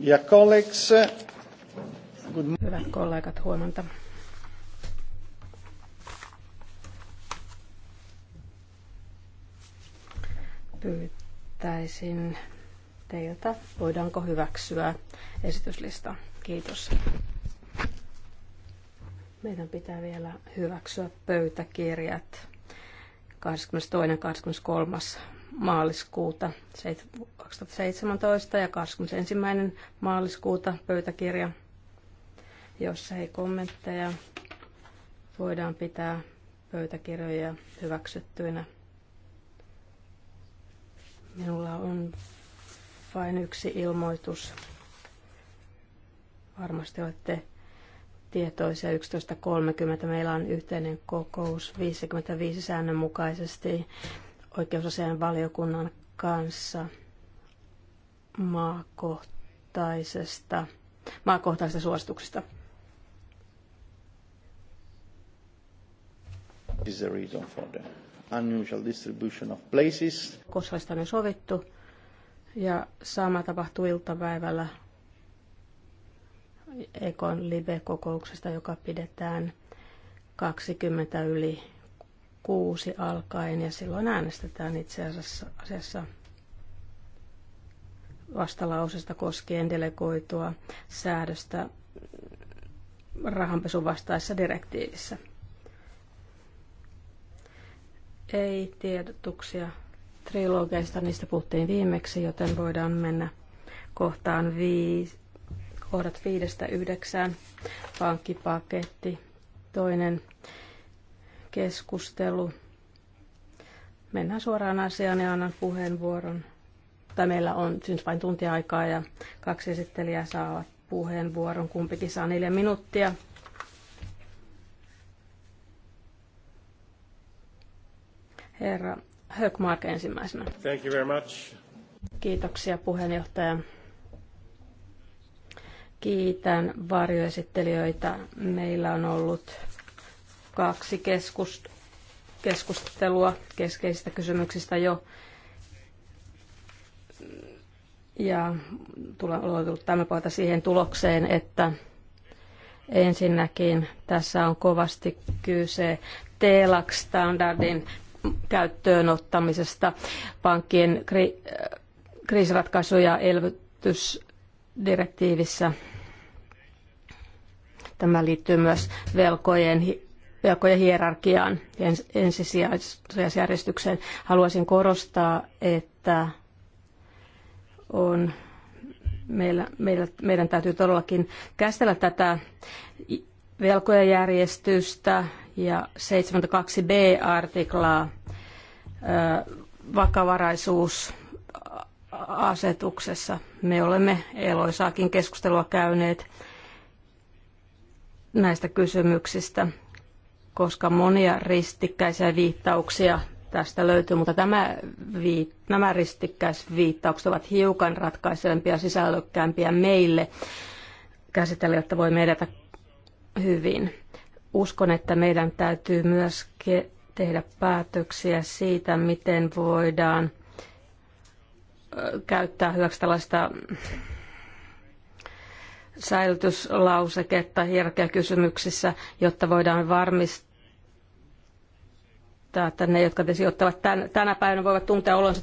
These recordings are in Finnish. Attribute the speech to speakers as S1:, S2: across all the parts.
S1: Ja colleagues,
S2: Hyvät kollegat, huomenta. Pyytäisin teiltä, voidaanko hyväksyä esityslista. Kiitos. Meidän pitää vielä hyväksyä pöytäkirjat 22. ja 23. maaliskuuta 2017 ja 21. maaliskuuta pöytäkirja, jossa ei kommentteja. Voidaan pitää pöytäkirjoja hyväksyttyinä. Minulla on vain yksi ilmoitus. Varmasti olette tietoisia 11.30. Meillä on yhteinen kokous 55 säännön mukaisesti oikeusasian valiokunnan kanssa maakohtaisesta, maakohtaisesta suosituksesta.
S1: Is the reason for the unusual distribution of places.
S2: on jo sovittu ja sama tapahtuu iltapäivällä Ekon Libe-kokouksesta, joka pidetään 20 yli kuusi alkaen ja silloin äänestetään itse asiassa, asiassa vastalausesta koskien delegoitua säädöstä rahanpesun vastaisessa direktiivissä. Ei tiedotuksia trilogeista, niistä puhuttiin viimeksi, joten voidaan mennä kohtaan vii, kohdat viidestä yhdeksään, pankkipaketti, toinen keskustelu. Mennään suoraan asiaan ja annan puheenvuoron tai meillä on siis vain tuntiaikaa ja kaksi esittelijää saa puheenvuoron, kumpikin saa neljä minuuttia. Herra Högmark ensimmäisenä.
S1: Thank you very much.
S2: Kiitoksia puheenjohtaja. Kiitän varjoesittelijöitä. Meillä on ollut kaksi keskustelua keskeisistä kysymyksistä jo ja tulee tullut tämän puolta siihen tulokseen, että ensinnäkin tässä on kovasti kyse TELAX-standardin käyttöön ottamisesta, pankkien kri- kriisiratkaisu- ja elvytysdirektiivissä. Tämä liittyy myös velkojen velkojen hierarkiaan ja ensisijaisjärjestykseen. Haluaisin korostaa, että on meillä, meillä, meidän täytyy todellakin käsitellä tätä velkojen järjestystä ja 72b-artiklaa vakavaraisuusasetuksessa. Me olemme Eloisaakin keskustelua käyneet näistä kysymyksistä, koska monia ristikkäisiä viittauksia tästä löytyy, mutta tämä viit, nämä ristikkäisviittaukset ovat hiukan ja sisällökkäämpiä meille käsitellä, jotta voimme edetä hyvin. Uskon, että meidän täytyy myös tehdä päätöksiä siitä, miten voidaan käyttää hyväksi tällaista säilytyslauseketta hierarkiakysymyksissä, jotta voidaan varmistaa, että ne jotka tietysti ottavat tänä päivänä voivat tuntea olonsa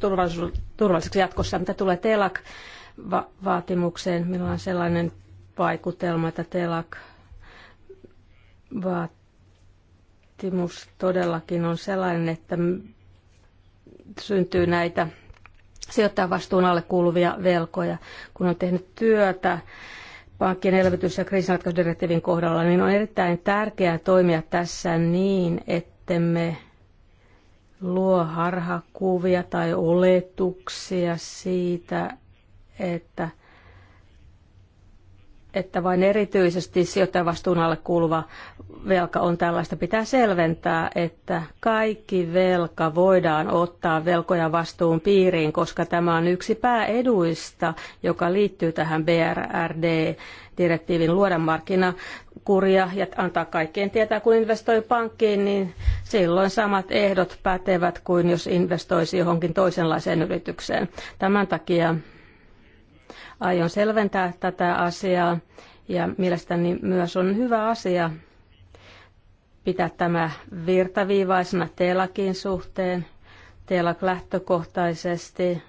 S2: turvalliseksi jatkossa. Mitä tulee TELAK-vaatimukseen, minulla on sellainen vaikutelma, että TELAK-vaatimus todellakin on sellainen, että syntyy näitä sijoittajan vastuun alle kuuluvia velkoja, kun on tehnyt työtä pankkien elvytys- ja kriisinratkaisudirektiivin kohdalla, niin on erittäin tärkeää toimia tässä niin, ettemme luo harhakuvia tai oletuksia siitä, että, että vain erityisesti vastuun alle kuuluva velka on tällaista. Pitää selventää, että kaikki velka voidaan ottaa velkoja vastuun piiriin, koska tämä on yksi pääeduista, joka liittyy tähän BRRD direktiivin luoda markkina kuria ja antaa kaikkien tietää, kun investoi pankkiin, niin silloin samat ehdot pätevät kuin jos investoisi johonkin toisenlaiseen yritykseen. Tämän takia aion selventää tätä asiaa ja mielestäni myös on hyvä asia pitää tämä virtaviivaisena telakin suhteen, telak lähtökohtaisesti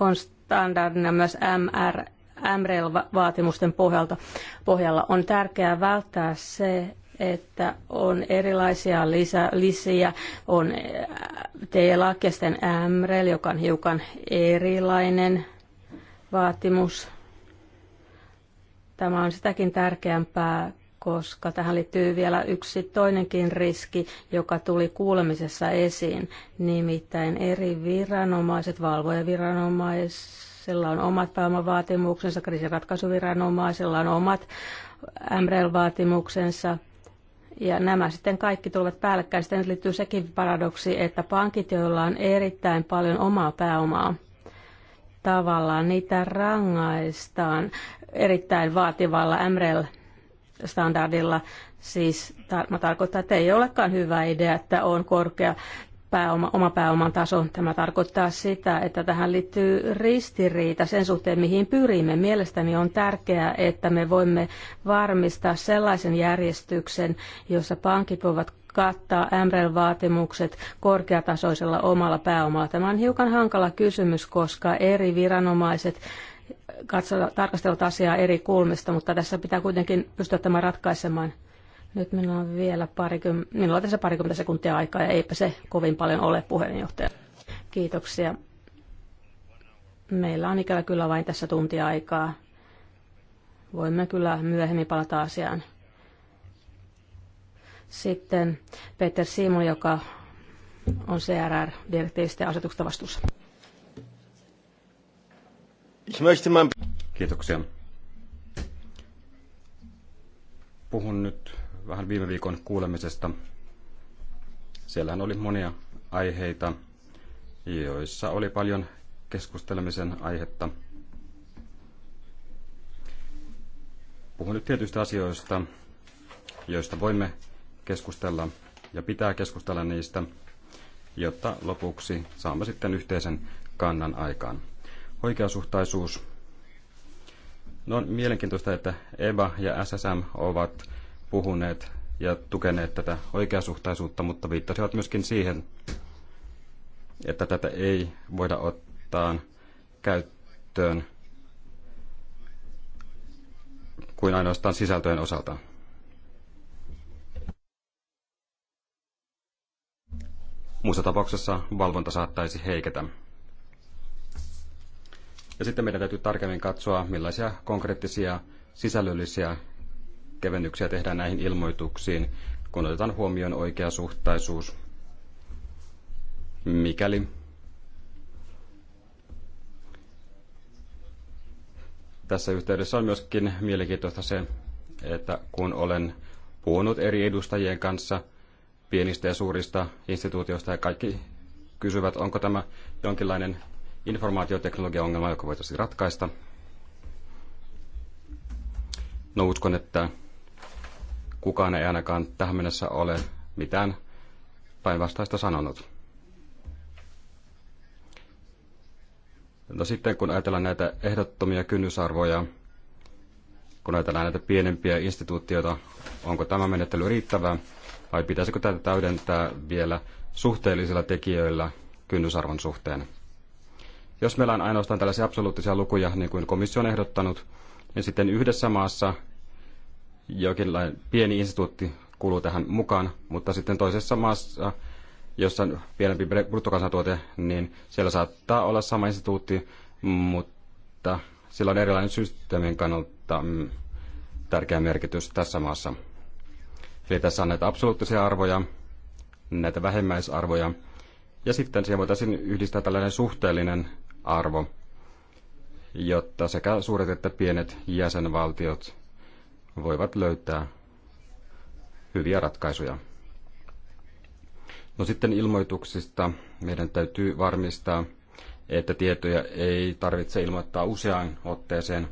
S2: on standardina myös MR e. MREL-vaatimusten pohjalta. pohjalla. On tärkeää välttää se, että on erilaisia lisä, lisiä, on äh, TLA, kesten MREL, joka on hiukan erilainen vaatimus. Tämä on sitäkin tärkeämpää, koska tähän liittyy vielä yksi toinenkin riski, joka tuli kuulemisessa esiin, nimittäin eri viranomaiset, valvojaviranomaiset, sillä on omat pääomavaatimuksensa, kriisiratkaisuviranomaisella on omat MREL-vaatimuksensa. Ja nämä sitten kaikki tulevat päällekkäin. Sitten liittyy sekin paradoksi, että pankit, joilla on erittäin paljon omaa pääomaa, tavallaan niitä rangaistaan erittäin vaativalla MREL-standardilla. Siis tar- mä tarkoitan, että ei olekaan hyvä idea, että on korkea pääoma, oma pääoman taso. Tämä tarkoittaa sitä, että tähän liittyy ristiriita sen suhteen, mihin pyrimme. Mielestäni on tärkeää, että me voimme varmistaa sellaisen järjestyksen, jossa pankit voivat kattaa MREL-vaatimukset korkeatasoisella omalla pääomalla. Tämä on hiukan hankala kysymys, koska eri viranomaiset katsovat, tarkastelevat asiaa eri kulmista, mutta tässä pitää kuitenkin pystyä tämä ratkaisemaan. Nyt minulla on vielä parikym- minulla on tässä parikymmentä sekuntia aikaa ja eipä se kovin paljon ole puheenjohtaja. Kiitoksia. Meillä on ikävä kyllä vain tässä tuntia aikaa. Voimme kyllä myöhemmin palata asiaan. Sitten Peter Simon, joka on CRR-direktiivistä ja asetuksesta vastuussa.
S3: Kiitoksia. Puhun nyt vähän viime viikon kuulemisesta. Siellähän oli monia aiheita, joissa oli paljon keskustelemisen aihetta. Puhun nyt tietyistä asioista, joista voimme keskustella ja pitää keskustella niistä, jotta lopuksi saamme sitten yhteisen kannan aikaan. Oikeasuhtaisuus. No on mielenkiintoista, että EBA ja SSM ovat puhuneet ja tukeneet tätä oikeasuhtaisuutta, mutta viittasivat myöskin siihen, että tätä ei voida ottaa käyttöön kuin ainoastaan sisältöjen osalta. Muussa tapauksessa valvonta saattaisi heiketä. Ja sitten meidän täytyy tarkemmin katsoa, millaisia konkreettisia sisällöllisiä kevennyksiä tehdään näihin ilmoituksiin, kun otetaan huomioon oikeasuhtaisuus, mikäli tässä yhteydessä on myöskin mielenkiintoista se, että kun olen puhunut eri edustajien kanssa pienistä ja suurista instituutioista ja kaikki kysyvät, onko tämä jonkinlainen informaatioteknologiaongelma, joka voitaisiin ratkaista. No uskon, että kukaan ei ainakaan tähän mennessä ole mitään päinvastaista sanonut. No sitten kun ajatellaan näitä ehdottomia kynnysarvoja, kun ajatellaan näitä pienempiä instituutioita, onko tämä menettely riittävää vai pitäisikö tätä täydentää vielä suhteellisilla tekijöillä kynnysarvon suhteen? Jos meillä on ainoastaan tällaisia absoluuttisia lukuja, niin kuin komissio on ehdottanut, niin sitten yhdessä maassa jokinlainen pieni instituutti kuuluu tähän mukaan, mutta sitten toisessa maassa, jossa on pienempi bruttokansantuote, niin siellä saattaa olla sama instituutti, mutta sillä on erilainen systeemin kannalta mm, tärkeä merkitys tässä maassa. Eli tässä on näitä absoluuttisia arvoja, näitä vähemmäisarvoja, ja sitten siihen voitaisiin yhdistää tällainen suhteellinen arvo, jotta sekä suuret että pienet jäsenvaltiot voivat löytää hyviä ratkaisuja. No sitten ilmoituksista meidän täytyy varmistaa, että tietoja ei tarvitse ilmoittaa useaan otteeseen.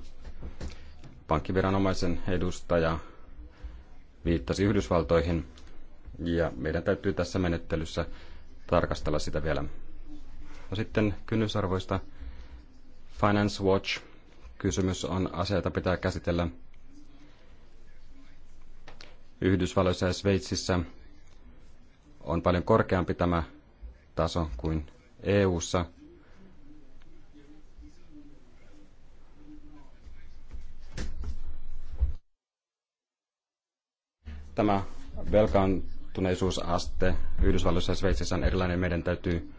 S3: Pankkiviranomaisen edustaja viittasi Yhdysvaltoihin ja meidän täytyy tässä menettelyssä tarkastella sitä vielä. No sitten kynnysarvoista Finance Watch. Kysymys on asia, jota pitää käsitellä Yhdysvalloissa ja Sveitsissä on paljon korkeampi tämä taso kuin EU:ssa. Tämä velkaantuneisuusaste Yhdysvalloissa ja Sveitsissä on erilainen. Meidän täytyy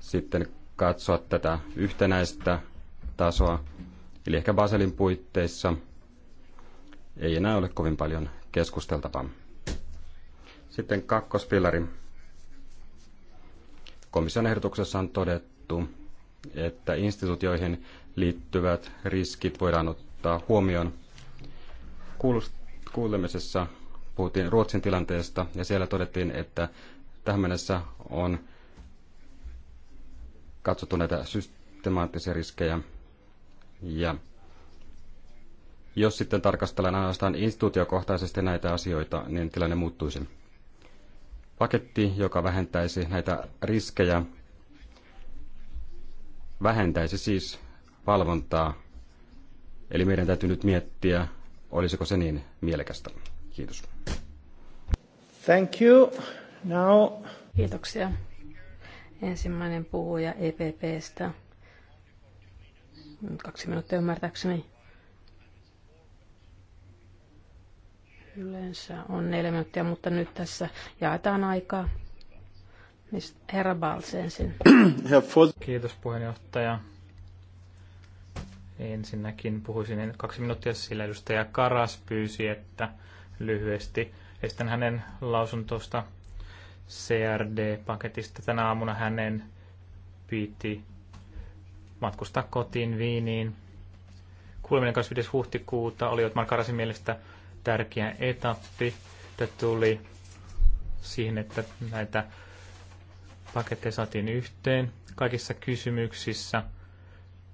S3: sitten katsoa tätä yhtenäistä tasoa, eli ehkä Baselin puitteissa – ei enää ole kovin paljon keskusteltavaa. Sitten kakkospilari. Komission ehdotuksessa on todettu, että instituutioihin liittyvät riskit voidaan ottaa huomioon. Kuulemisessa puhuttiin Ruotsin tilanteesta ja siellä todettiin, että tähän mennessä on katsottu näitä systemaattisia riskejä ja jos sitten tarkastellaan ainoastaan instituutiokohtaisesti näitä asioita, niin tilanne muuttuisi. Paketti, joka vähentäisi näitä riskejä, vähentäisi siis valvontaa. Eli meidän täytyy nyt miettiä, olisiko se niin mielekästä.
S2: Kiitos. Thank you. Now... Kiitoksia. Ensimmäinen puhuja EPPstä. Kaksi minuuttia ymmärtääkseni. Yleensä on neljä minuuttia, mutta nyt tässä jaetaan aikaa. Herra Balts ensin.
S1: Kiitos puheenjohtaja. Ensinnäkin puhuisin kaksi minuuttia sillä edustaja Karas pyysi, että lyhyesti estän hänen lausuntosta CRD-paketista. Tänä aamuna hänen piti matkustaa kotiin Viiniin. Kuuleminen 25. huhtikuuta oli Otmar Karasin mielestä tärkeä etappi, että tuli siihen, että näitä paketteja saatiin yhteen. Kaikissa kysymyksissä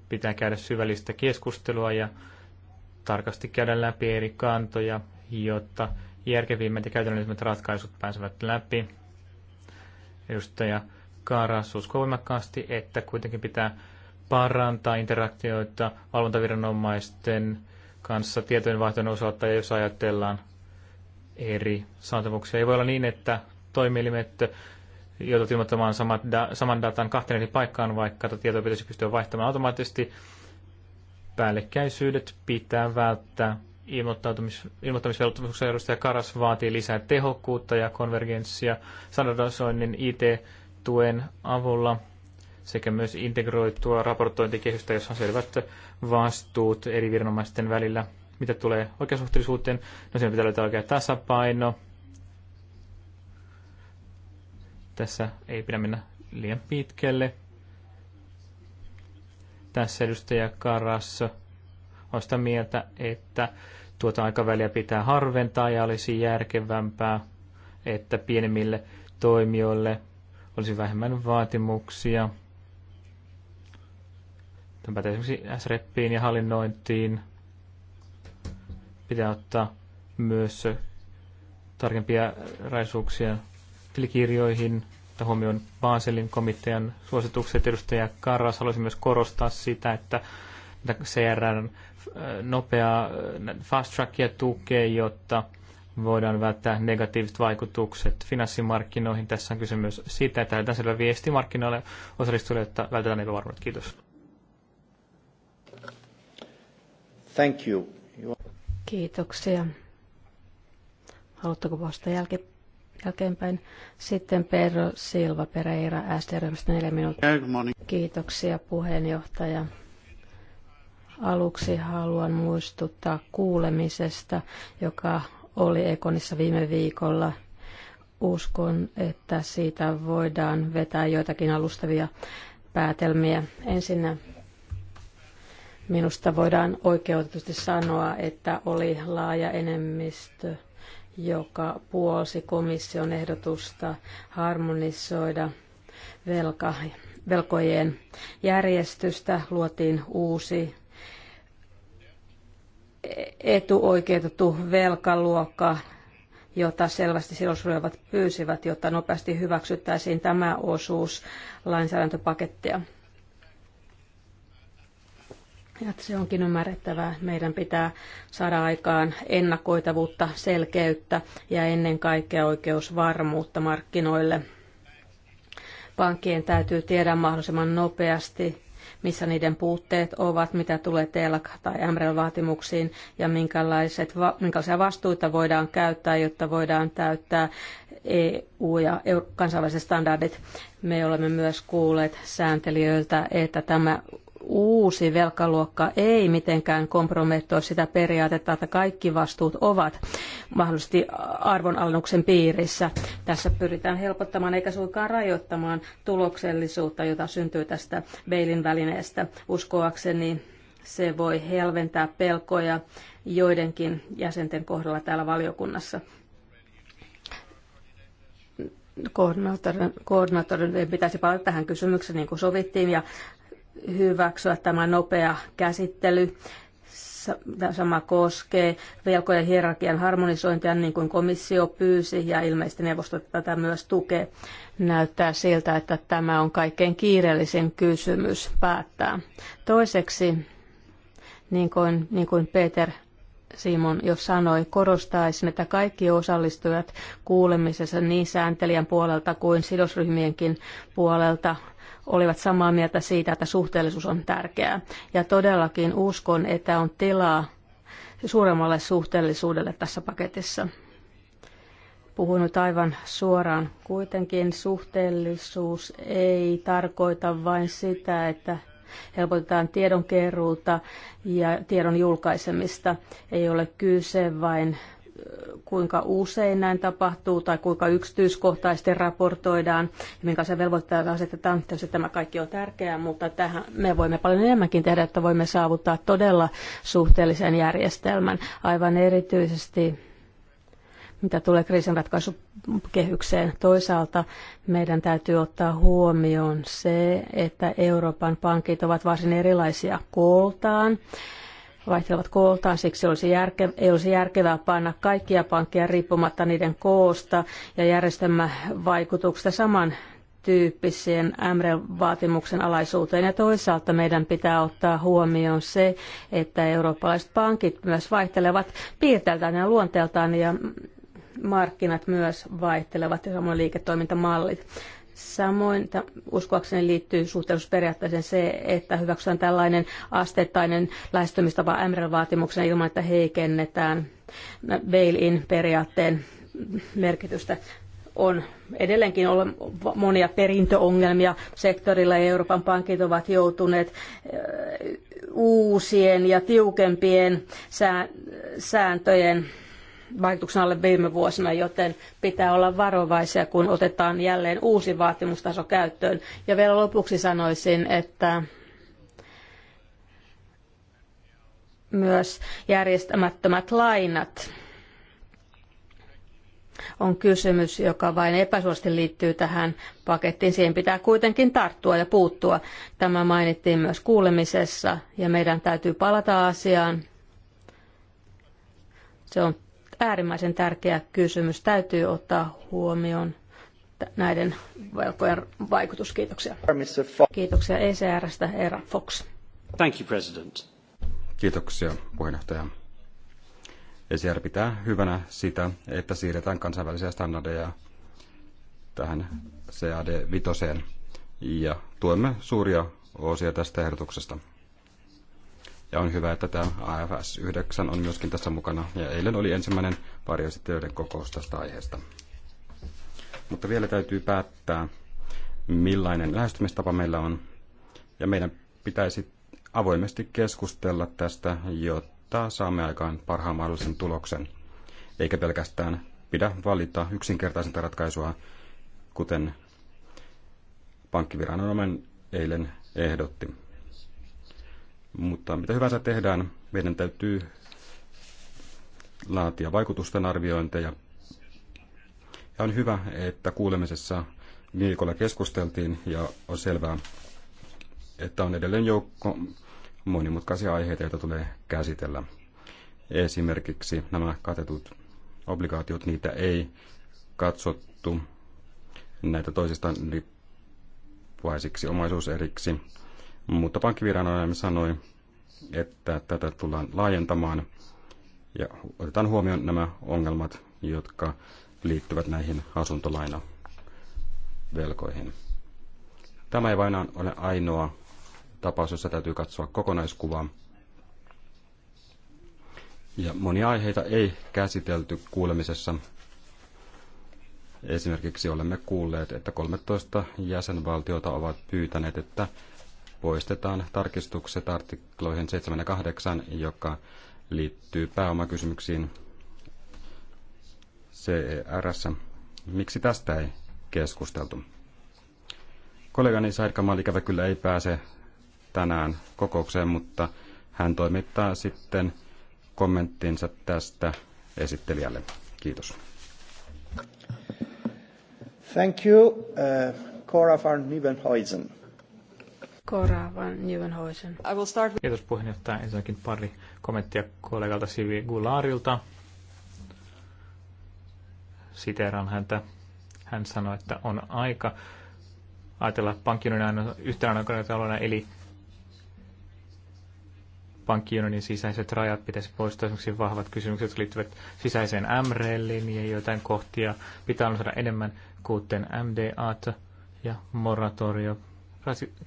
S1: pitää käydä syvällistä keskustelua ja tarkasti käydä läpi eri kantoja, jotta järkevimmät ja käytännöllisimmät ratkaisut pääsevät läpi. Edustaja Kaaras uskoo voimakkaasti, että kuitenkin pitää parantaa interaktioita valvontaviranomaisten kanssa tietojenvaihdon osalta, ja jos ajatellaan eri saatavuuksia. Ei voi olla niin, että toimielimet joutuvat ilmoittamaan samat da- saman datan kahteen eri paikkaan, vaikka tietoa pitäisi pystyä vaihtamaan automaattisesti. Päällekkäisyydet pitää välttää. Ilmoittautumis- edustaja Karas vaatii lisää tehokkuutta ja konvergenssia standardisoinnin IT-tuen avulla – sekä myös integroitua raportointikehystä, jossa on selvät vastuut eri viranomaisten välillä. Mitä tulee oikeasuhteellisuuteen, no siinä pitää löytää oikea tasapaino. Tässä ei pidä mennä liian pitkälle. Tässä edustaja Karas on sitä mieltä, että tuota aikaväliä pitää harventaa ja olisi järkevämpää, että pienemmille toimijoille olisi vähemmän vaatimuksia sitten pätee esimerkiksi SREPiin ja hallinnointiin. Pitää ottaa myös tarkempia raisuuksia tilikirjoihin että huomioon Baselin komitean suositukset. Edustaja Karras haluaisi myös korostaa sitä, että CRN äh, nopeaa äh, fast trackia tukee, jotta voidaan välttää negatiiviset vaikutukset finanssimarkkinoihin. Tässä on kysymys siitä, että lähdetään selvä viesti markkinoille osallistujille, että vältetään epävarmuudet. Kiitos.
S2: Thank you. you... Kiitoksia. Haluatteko vasta jälke, jälkeenpäin? Sitten Pedro Silva Pereira, ST-ryhmästä neljä minuuttia. Kiitoksia puheenjohtaja. Aluksi haluan muistuttaa kuulemisesta, joka oli Ekonissa viime viikolla. Uskon, että siitä voidaan vetää joitakin alustavia päätelmiä. Ensinnä Minusta voidaan oikeutetusti sanoa, että oli laaja enemmistö, joka puolsi komission ehdotusta harmonisoida velka, velkojen järjestystä. Luotiin uusi etuoikeutettu velkaluokka, jota selvästi sidosryhmät pyysivät, jotta nopeasti hyväksyttäisiin tämä osuus lainsäädäntöpakettia. Että se onkin ymmärrettävää. Meidän pitää saada aikaan ennakoitavuutta, selkeyttä ja ennen kaikkea oikeusvarmuutta markkinoille. Pankkien täytyy tiedä mahdollisimman nopeasti, missä niiden puutteet ovat, mitä tulee TELK- tai MREL-vaatimuksiin ja minkälaiset, minkälaisia vastuita voidaan käyttää, jotta voidaan täyttää EU- ja kansainväliset standardit. Me olemme myös kuulleet sääntelijöiltä, että tämä uusi velkaluokka ei mitenkään kompromettoi sitä periaatetta, että kaikki vastuut ovat mahdollisesti arvonalennuksen piirissä. Tässä pyritään helpottamaan eikä suinkaan rajoittamaan tuloksellisuutta, jota syntyy tästä Beilin välineestä. Uskoakseni se voi helventää pelkoja joidenkin jäsenten kohdalla täällä valiokunnassa koordinaattorin, koordinaattorin pitäisi palata tähän kysymykseen, niin kuin sovittiin, ja hyväksyä tämä nopea käsittely. Sama koskee velkojen hierarkian harmonisointia, niin kuin komissio pyysi, ja ilmeisesti neuvosto tätä myös tukee. Näyttää siltä, että tämä on kaikkein kiireellisin kysymys päättää. Toiseksi, niin kuin, niin kuin Peter Simon jo sanoi, korostaisin, että kaikki osallistujat kuulemisessa niin sääntelijän puolelta kuin sidosryhmienkin puolelta olivat samaa mieltä siitä, että suhteellisuus on tärkeää. Ja todellakin uskon, että on tilaa suuremmalle suhteellisuudelle tässä paketissa. Puhun nyt aivan suoraan. Kuitenkin suhteellisuus ei tarkoita vain sitä, että helpotetaan tiedonkeruuta ja tiedon julkaisemista. Ei ole kyse vain kuinka usein näin tapahtuu tai kuinka yksityiskohtaisesti raportoidaan ja se velvoittaa asetetaan. että tämä kaikki on tärkeää, mutta tähän me voimme paljon enemmänkin tehdä, että voimme saavuttaa todella suhteellisen järjestelmän. Aivan erityisesti mitä tulee kriisinratkaisukehykseen. Toisaalta meidän täytyy ottaa huomioon se, että Euroopan pankit ovat varsin erilaisia kooltaan vaihtelevat kooltaan, siksi olisi järke, ei olisi järkevää panna kaikkia pankkia riippumatta niiden koosta ja järjestelmävaikutuksesta saman tyyppiseen MREL-vaatimuksen alaisuuteen. Ja toisaalta meidän pitää ottaa huomioon se, että eurooppalaiset pankit myös vaihtelevat piirteiltään ja luonteeltaan ja markkinat myös vaihtelevat ja samoin liiketoimintamallit. Samoin uskoakseni liittyy suhteellisuusperiaatteeseen se, että hyväksytään tällainen asteittainen lähestymistapa mrl vaatimuksena ilman, että heikennetään bail-in periaatteen merkitystä on edelleenkin ole monia perintöongelmia sektorilla ja Euroopan pankit ovat joutuneet uusien ja tiukempien sääntöjen vaikutuksen alle viime vuosina, joten pitää olla varovaisia, kun otetaan jälleen uusi vaatimustaso käyttöön. Ja vielä lopuksi sanoisin, että myös järjestämättömät lainat on kysymys, joka vain epäsuorasti liittyy tähän pakettiin. Siihen pitää kuitenkin tarttua ja puuttua. Tämä mainittiin myös kuulemisessa ja meidän täytyy palata asiaan. Se on äärimmäisen tärkeä kysymys. Täytyy ottaa huomioon näiden velkojen vaikutus. Kiitoksia. Kiitoksia ECRstä, Herra Fox.
S1: Thank you, President.
S3: Kiitoksia, puheenjohtaja. ECR pitää hyvänä sitä, että siirretään kansainvälisiä standardeja tähän CAD-vitoseen ja tuemme suuria osia tästä ehdotuksesta. Ja on hyvä, että tämä AFS 9 on myöskin tässä mukana. Ja eilen oli ensimmäinen varjoesittelijöiden kokous tästä aiheesta. Mutta vielä täytyy päättää, millainen lähestymistapa meillä on. Ja meidän pitäisi avoimesti keskustella tästä, jotta saamme aikaan parhaan mahdollisen tuloksen. Eikä pelkästään pidä valita yksinkertaisinta ratkaisua, kuten pankkiviranomainen eilen ehdotti. Mutta mitä hyvänsä tehdään, meidän täytyy laatia vaikutusten arviointeja. Ja on hyvä, että kuulemisessa viikolla keskusteltiin ja on selvää, että on edelleen joukko monimutkaisia aiheita, joita tulee käsitellä. Esimerkiksi nämä katetut obligaatiot, niitä ei katsottu näitä toisistaan riippuvaisiksi omaisuuseriksi. Mutta pankkiviranomainen sanoi, että tätä tullaan laajentamaan ja otetaan huomioon nämä ongelmat, jotka liittyvät näihin asuntolainavelkoihin. Tämä ei vain ole ainoa tapaus, jossa täytyy katsoa kokonaiskuvaa. Ja monia aiheita ei käsitelty kuulemisessa. Esimerkiksi olemme kuulleet, että 13 jäsenvaltiota ovat pyytäneet, että poistetaan tarkistukset artikloihin 7 ja 8, joka liittyy pääomakysymyksiin CERS. Miksi tästä ei keskusteltu? Kollegani Said Kamal ikävä kyllä ei pääse tänään kokoukseen, mutta hän toimittaa sitten kommenttinsa tästä esittelijälle. Kiitos. Thank you, uh, Cora van Nieuwenhuizen.
S2: Koravan Jyvenhoisen.
S1: I will start with... Kiitos puheenjohtaja. Ensinnäkin pari kommenttia kollegalta Sivi Gularilta. Siteeraan häntä. Hän sanoi, että on aika ajatella pankkiunionin yhtenä aikana eli pankkiunionin sisäiset rajat pitäisi poistaa esimerkiksi vahvat kysymykset, jotka liittyvät sisäiseen MRLin ja joitain kohtia pitää saada enemmän, kuten MDAt ja moratorio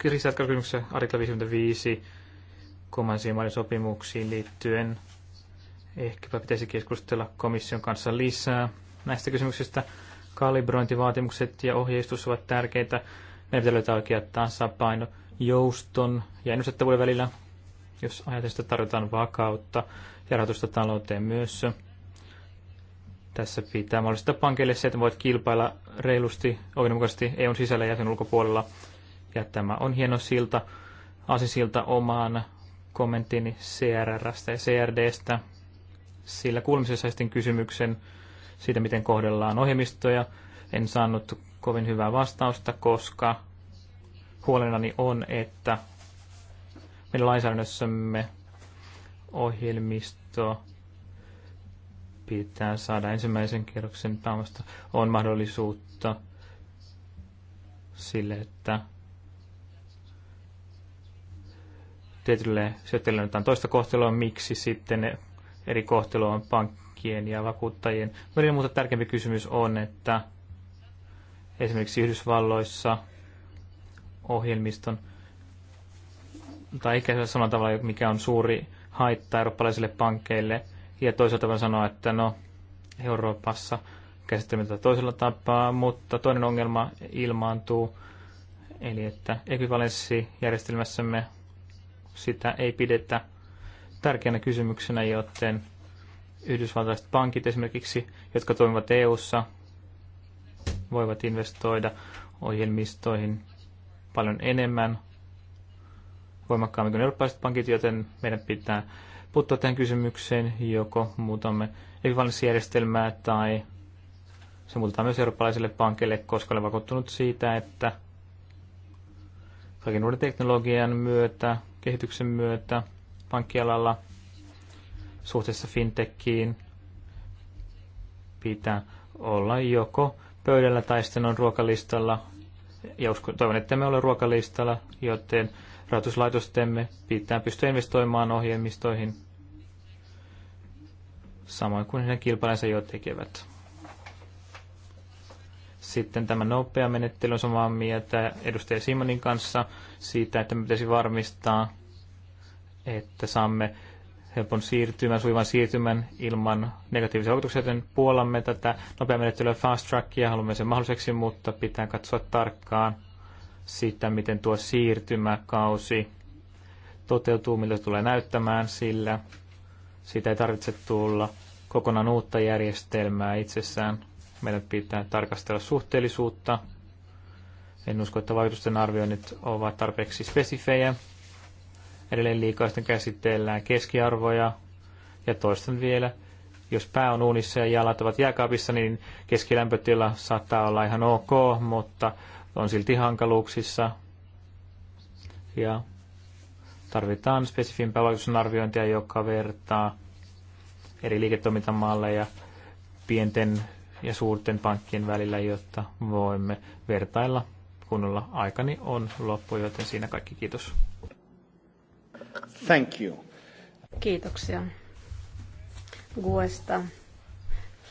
S1: lisäyskysymyksessä artikla 55 kolmansien maiden sopimuksiin liittyen. Ehkäpä pitäisi keskustella komission kanssa lisää näistä kysymyksistä. Kalibrointivaatimukset ja ohjeistus ovat tärkeitä. Meidän pitää löytää oikea tasapaino jouston ja ennustettavuuden välillä, jos ajatellaan, tarjotaan vakautta ja rahoitusta talouteen myös. Tässä pitää mahdollistaa pankeille se, että voit kilpailla reilusti, oikeudenmukaisesti EUn sisällä ja sen ulkopuolella – ja tämä on hieno silta, asisilta omaan kommenttiini CRRstä ja CRDstä. Sillä kuulemisessa sitten kysymyksen siitä, miten kohdellaan ohjelmistoja. En saanut kovin hyvää vastausta, koska huolenani on, että meidän lainsäädännössämme ohjelmisto pitää saada ensimmäisen kierroksen pääomasta, on mahdollisuutta sille, että tietylle sijoittajille annetaan toista kohtelua, miksi sitten eri kohtelu on pankkien ja vakuuttajien välillä, muuta tärkeämpi kysymys on, että esimerkiksi Yhdysvalloissa ohjelmiston tai ikäisellä samalla tavalla, mikä on suuri haitta eurooppalaisille pankeille, ja toisaalta voi sanoa, että no, Euroopassa käsittelemme tätä toisella tapaa, mutta toinen ongelma ilmaantuu, eli että ekvivalenssijärjestelmässämme sitä ei pidetä tärkeänä kysymyksenä, joten yhdysvaltalaiset pankit esimerkiksi, jotka toimivat EU:ssa, voivat investoida ohjelmistoihin paljon enemmän voimakkaammin kuin eurooppalaiset pankit, joten meidän pitää puuttua tähän kysymykseen, joko muutamme ekvivalenssijärjestelmää tai se muutetaan myös eurooppalaisille pankille, koska olen vakuuttunut siitä, että kaiken uuden teknologian myötä kehityksen myötä pankkialalla suhteessa fintechiin pitää olla joko pöydällä tai sitten on ruokalistalla. Ja uskon, toivon, että me ole ruokalistalla, joten rahoituslaitostemme pitää pystyä investoimaan ohjelmistoihin samoin kuin heidän kilpailensa jo tekevät. Sitten tämä nopea menettely on samaa mieltä edustaja Simonin kanssa siitä, että me pitäisi varmistaa, että saamme helpon siirtymän, sujuvan siirtymän ilman negatiivisia vaikutuksia, joten puolamme tätä nopea menettelyä fast trackia, haluamme sen mahdolliseksi, mutta pitää katsoa tarkkaan sitä, miten tuo siirtymäkausi toteutuu, miltä se tulee näyttämään sillä. Siitä ei tarvitse tulla kokonaan uutta järjestelmää itsessään. Meidän pitää tarkastella suhteellisuutta. En usko, että vaikutusten arvioinnit ovat tarpeeksi spesifejä. Edelleen liikaa sitten käsitellään keskiarvoja. Ja toistan vielä, jos pää on uunissa ja jalat ovat jääkaapissa, niin keskilämpötila saattaa olla ihan ok, mutta on silti hankaluuksissa. Ja tarvitaan spesifimpää vaikutusten arviointia, joka vertaa eri liiketoimintamalleja pienten ja suurten pankkien välillä, jotta voimme vertailla kunnolla. Aikani on loppu, joten siinä kaikki kiitos.
S3: Thank you.
S2: Kiitoksia. Guesta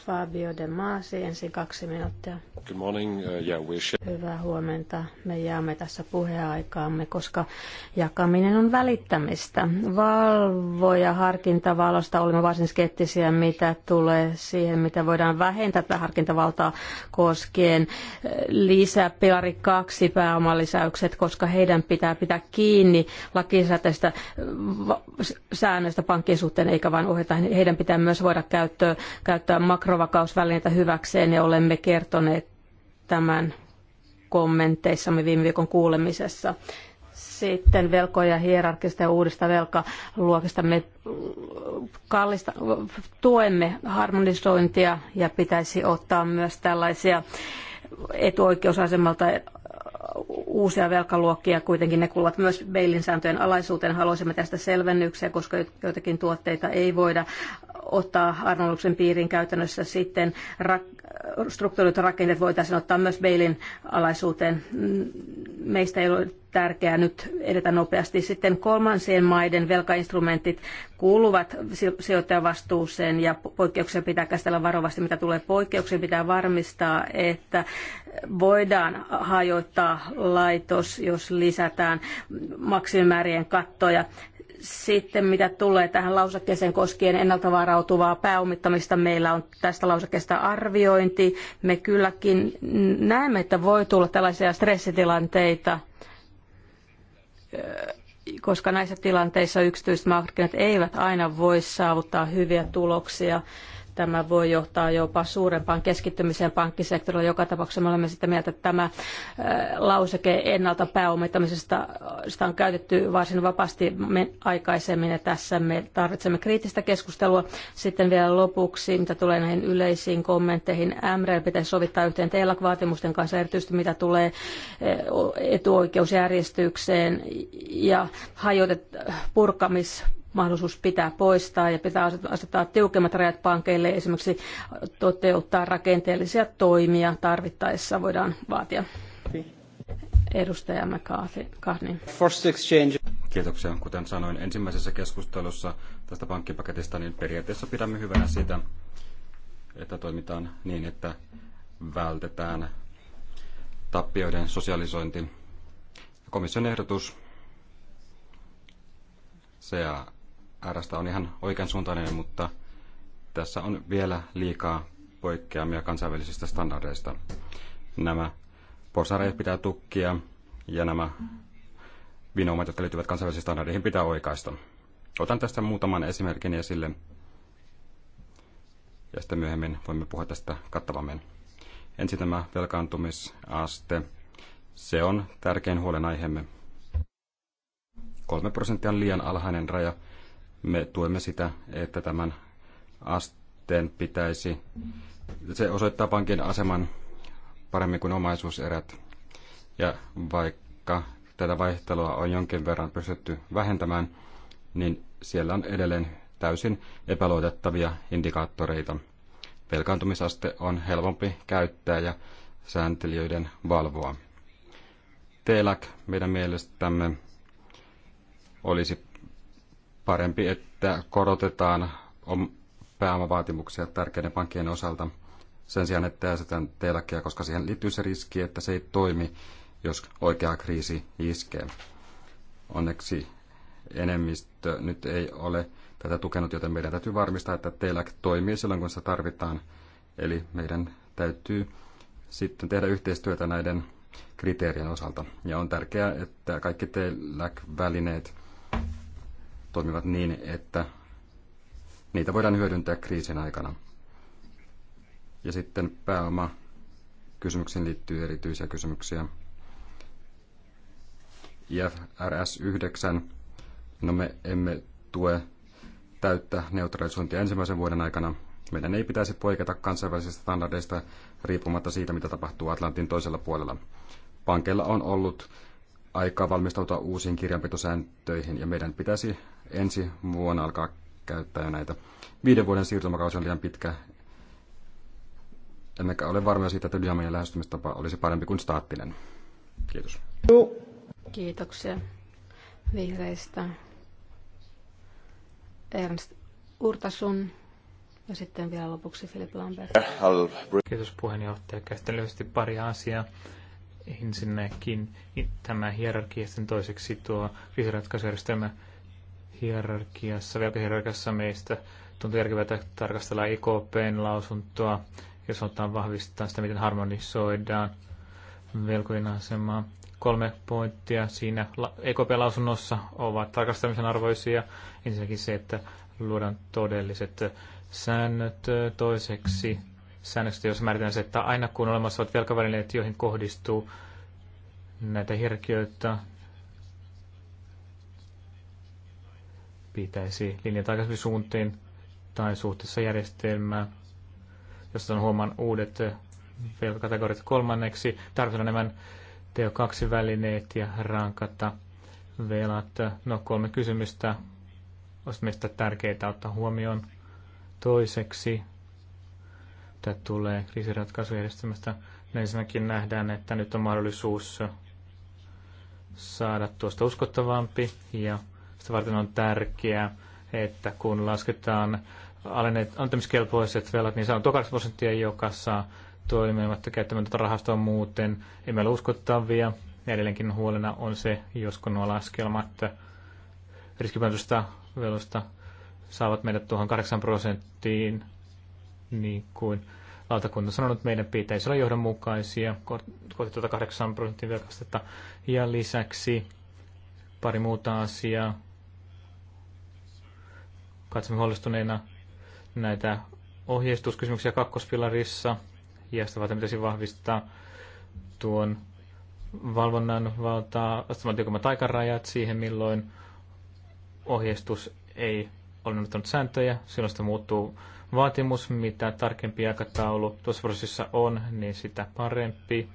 S2: Fabio De Masi, ensin kaksi minuuttia.
S3: Good morning, uh, yeah, we
S2: Hyvää huomenta. Me jaamme tässä puheaikaamme, koska jakaminen on välittämistä. Valvoja harkintavalosta olemme varsin skeptisiä, mitä tulee siihen, mitä voidaan vähentää tätä harkintavaltaa koskien lisäpilari kaksi pääomalisäykset, koska heidän pitää pitää kiinni lakisääteistä säännöistä pankkien suhteen, eikä vain ohjata. Heidän pitää myös voida käyttää, käyttää makro makrovakausvälineitä hyväkseen ja olemme kertoneet tämän kommenteissamme viime viikon kuulemisessa. Sitten velkoja hierarkista ja uudesta velkaluokista me kallista, tuemme harmonisointia ja pitäisi ottaa myös tällaisia etuoikeusasemalta uusia velkaluokkia, kuitenkin ne kuuluvat myös Beilin sääntöjen alaisuuteen. Haluaisimme tästä selvennyksiä, koska joitakin tuotteita ei voida ottaa Arnolduksen piirin käytännössä sitten rak- strukturit ja rakenteet voitaisiin ottaa myös Beilin alaisuuteen. Meistä ei ole tärkeää nyt edetä nopeasti. Sitten kolmansien maiden velkainstrumentit kuuluvat sijoittajan vastuuseen ja poikkeuksia pitää käsitellä varovasti, mitä tulee poikkeuksiin. Pitää varmistaa, että voidaan hajoittaa laitos, jos lisätään maksimimäärien kattoja. Sitten mitä tulee tähän lausakkeeseen koskien ennalta varautuvaa pääomittamista, meillä on tästä lausakkeesta arviointi. Me kylläkin näemme, että voi tulla tällaisia stressitilanteita, koska näissä tilanteissa yksityiset markkinat eivät aina voi saavuttaa hyviä tuloksia Tämä voi johtaa jopa suurempaan keskittymiseen pankkisektorilla. Joka tapauksessa me olemme sitä mieltä, että tämä lauseke ennalta pääomittamisesta sitä on käytetty varsin vapaasti aikaisemmin ja tässä me tarvitsemme kriittistä keskustelua. Sitten vielä lopuksi, mitä tulee näihin yleisiin kommentteihin, MREL pitäisi sovittaa yhteen TELAK-vaatimusten kanssa, erityisesti mitä tulee etuoikeusjärjestykseen ja hajotet purkamis mahdollisuus pitää poistaa ja pitää asettaa tiukemmat rajat pankeille, esimerkiksi toteuttaa rakenteellisia toimia tarvittaessa voidaan vaatia. Edustaja McCartney.
S3: First exchange. Kiitoksia. Kuten sanoin ensimmäisessä keskustelussa tästä pankkipaketista, niin periaatteessa pidämme hyvänä sitä, että toimitaan niin, että vältetään tappioiden sosialisointi. Komission ehdotus se RStä on ihan oikean suuntainen, mutta tässä on vielä liikaa poikkeamia kansainvälisistä standardeista. Nämä porsareet pitää tukkia ja nämä vinoumat, jotka liittyvät kansainvälisiin standardeihin, pitää oikaista. Otan tästä muutaman esimerkin esille ja sitten myöhemmin voimme puhua tästä kattavammin. Ensin tämä velkaantumisaste. Se on tärkein huolenaiheemme. 3 prosenttia on liian alhainen raja, me tuemme sitä, että tämän asteen pitäisi, se osoittaa pankin aseman paremmin kuin omaisuuserät. Ja vaikka tätä vaihtelua on jonkin verran pystytty vähentämään, niin siellä on edelleen täysin epäluotettavia indikaattoreita. Velkaantumisaste on helpompi käyttää ja sääntelijöiden valvoa. TELAC meidän mielestämme olisi parempi, että korotetaan pääomavaatimuksia tärkeiden pankkien osalta sen sijaan, että jäsetään teilläkkiä, koska siihen liittyy se riski, että se ei toimi, jos oikea kriisi iskee. Onneksi enemmistö nyt ei ole tätä tukenut, joten meidän täytyy varmistaa, että teillä toimii silloin, kun se tarvitaan. Eli meidän täytyy sitten tehdä yhteistyötä näiden kriteerien osalta. Ja on tärkeää, että kaikki telak-välineet – toimivat niin, että niitä voidaan hyödyntää kriisin aikana. Ja sitten pääoma kysymyksiin liittyy erityisiä kysymyksiä. IFRS 9. No me emme tue täyttä neutralisointia ensimmäisen vuoden aikana. Meidän ei pitäisi poiketa kansainvälisistä standardeista riippumatta siitä, mitä tapahtuu Atlantin toisella puolella. Pankeilla on ollut aikaa valmistautua uusiin kirjanpitosääntöihin ja meidän pitäisi ensi vuonna alkaa käyttää jo näitä. Viiden vuoden siirtymäkausi on liian pitkä, emmekä ole varmoja siitä, että dynaaminen lähestymistapa olisi parempi kuin staattinen. Kiitos.
S2: Kiitoksia vihreistä. Ernst Urtasun ja sitten vielä lopuksi Philip Lambert.
S1: Kiitos puheenjohtaja. Käsittelen lyhyesti pari asiaa. Ensinnäkin tämä hierarkia, sitten toiseksi tuo kriisiratkaisujärjestelmä hierarkiassa, velkahierarkiassa meistä tuntuu järkevältä tarkastella IKPn e lausuntoa, jos halutaan vahvistaa sitä, miten harmonisoidaan velkojen asemaa. Kolme pointtia siinä EKP-lausunnossa ovat tarkastamisen arvoisia. Ensinnäkin se, että luodaan todelliset säännöt. Toiseksi säännöksestä, jossa määritellään se, että aina kun olemassa olevat velkavälineet, joihin kohdistuu näitä hirkiöitä, pitäisi linjata aikaisemmin suuntiin tai suhteessa järjestelmään, josta on huomaan uudet velkakategoriat kolmanneksi. Tarvitaan enemmän TO2-välineet ja rankata velat. No kolme kysymystä olisi meistä tärkeää ottaa huomioon. Toiseksi, mitä tulee kriisiratkaisujärjestelmästä. Ensinnäkin nähdään, että nyt on mahdollisuus saada tuosta uskottavampi ja sitä varten on tärkeää, että kun lasketaan alenneet antamiskelpoiset velat, niin se on 2 prosenttia, joka saa toimimatta käyttämätöntä rahastoa muuten. Ei meillä uskottavia. edelleenkin huolena on se, josko nuo laskelmat riskipäätöstä velosta saavat meidät tuohon 8 prosenttiin niin kuin lautakunta sanonut, meidän pitäisi olla johdonmukaisia kohti tuota 8 prosentin velkastetta. Ja lisäksi pari muuta asiaa. Katsomme huolestuneena näitä ohjeistuskysymyksiä kakkospilarissa. Ja sitä varten pitäisi vahvistaa tuon valvonnan valtaa, asettamaan tiukemmat aikarajat siihen, milloin ohjeistus ei ole noudattanut sääntöjä. Silloin sitä muuttuu vaatimus, mitä tarkempi aikataulu tuossa prosessissa on, niin sitä parempi.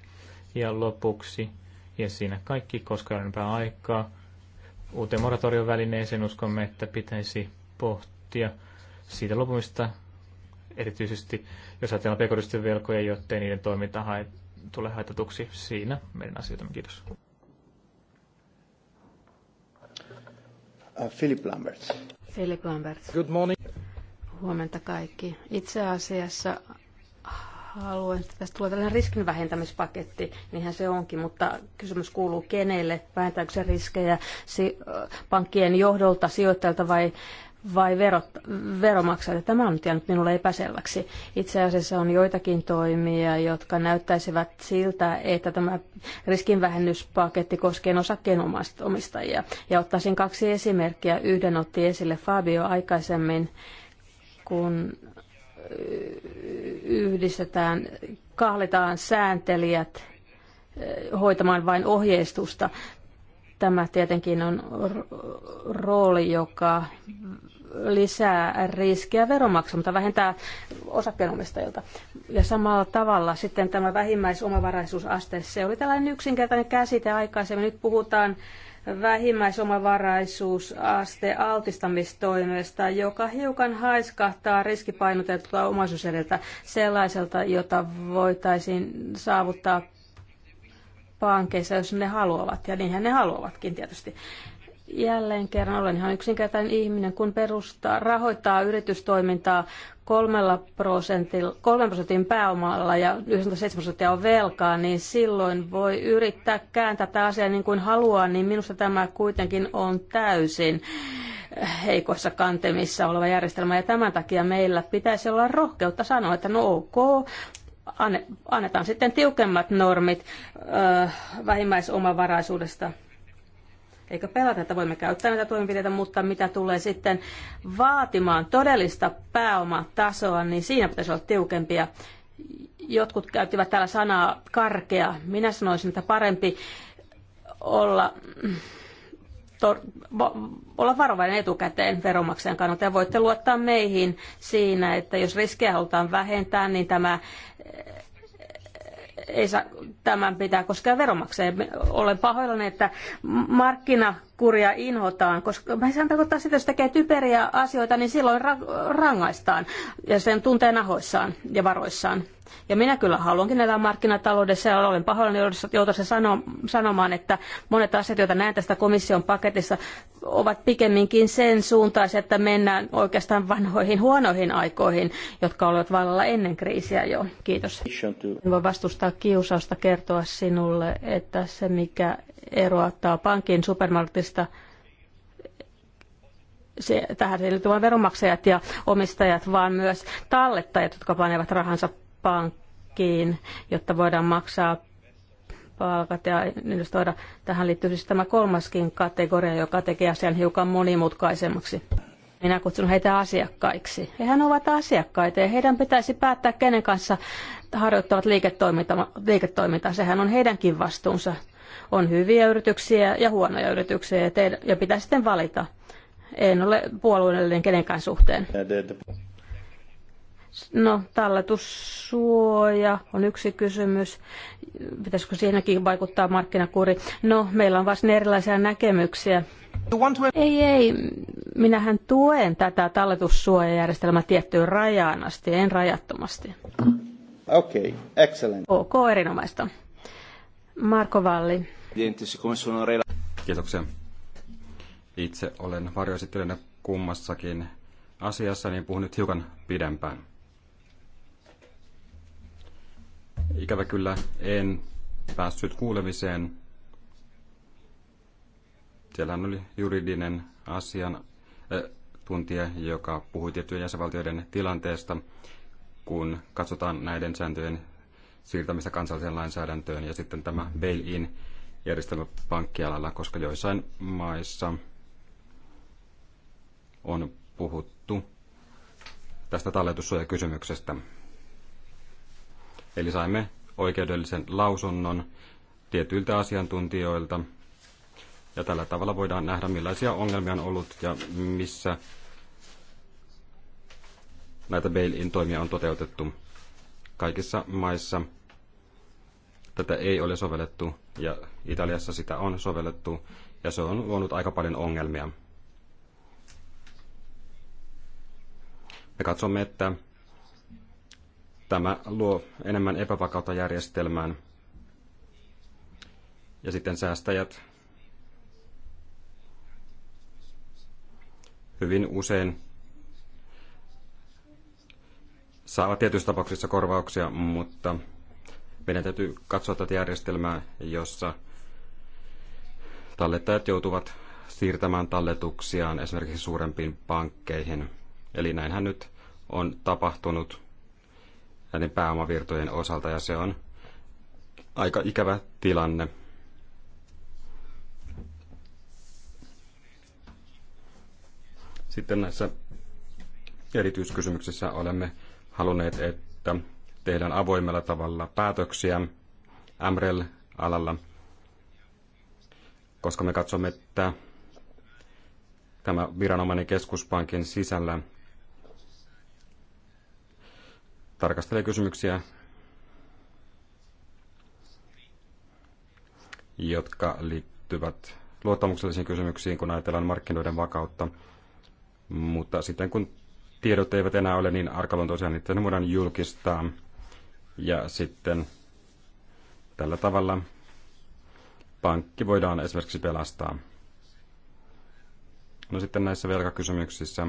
S1: Ja lopuksi, ja siinä kaikki, koska on aikaa, uuteen moratorion välineeseen uskomme, että pitäisi pohtia siitä lopumista, erityisesti jos ajatellaan pk velkoja, jottei niiden toiminta hae, tule haitatuksi siinä meidän asioitamme. Kiitos. Uh,
S2: Philip Lambert. Philip Lambert. Good morning. Huomenta kaikki. Itse asiassa haluan, että tästä tulee tällainen riskin vähentämispaketti, niinhän se onkin, mutta kysymys kuuluu kenelle, vähentääkö se riskejä si- pankkien johdolta, sijoittajalta vai, vai verot, veromaksajilta. Tämä on nyt jäänyt minulle epäselväksi. Itse asiassa on joitakin toimia, jotka näyttäisivät siltä, että tämä riskinvähennyspaketti koskee omistajia. Ja ottaisin kaksi esimerkkiä. Yhden otti esille Fabio aikaisemmin kun yhdistetään, kahletaan sääntelijät e, hoitamaan vain ohjeistusta. Tämä tietenkin on rooli, joka lisää riskiä veronmaksuun, mutta vähentää osakkeenomistajilta. Ja samalla tavalla sitten tämä vähimmäisomavaraisuusaste, se oli tällainen yksinkertainen käsite aikaisemmin. Nyt puhutaan vähimmäisomavaraisuusaste altistamistoimesta, joka hiukan haiskahtaa riskipainotettua omaisuuseriltä sellaiselta, jota voitaisiin saavuttaa pankeissa, jos ne haluavat. Ja niinhän ne haluavatkin tietysti. Jälleen kerran olen ihan yksinkertainen ihminen, kun perustaa, rahoittaa yritystoimintaa kolmella prosentilla, kolmen prosentin pääomalla ja 97 prosenttia on velkaa, niin silloin voi yrittää kääntää tätä asiaa niin kuin haluaa, niin minusta tämä kuitenkin on täysin heikoissa kantemissa oleva järjestelmä. Ja tämän takia meillä pitäisi olla rohkeutta sanoa, että no ok, annetaan sitten tiukemmat normit vähimmäisomavaraisuudesta – eikä pelätä, että voimme käyttää näitä toimenpiteitä, mutta mitä tulee sitten vaatimaan todellista pääomatasoa, niin siinä pitäisi olla tiukempia. Jotkut käyttivät täällä sanaa karkea. Minä sanoisin, että parempi olla, to, olla varovainen etukäteen veronmaksajan kannalta ja voitte luottaa meihin siinä, että jos riskejä halutaan vähentää, niin tämä ei saa, tämän pitää koskea veronmaksajia. Olen pahoillani, että markkina kuria inhotaan, koska sehän tarkoittaa sitä, jos tekee typeriä asioita, niin silloin ra- rangaistaan ja sen tuntee nahoissaan ja varoissaan. Ja minä kyllä haluankin elää markkinataloudessa ja olen pahoillani joutuessa sano- sanomaan, että monet asiat, joita näen tästä komission paketissa, ovat pikemminkin sen suuntaisia, että mennään oikeastaan vanhoihin huonoihin aikoihin, jotka olivat vallalla ennen kriisiä jo. Kiitos. En voi vastustaa kiusausta kertoa sinulle, että se mikä eroattaa pankin supermarketin mahdollista. Se, tähän ei vain veronmaksajat ja omistajat, vaan myös tallettajat, jotka panevat rahansa pankkiin, jotta voidaan maksaa palkat ja investoida. Tähän liittyy siis tämä kolmaskin kategoria, joka tekee asian hiukan monimutkaisemmaksi. Minä kutsun heitä asiakkaiksi. Hehän ovat asiakkaita ja heidän pitäisi päättää, kenen kanssa harjoittavat liiketoimintaa. liiketoimintaa. Sehän on heidänkin vastuunsa. On hyviä yrityksiä ja huonoja yrityksiä ja, teidän, ja pitää sitten valita. En ole puolueellinen kenenkään suhteen. No, talletussuoja on yksi kysymys. Pitäisikö siinäkin vaikuttaa markkinakuri? No, meillä on varsin erilaisia näkemyksiä. Ei, ei. Minähän tuen tätä talletussuojajärjestelmää tiettyyn rajaan asti, en rajattomasti. Okei, okay, excellent. Ok, erinomaista. Marko Valli.
S3: Kiitoksia. Itse olen varjoesittelijänä kummassakin asiassa, niin puhun nyt hiukan pidempään. Ikävä kyllä en päässyt kuulemiseen. Siellähän oli juridinen asian tuntija, joka puhui tiettyjen jäsenvaltioiden tilanteesta, kun katsotaan näiden sääntöjen siirtämistä kansalliseen lainsäädäntöön ja sitten tämä bail-in järjestelmä pankkialalla, koska joissain maissa on puhuttu tästä talletussuojakysymyksestä. Eli saimme oikeudellisen lausunnon tietyiltä asiantuntijoilta, ja tällä tavalla voidaan nähdä, millaisia ongelmia on ollut ja missä näitä bail-in-toimia on toteutettu kaikissa maissa tätä ei ole sovellettu ja Italiassa sitä on sovellettu ja se on luonut aika paljon ongelmia. Me katsomme, että tämä luo enemmän epävakautta järjestelmään ja sitten säästäjät hyvin usein saavat tietyissä tapauksissa korvauksia, mutta meidän täytyy katsoa tätä järjestelmää, jossa tallettajat joutuvat siirtämään talletuksiaan esimerkiksi suurempiin pankkeihin. Eli näinhän nyt on tapahtunut näiden pääomavirtojen osalta ja se on aika ikävä tilanne. Sitten näissä erityiskysymyksissä olemme halunneet, että tehdään avoimella tavalla päätöksiä MREL-alalla, koska me katsomme, että tämä viranomainen keskuspankin sisällä tarkastelee kysymyksiä, jotka liittyvät luottamuksellisiin kysymyksiin, kun ajatellaan markkinoiden vakautta. Mutta sitten kun tiedot eivät enää ole niin arkaluontoisia, niitä ne voidaan julkistaa. Ja sitten tällä tavalla pankki voidaan esimerkiksi pelastaa. No sitten näissä velkakysymyksissä.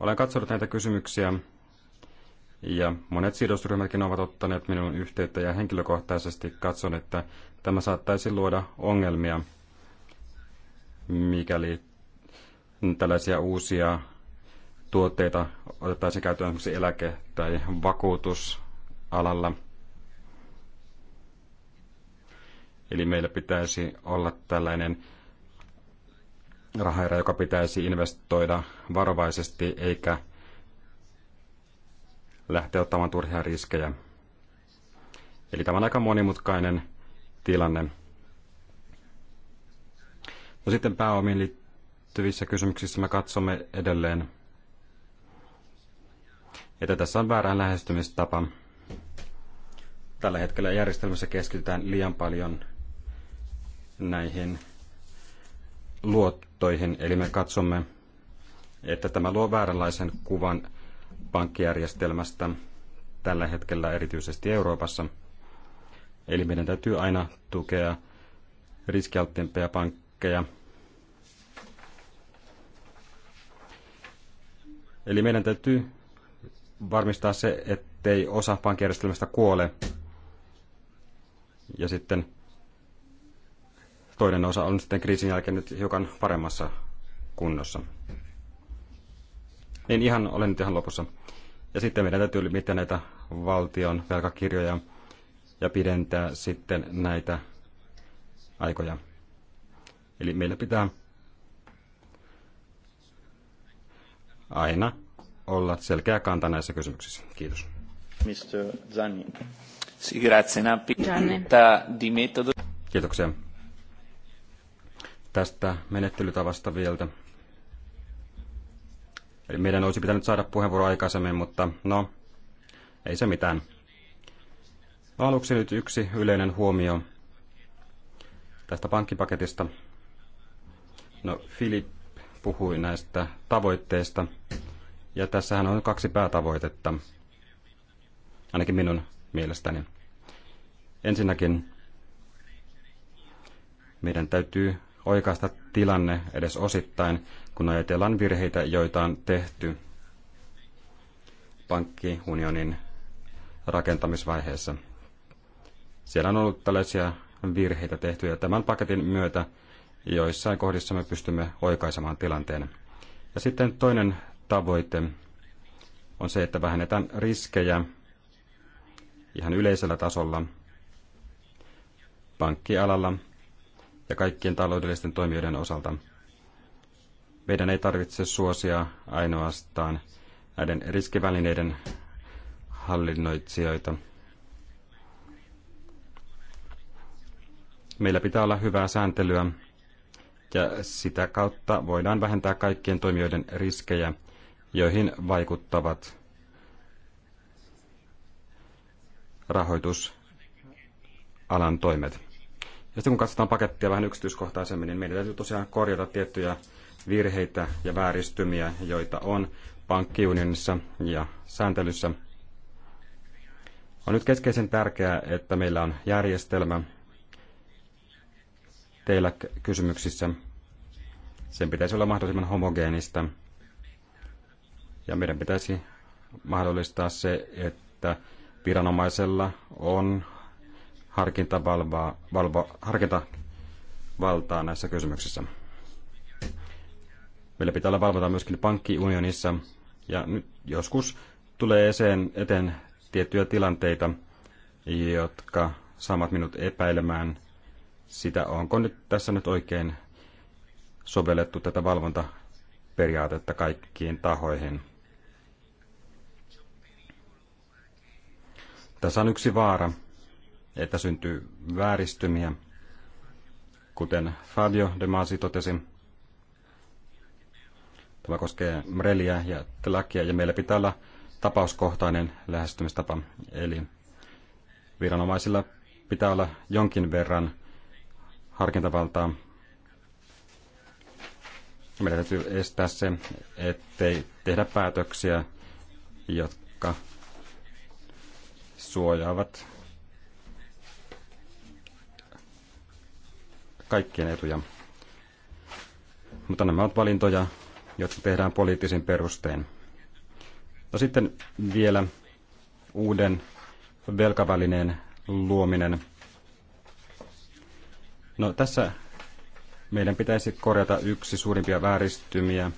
S3: Olen katsonut näitä kysymyksiä ja monet sidosryhmätkin ovat ottaneet minun yhteyttä ja henkilökohtaisesti katson, että tämä saattaisi luoda ongelmia, mikäli tällaisia uusia tuotteita otetaan sen käyttöön esimerkiksi eläke- tai vakuutusalalla. Eli meillä pitäisi olla tällainen rahaerä, joka pitäisi investoida varovaisesti eikä lähteä ottamaan turhia riskejä. Eli tämä on aika monimutkainen tilanne. No sitten pääomiin liittyvissä kysymyksissä me katsomme edelleen että tässä on väärä lähestymistapa. Tällä hetkellä järjestelmässä keskitytään liian paljon näihin luottoihin, eli me katsomme, että tämä luo vääränlaisen kuvan pankkijärjestelmästä tällä hetkellä erityisesti Euroopassa. Eli meidän täytyy aina tukea riskialttiimpia pankkeja. Eli meidän täytyy varmistaa se, ettei osa pankkijärjestelmästä kuole. Ja sitten toinen osa on sitten kriisin jälkeen nyt hiukan paremmassa kunnossa. Niin ihan olen nyt ihan lopussa. Ja sitten meidän täytyy miettiä näitä valtion velkakirjoja ja pidentää sitten näitä aikoja. Eli meillä pitää aina olla selkeä kanta näissä kysymyksissä. Kiitos.
S1: Mr. Zanni.
S3: Sì, grazie. Una di metodo. Kiitoksia. Tästä menettelytavasta vielä. Eli meidän olisi pitänyt saada puheenvuoro aikaisemmin, mutta no, ei se mitään. Aluksi nyt yksi yleinen huomio tästä pankkipaketista. No, Filip puhui näistä tavoitteista ja tässähän on kaksi päätavoitetta, ainakin minun mielestäni. Ensinnäkin meidän täytyy oikaista tilanne edes osittain, kun ajatellaan virheitä, joita on tehty pankkiunionin rakentamisvaiheessa. Siellä on ollut tällaisia virheitä tehtyjä tämän paketin myötä, joissain kohdissa me pystymme oikaisemaan tilanteen. Ja sitten toinen tavoite on se, että vähennetään riskejä ihan yleisellä tasolla pankkialalla ja kaikkien taloudellisten toimijoiden osalta. Meidän ei tarvitse suosia ainoastaan näiden riskivälineiden hallinnoitsijoita. Meillä pitää olla hyvää sääntelyä ja sitä kautta voidaan vähentää kaikkien toimijoiden riskejä joihin vaikuttavat rahoitusalan toimet. Ja sitten kun katsotaan pakettia vähän yksityiskohtaisemmin, niin meidän täytyy tosiaan korjata tiettyjä virheitä ja vääristymiä, joita on pankkiunionissa ja sääntelyssä. On nyt keskeisen tärkeää, että meillä on järjestelmä teillä kysymyksissä. Sen pitäisi olla mahdollisimman homogeenista – ja meidän pitäisi mahdollistaa se, että viranomaisella on harkintavalvaa, harkintavaltaa näissä kysymyksissä. Meillä pitää olla valvota myöskin pankkiunionissa, ja nyt joskus tulee eteen, eteen tiettyjä tilanteita, jotka saavat minut epäilemään sitä, onko nyt tässä nyt oikein sovellettu tätä valvontaperiaatetta kaikkiin tahoihin. Tässä on yksi vaara, että syntyy vääristymiä, kuten Fabio De Masi totesi. Tämä koskee Mreliä ja Telakia, ja meillä pitää olla tapauskohtainen lähestymistapa. Eli viranomaisilla pitää olla jonkin verran harkintavaltaa. Meidän täytyy estää se, ettei tehdä päätöksiä, jotka suojaavat kaikkien etuja. Mutta nämä ovat valintoja, jotka tehdään poliittisin perustein. No sitten vielä uuden velkavälineen luominen. No tässä meidän pitäisi korjata yksi suurimpia vääristymiä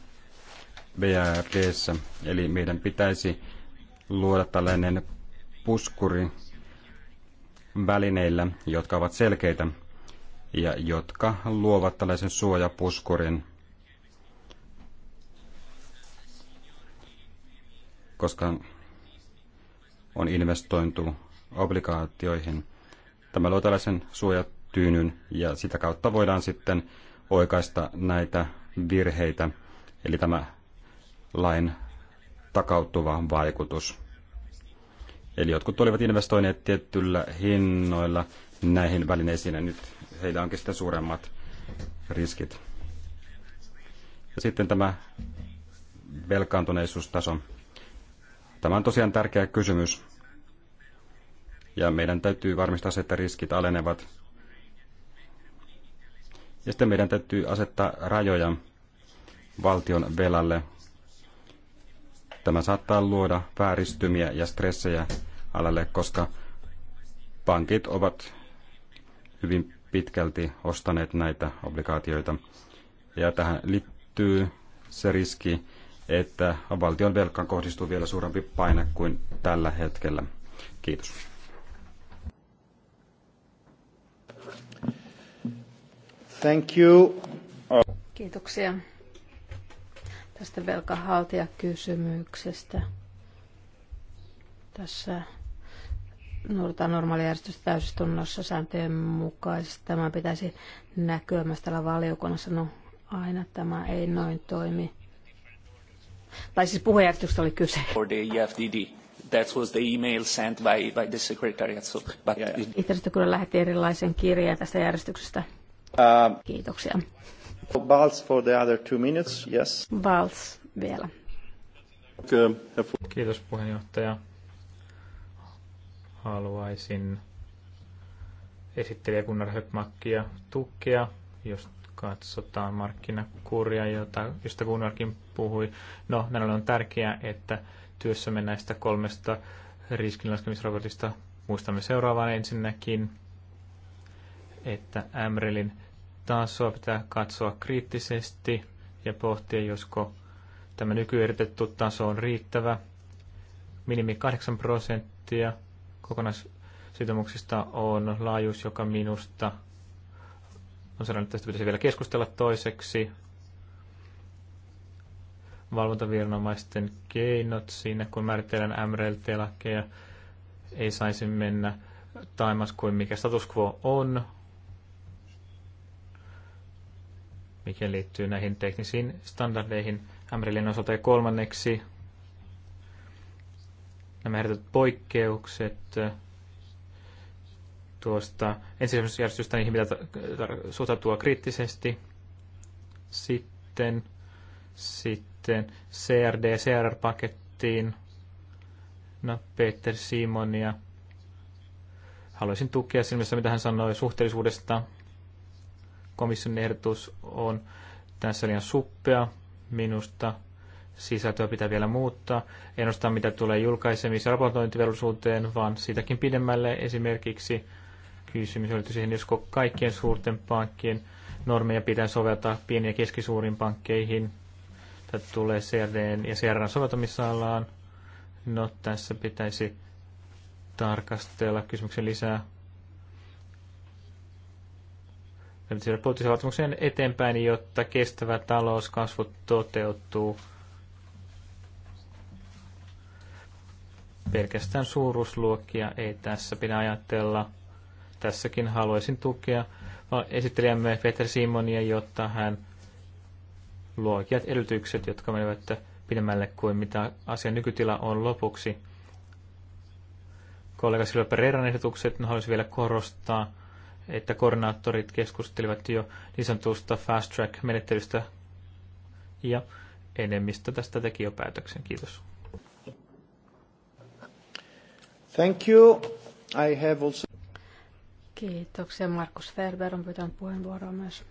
S3: BRDssä, eli meidän pitäisi luoda tällainen puskuri välineillä, jotka ovat selkeitä ja jotka luovat tällaisen suojapuskurin, koska on investointu obligaatioihin. Tämä luo tällaisen suojatyynyn ja sitä kautta voidaan sitten oikaista näitä virheitä, eli tämä lain takautuva vaikutus. Eli jotkut olivat investoineet tiettyillä hinnoilla näihin välineisiin ja nyt heillä onkin sitten suuremmat riskit. Ja sitten tämä velkaantuneisuustaso. Tämä on tosiaan tärkeä kysymys. Ja meidän täytyy varmistaa se, että riskit alenevat. Ja sitten meidän täytyy asettaa rajoja valtion velalle Tämä saattaa luoda vääristymiä ja stressejä alalle, koska pankit ovat hyvin pitkälti ostaneet näitä obligaatioita. Ja tähän liittyy se riski, että valtion velkaan kohdistuu vielä suurempi paine kuin tällä hetkellä. Kiitos.
S2: Thank you. Kiitoksia tästä velkahaltijakysymyksestä. Tässä noudataan normaalijärjestystä täysistunnossa sääntöjen mukaisesti. Tämä pitäisi näkyä myös täällä valiokunnassa. No aina tämä ei noin toimi. Tai siis puheenjärjestyksestä oli kyse. For the EFDD. That was the email sent
S1: by, by the secretariat. So, but, yeah.
S2: Itse kyllä lähetti erilaisen kirjeen tästä järjestyksestä.
S1: Uh. Kiitoksia. Balts for the other two minutes, yes.
S2: Balts vielä.
S1: Kiitos puheenjohtaja. Haluaisin esittelijä Gunnar Höpmakkia tukea, jos katsotaan markkinakuria, jota, josta Gunnarkin puhui. No, näin on tärkeää, että työssämme näistä kolmesta riskinlaskemisrobotista muistamme seuraavaan ensinnäkin, että Ämrelin sua pitää katsoa kriittisesti ja pohtia, josko tämä nykyeritetty taso on riittävä. Minimi 8 prosenttia kokonaissitoumuksista on laajuus, joka minusta on sanonut, että tästä pitäisi vielä keskustella toiseksi. Valvontaviranomaisten keinot siinä, kun määritellään MRLT-lakeja, ei saisi mennä taimas kuin mikä status quo on, mikä liittyy näihin teknisiin standardeihin MRLin osalta. Ja kolmanneksi nämä ehdotetut poikkeukset tuosta ensisijaisuusjärjestystä, niihin pitää suhtautua kriittisesti. Sitten, sitten CRD- ja CRR-pakettiin. No, Peter Simonia. Haluaisin tukea silmissä, mitä hän sanoi suhteellisuudesta komission ehdotus on tässä liian suppea minusta. Sisältöä pitää vielä muuttaa. En ainoastaan mitä tulee julkaisemis- ja raportointivelvollisuuteen, vaan siitäkin pidemmälle esimerkiksi kysymys oli siihen, josko kaikkien suurten pankkien normeja pitää soveltaa pieniin ja keskisuuriin pankkeihin. Tätä tulee CRD ja CRN soveltamisalaan. No tässä pitäisi tarkastella kysymyksen lisää viedä poliittisen vaatimuksen eteenpäin, jotta kestävä talouskasvu toteutuu pelkästään suuruusluokkia ei tässä pidä ajatella. Tässäkin haluaisin tukea esittelijämme Peter Simonia, jotta hän luo edellytykset, jotka menevät pidemmälle kuin mitä asian nykytila on lopuksi. Kollega Silvia Pereiran ehdotukset no haluaisin vielä korostaa – että koordinaattorit keskustelivat jo niin sanotusta fast track-menettelystä ja enemmistö tästä teki jo päätöksen. Kiitos.
S2: Thank
S3: you. I have also...
S2: Kiitoksia. Markus Ferber on pyytänyt puheenvuoroa myös.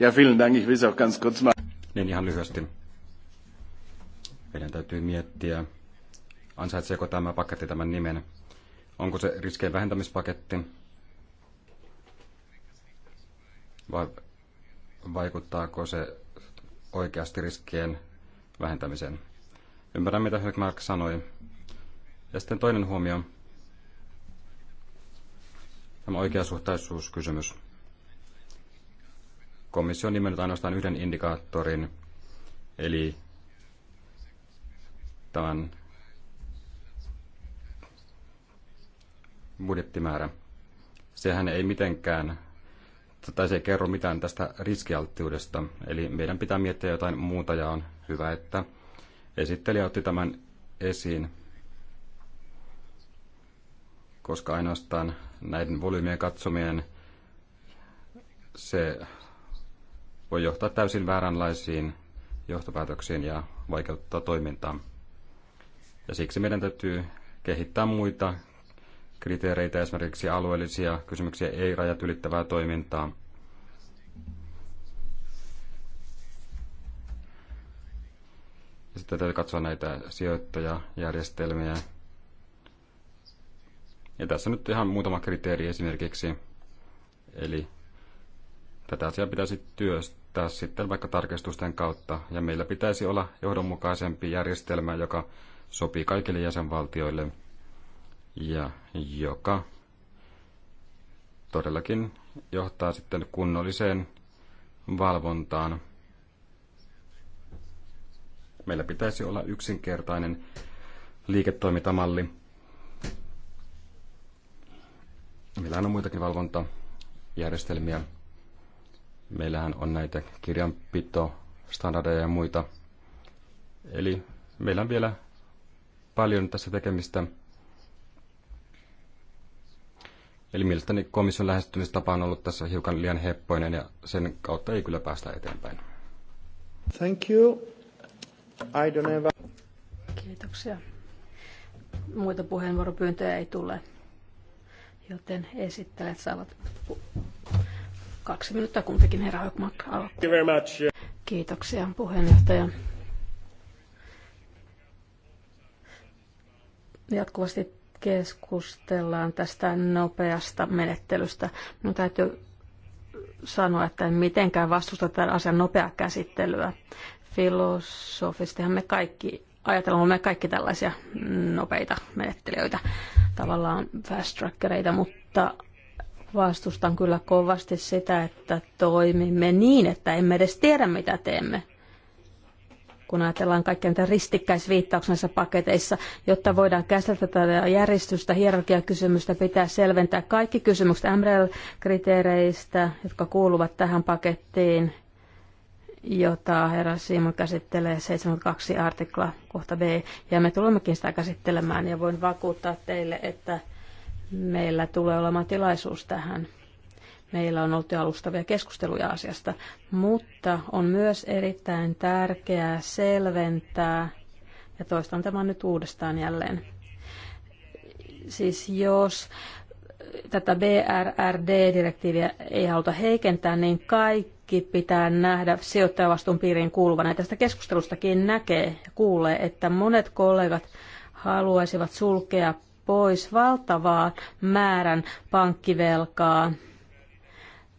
S3: Ja vielen Dank, ich will auch ganz kurz mal... Niin ihan lyhyesti. Meidän täytyy miettiä, ansaitseeko tämä paketti tämän nimen. Onko se riskien vähentämispaketti? Vai vaikuttaako se oikeasti riskien vähentämiseen? Ymmärrän, mitä Högmark sanoi. Ja sitten toinen huomio. Tämä oikeasuhtaisuuskysymys. Komissio on nimennyt ainoastaan yhden indikaattorin, eli tämän budjettimäärä. Sehän ei mitenkään, tai se ei kerro mitään tästä riskialttiudesta, eli meidän pitää miettiä jotain muuta, ja on hyvä, että esittelijä otti tämän esiin, koska ainoastaan näiden volyymien katsominen se voi johtaa täysin vääränlaisiin johtopäätöksiin ja vaikeuttaa toimintaa. Ja siksi meidän täytyy kehittää muita kriteereitä, esimerkiksi alueellisia kysymyksiä, ei rajat ylittävää toimintaa. Ja sitten täytyy katsoa näitä sijoittajajärjestelmiä. Ja tässä nyt ihan muutama kriteeri esimerkiksi. Eli tätä asiaa pitäisi työstää sitten vaikka tarkistusten kautta. Ja meillä pitäisi olla johdonmukaisempi järjestelmä, joka sopii kaikille jäsenvaltioille – ja joka todellakin johtaa sitten kunnolliseen valvontaan. Meillä pitäisi olla yksinkertainen liiketoimintamalli. Meillähän on muitakin valvontajärjestelmiä. Meillähän on näitä kirjanpito, standardeja ja muita. Eli meillä on vielä paljon tässä tekemistä Eli mielestäni komission lähestymistapa on ollut tässä hiukan liian heppoinen ja sen kautta ei kyllä päästä eteenpäin.
S2: Thank you. I don't have... Kiitoksia. Muita puheenvuoropyyntöjä ei tule, joten esittäjät saavat kaksi minuuttia kumpikin herra Hökmark Thank
S1: you very much.
S2: Kiitoksia puheenjohtaja. Jatkuvasti keskustellaan tästä nopeasta menettelystä. Minun täytyy sanoa, että en mitenkään vastusta tämän asian nopeaa käsittelyä. Filosofistihan me kaikki, ajatellaan me kaikki tällaisia nopeita menettelijöitä, tavallaan fast trackereita, mutta vastustan kyllä kovasti sitä, että toimimme niin, että emme edes tiedä, mitä teemme kun ajatellaan kaikkia näitä ristikkäisviittauksensa paketeissa, jotta voidaan käsitellä tätä järjestystä, hierarkiakysymystä, pitää selventää kaikki kysymykset MREL-kriteereistä, jotka kuuluvat tähän pakettiin, jota herra Simon käsittelee 72 artikla kohta B, ja me tulemmekin sitä käsittelemään, ja voin vakuuttaa teille, että meillä tulee olemaan tilaisuus tähän Meillä on ollut jo alustavia keskusteluja asiasta, mutta on myös erittäin tärkeää selventää, ja toistan tämän nyt uudestaan jälleen. Siis jos tätä BRRD-direktiiviä ei haluta heikentää, niin kaikki pitää nähdä sijoittajavastuun piiriin kuuluvana. Ja tästä keskustelustakin näkee ja kuulee, että monet kollegat haluaisivat sulkea pois valtavaa määrän pankkivelkaa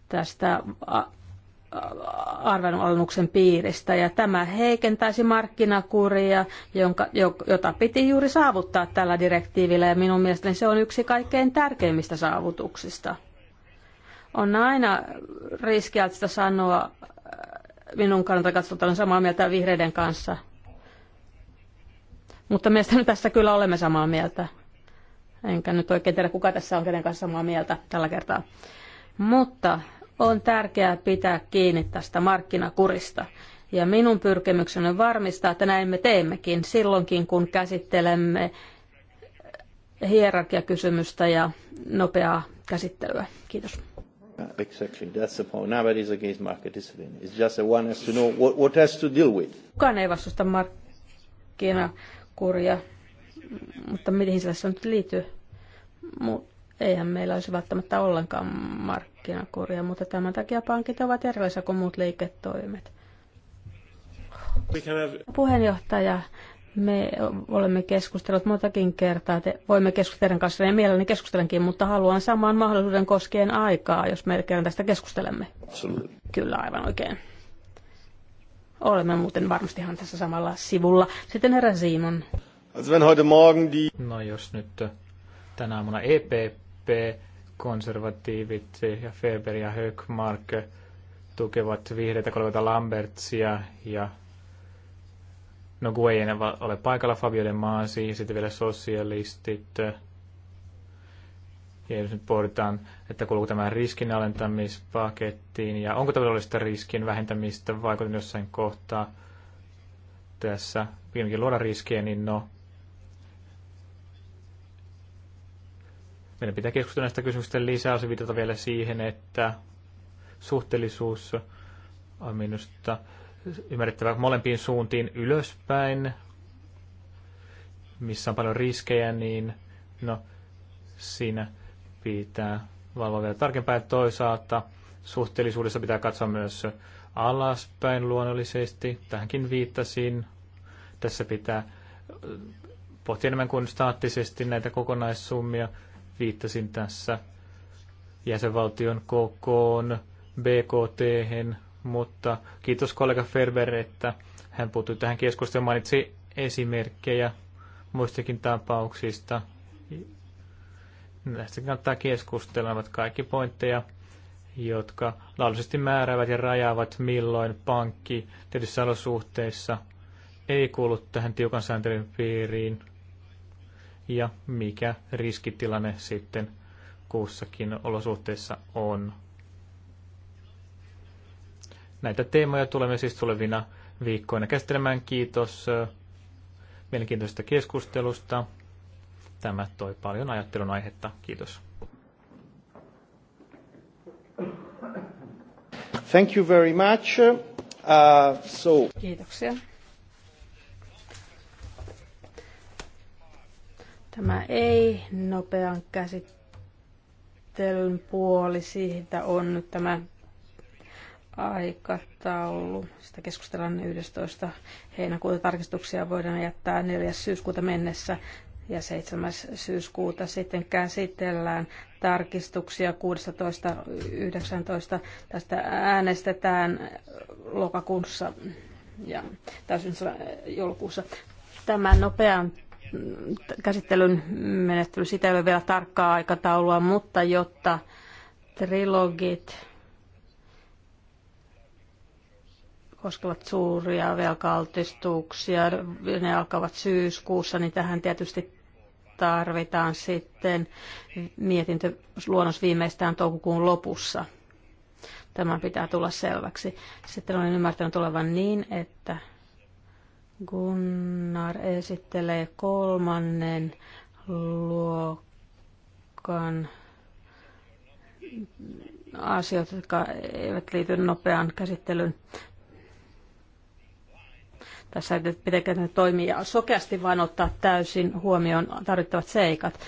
S2: tästä arvonalennuksen piiristä ja tämä heikentäisi markkinakuria, jonka, jota piti juuri saavuttaa tällä direktiivillä ja minun mielestäni se on yksi kaikkein tärkeimmistä saavutuksista. On aina riskialtista sanoa, äh, minun kannalta katsotaan samaa mieltä vihreiden kanssa, mutta mielestäni tässä kyllä olemme samaa mieltä. Enkä nyt oikein tiedä, kuka tässä on kenen kanssa samaa mieltä tällä kertaa. Mutta on tärkeää pitää kiinni tästä markkinakurista. Ja minun pyrkimykseni on varmistaa, että näin me teemmekin silloinkin, kun käsittelemme hierarkiakysymystä ja nopeaa käsittelyä. Kiitos. Exactly, that's the point. against market discipline. It's just one has to know what, has to deal with. Kukaan ei vastusta markkinakuria, mutta mihin se tässä nyt liittyy? Mutta eihän meillä olisi välttämättä ollenkaan markkinakuria, mutta tämän takia pankit ovat erilaisia kuin muut liiketoimet. Puheenjohtaja, me olemme keskustelleet montakin kertaa, että voimme keskustella kanssa ja mielelläni keskustelenkin, mutta haluan saman mahdollisuuden koskien aikaa, jos me kerran tästä keskustelemme. Absolutely. Kyllä, aivan oikein. Olemme muuten varmasti ihan tässä samalla sivulla. Sitten herra Simon. No
S1: jos nyt tänä aamuna ep. EPP, konservatiivit ja Feber ja Högmark tukevat vihreitä kollegoita Lambertsia ja no kun ei enää ole paikalla Fabio de Masi, sitten vielä sosialistit. Ja jos nyt pohditaan, että kuuluuko tämä riskin alentamispakettiin ja onko tavallista riskin vähentämistä vaikutin jossain kohtaa tässä, viimekin luoda riskiä, niin no, meidän pitää keskustella näistä kysymyksistä lisää. se viitata vielä siihen, että suhteellisuus on minusta ymmärrettävä molempiin suuntiin ylöspäin, missä on paljon riskejä, niin no, siinä pitää valvoa vielä tarkempaa. Toisaalta suhteellisuudessa pitää katsoa myös alaspäin luonnollisesti. Tähänkin viittasin. Tässä pitää pohtia enemmän kuin staattisesti näitä kokonaissummia. Viittasin tässä jäsenvaltion kokoon, BKT, mutta kiitos kollega Ferber, että hän puuttui tähän keskusteluun mainitsi esimerkkejä muistakin tapauksista. Näistä kannattaa keskustella, ovat kaikki pointteja, jotka laillisesti määräävät ja rajaavat, milloin pankki tietyissä olosuhteissa ei kuulu tähän tiukan sääntelyn piiriin – ja mikä riskitilanne sitten kussakin olosuhteessa on. Näitä teemoja tulemme siis tulevina viikkoina käsittelemään. Kiitos mielenkiintoisesta keskustelusta. Tämä toi paljon ajattelun aihetta. Kiitos.
S2: Thank you very much. Uh, so. Kiitoksia. Tämä ei nopean käsittelyn puoli, siitä on nyt tämä aikataulu. Sitä keskustellaan 11. heinäkuuta. Tarkistuksia voidaan jättää 4. syyskuuta mennessä ja 7. syyskuuta sitten käsitellään tarkistuksia 16.19. Tästä äänestetään lokakuussa ja täysin joulukuussa. Tämän nopean käsittelyn menettely, sitä ei ole vielä tarkkaa aikataulua, mutta jotta trilogit koskevat suuria velkaaltistuksia, ne alkavat syyskuussa, niin tähän tietysti tarvitaan sitten mietintö. Luonnos viimeistään toukokuun lopussa. Tämä pitää tulla selväksi. Sitten olen ymmärtänyt olevan niin, että Gunnar esittelee kolmannen luokan asioita, jotka eivät liity nopeaan käsittelyyn. Tässä ei pitäkään toimia sokeasti, vaan ottaa täysin huomioon tarvittavat seikat.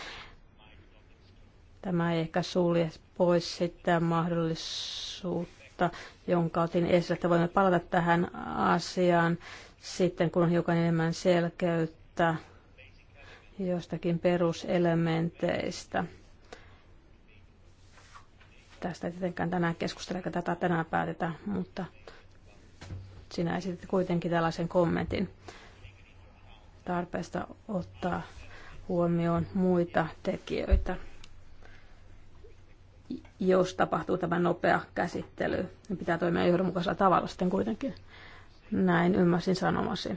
S2: Tämä ei ehkä sulje pois sitä mahdollisuutta, jonka otin esille, että voimme palata tähän asiaan sitten kun on hiukan enemmän selkeyttä jostakin peruselementeistä. Tästä ei tietenkään tänään keskustella, eikä tätä tänään päätetä, mutta sinä esitit kuitenkin tällaisen kommentin tarpeesta ottaa huomioon muita tekijöitä, jos tapahtuu tämä nopea käsittely. Pitää toimia johdonmukaisella tavalla sitten kuitenkin. Näin ymmärsin sanomasi.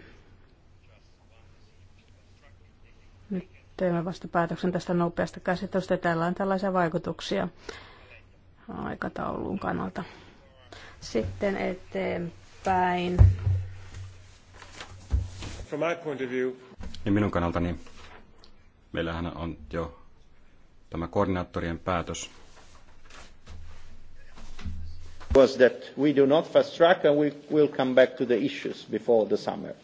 S2: Nyt teemme vasta päätöksen tästä nopeasta käsittelystä. Täällä on tällaisia vaikutuksia aikataulun kannalta. Sitten eteenpäin.
S3: From my point of view. Niin minun kannaltani meillähän on jo tämä koordinaattorien päätös
S1: was that we do not fast track and we will come back to the issues before the summer.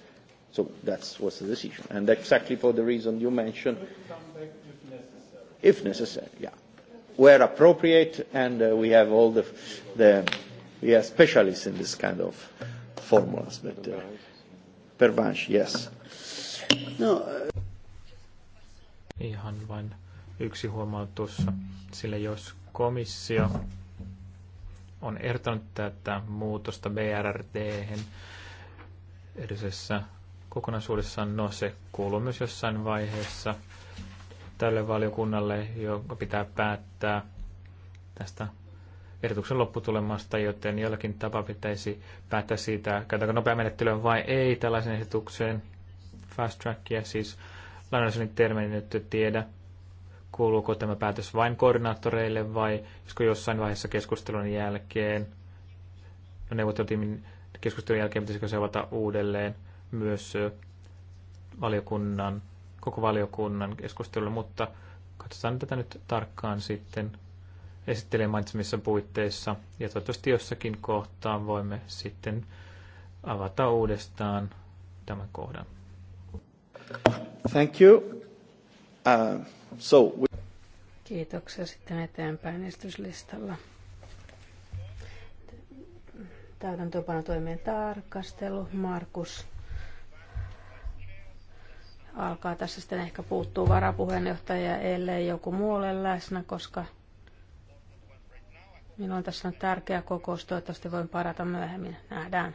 S1: So that was the decision. And exactly for the reason you mentioned.
S3: Come back If necessary.
S1: If necessary, yeah. Where appropriate, and uh, we have all the, the, we are specialists in this kind of formulas. But uh,
S2: Pervanche, yes. No. Uh,
S1: Ihan vain yksi huomautus, sillä jos komissio on ehdottanut tätä muutosta brrt edellisessä kokonaisuudessaan. No se kuuluu myös jossain vaiheessa tälle valiokunnalle, joka pitää päättää tästä ehdotuksen lopputulemasta, joten jollakin tapa pitäisi päättää siitä, käytetäänkö nopea menettelyä vai ei tällaisen esitykseen. Fast trackia siis lainaisen termin nyt tiedä Kuuluuko tämä päätös vain koordinaattoreille vai josko jossain vaiheessa keskustelun jälkeen, no neuvottelutiimin keskustelun jälkeen pitäisikö se avata uudelleen myös valiokunnan, koko valiokunnan keskustelulle, mutta katsotaan tätä nyt tarkkaan sitten esittelijän mainitsemissa puitteissa. Ja toivottavasti jossakin kohtaa voimme sitten avata uudestaan tämän kohdan. Thank you. Uh,
S3: so we...
S2: Kiitoksia sitten eteenpäin Täytäntöpano Täytäntöönpanotoimien tarkastelu. Markus alkaa tässä sitten ehkä puuttuu varapuheenjohtaja, ellei joku muu ole läsnä, koska minulla on tässä on tärkeä kokous, toivottavasti voin parata myöhemmin. Nähdään.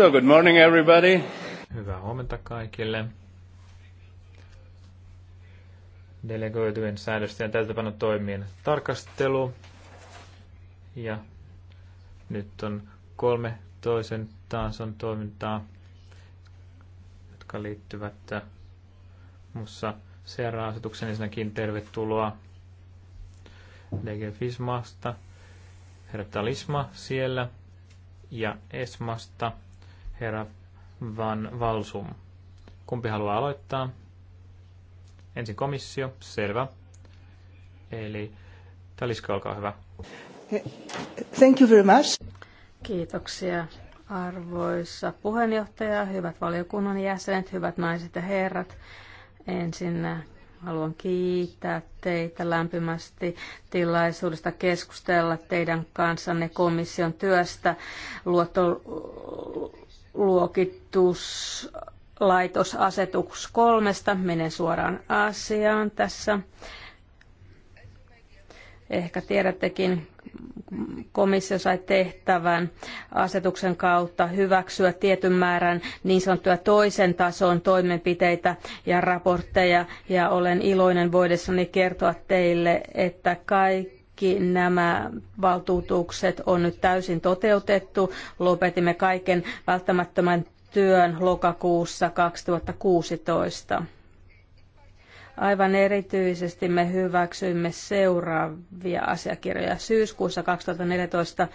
S1: So, good morning everybody. Hyvää huomenta kaikille. Delegoitujen säädösten täytäpano toimien tarkastelu. Ja nyt on kolme toisen tason toimintaa, jotka liittyvät muussa CRA-asetuksen ensinnäkin tervetuloa DG Fismasta, Herra Talisma siellä ja Esmasta – herra Van Valsum. Kumpi haluaa aloittaa? Ensin komissio, selvä. Eli Talisko, olkaa hyvä.
S2: Thank you very much. Kiitoksia arvoisa puheenjohtaja, hyvät valiokunnan jäsenet, hyvät naiset ja herrat. Ensin äh, haluan kiittää teitä lämpimästi tilaisuudesta keskustella teidän kanssanne komission työstä luotto luokituslaitosasetus kolmesta. Menen suoraan asiaan tässä. Ehkä tiedättekin, komissio sai tehtävän asetuksen kautta hyväksyä tietyn määrän niin sanottuja toisen tason toimenpiteitä ja raportteja. Ja olen iloinen voidessani kertoa teille, että kaikki kaikki nämä valtuutukset on nyt täysin toteutettu. Lopetimme kaiken välttämättömän työn lokakuussa 2016. Aivan erityisesti me hyväksyimme seuraavia asiakirjoja. Syyskuussa 2014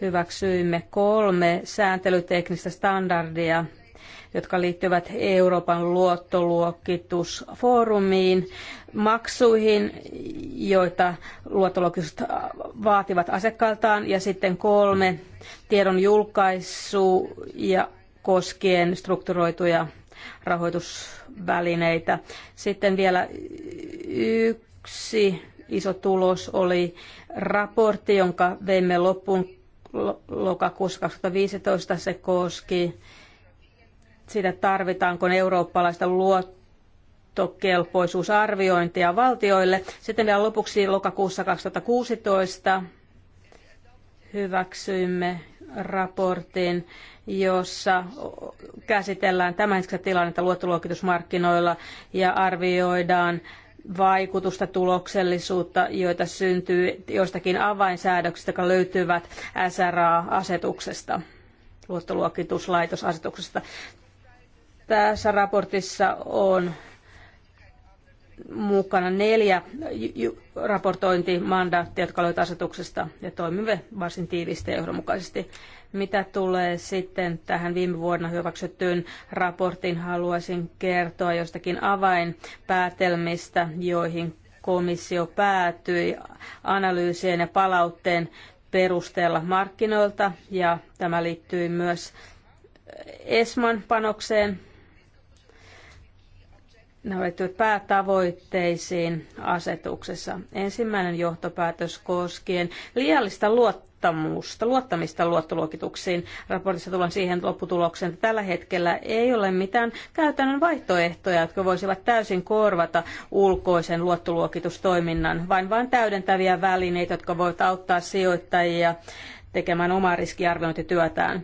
S2: hyväksyimme kolme sääntelyteknistä standardia jotka liittyvät Euroopan luottoluokitusfoorumiin, maksuihin, joita luottoluokitukset vaativat asiakkailtaan, ja sitten kolme tiedon julkaisu ja koskien strukturoituja rahoitusvälineitä. Sitten vielä yksi iso tulos oli raportti, jonka veimme loppuun lokakuussa 2015. Se koski siitä tarvitaanko eurooppalaista luottokelpoisuusarviointia valtioille. Sitten vielä lopuksi lokakuussa 2016 hyväksyimme raportin, jossa käsitellään tämänhetkistä tilannetta luottoluokitusmarkkinoilla ja arvioidaan vaikutusta, tuloksellisuutta, joita syntyy joistakin avainsäädöksistä, jotka löytyvät SRA-asetuksesta luottoluokituslaitosasetuksesta. Tässä raportissa on mukana neljä raportointimandaattia, jotka olivat asetuksesta ja toimimme varsin tiivisti ja johdonmukaisesti. Mitä tulee sitten tähän viime vuonna hyväksyttyyn raporttiin, haluaisin kertoa jostakin avainpäätelmistä, joihin komissio päätyi analyysien ja palautteen perusteella markkinoilta ja tämä liittyy myös ESMAN panokseen Nämä liittyvät päätavoitteisiin asetuksessa. Ensimmäinen johtopäätös koskien liiallista luottamusta, luottamista luottoluokituksiin. Raportissa tullaan siihen lopputulokseen, että tällä hetkellä ei ole mitään käytännön vaihtoehtoja, jotka voisivat täysin korvata ulkoisen luottoluokitustoiminnan, vaan vain täydentäviä välineitä, jotka voivat auttaa sijoittajia tekemään omaa riskiarviointityötään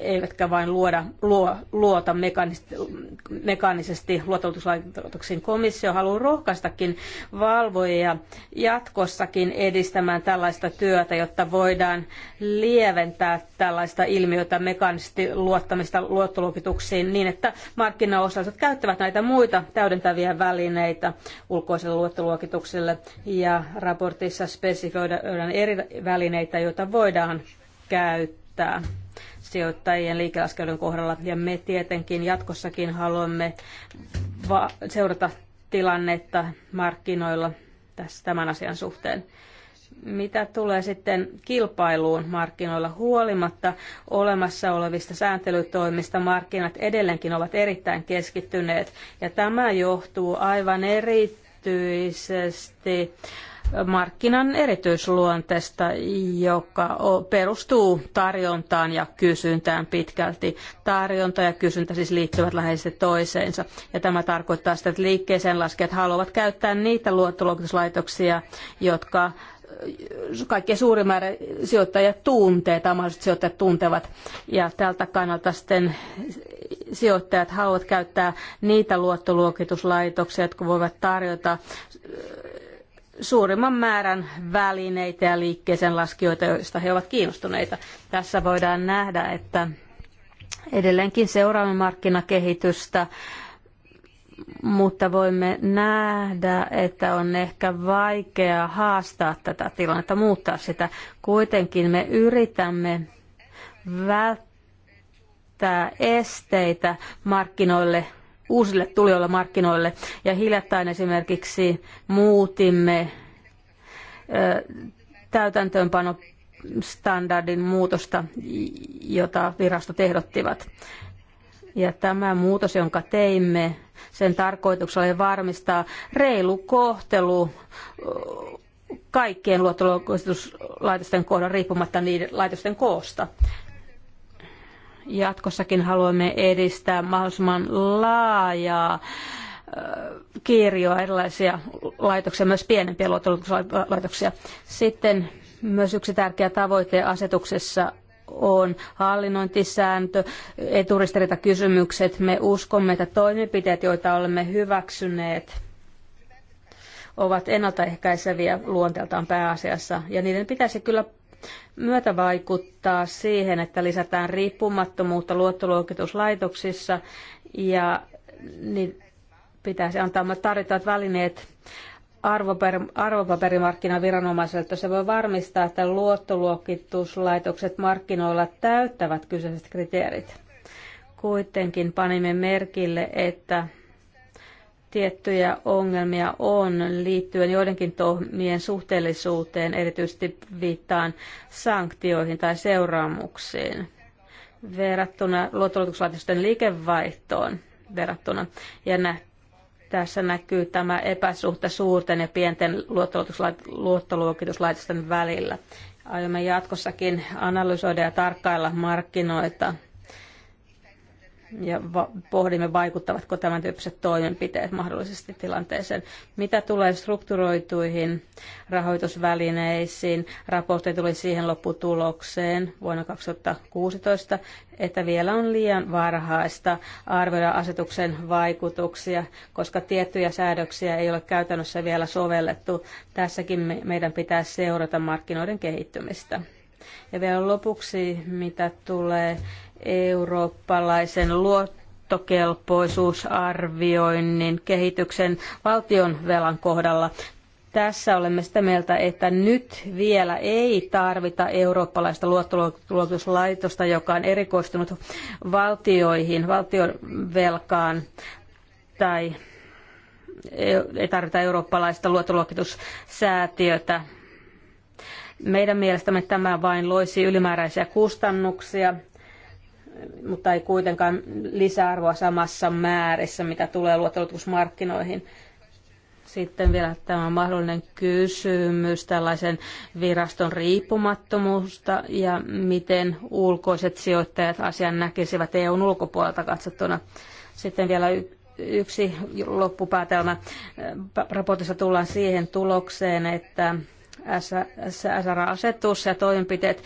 S2: eivätkä vain luoda, luo, luota mekaanisesti, mekaanisesti Komissio haluaa rohkaistakin valvojia jatkossakin edistämään tällaista työtä, jotta voidaan lieventää tällaista ilmiötä mekaanisesti luottamista luottoluokituksiin niin, että markkinaosaiset käyttävät näitä muita täydentäviä välineitä ulkoiselle luottoluokitukselle ja raportissa spesifioidaan eri välineitä, joita voidaan käyttää sijoittajien liikeaskelun kohdalla. Ja me tietenkin jatkossakin haluamme seurata tilannetta markkinoilla tässä tämän asian suhteen. Mitä tulee sitten kilpailuun markkinoilla huolimatta olemassa olevista sääntelytoimista, markkinat edelleenkin ovat erittäin keskittyneet ja tämä johtuu aivan erityisesti markkinan erityisluonteesta, joka perustuu tarjontaan ja kysyntään pitkälti. Tarjonta ja kysyntä siis liittyvät läheisesti toiseensa. Ja tämä tarkoittaa sitä, että liikkeeseen laskijat haluavat käyttää niitä luottoluokituslaitoksia, jotka kaikkein suurin määrä sijoittajia tuntee tai mahdolliset sijoittajat tuntevat. Ja tältä kannalta sitten sijoittajat haluavat käyttää niitä luottoluokituslaitoksia, jotka voivat tarjota suurimman määrän välineitä ja liikkeeseen laskijoita, joista he ovat kiinnostuneita. Tässä voidaan nähdä, että edelleenkin seuraamme markkinakehitystä, mutta voimme nähdä, että on ehkä vaikea haastaa tätä tilannetta, muuttaa sitä. Kuitenkin me yritämme välttää esteitä markkinoille uusille tulijoille markkinoille. Ja hiljattain esimerkiksi muutimme täytäntöönpano standardin muutosta, jota virastot ehdottivat. Ja tämä muutos, jonka teimme, sen tarkoituksena oli varmistaa reilu kohtelu kaikkien luottoluokituslaitosten kohdalla riippumatta niiden laitosten koosta. Jatkossakin haluamme edistää mahdollisimman laajaa kirjoa erilaisia laitoksia, myös pienempiä luottolaitoksia. Sitten myös yksi tärkeä tavoite asetuksessa on hallinnointisääntö, kysymykset, Me uskomme, että toimenpiteet, joita olemme hyväksyneet, ovat ennaltaehkäiseviä luonteeltaan pääasiassa, ja niiden pitäisi kyllä myötävaikuttaa siihen, että lisätään riippumattomuutta luottoluokituslaitoksissa ja niin pitäisi antaa tarvittavat välineet arvoper, arvopaperimarkkinaviranomaiselle, että se voi varmistaa, että luottoluokituslaitokset markkinoilla täyttävät kyseiset kriteerit. Kuitenkin panimme merkille, että tiettyjä ongelmia on liittyen joidenkin toimien suhteellisuuteen, erityisesti viittaan sanktioihin tai seuraamuksiin verrattuna luottoluokituslaitosten liikevaihtoon verrattuna. Ja nä- tässä näkyy tämä epäsuhta suurten ja pienten luottoluokituslaitosten välillä. Aiomme jatkossakin analysoida ja tarkkailla markkinoita ja va- pohdimme, vaikuttavatko tämän tyyppiset toimenpiteet mahdollisesti tilanteeseen. Mitä tulee strukturoituihin rahoitusvälineisiin, raportti tuli siihen lopputulokseen vuonna 2016, että vielä on liian varhaista arvioida asetuksen vaikutuksia, koska tiettyjä säädöksiä ei ole käytännössä vielä sovellettu. Tässäkin me- meidän pitää seurata markkinoiden kehittymistä. Ja vielä lopuksi, mitä tulee eurooppalaisen luottokelpoisuusarvioinnin kehityksen valtionvelan kohdalla. Tässä olemme sitä mieltä, että nyt vielä ei tarvita eurooppalaista luottoluokituslaitosta, joka on erikoistunut valtioihin, valtion velkaan tai e- ei tarvita eurooppalaista luottoluokitussäätiötä. Meidän mielestämme tämä vain loisi ylimääräisiä kustannuksia mutta ei kuitenkaan lisäarvoa samassa määrissä, mitä tulee luottoluokitusmarkkinoihin. Sitten vielä tämä mahdollinen kysymys tällaisen viraston riippumattomuusta ja miten ulkoiset sijoittajat asian näkisivät EUn ulkopuolelta katsottuna. Sitten vielä yksi loppupäätelmä. Raportissa tullaan siihen tulokseen, että sra asetus ja toimenpiteet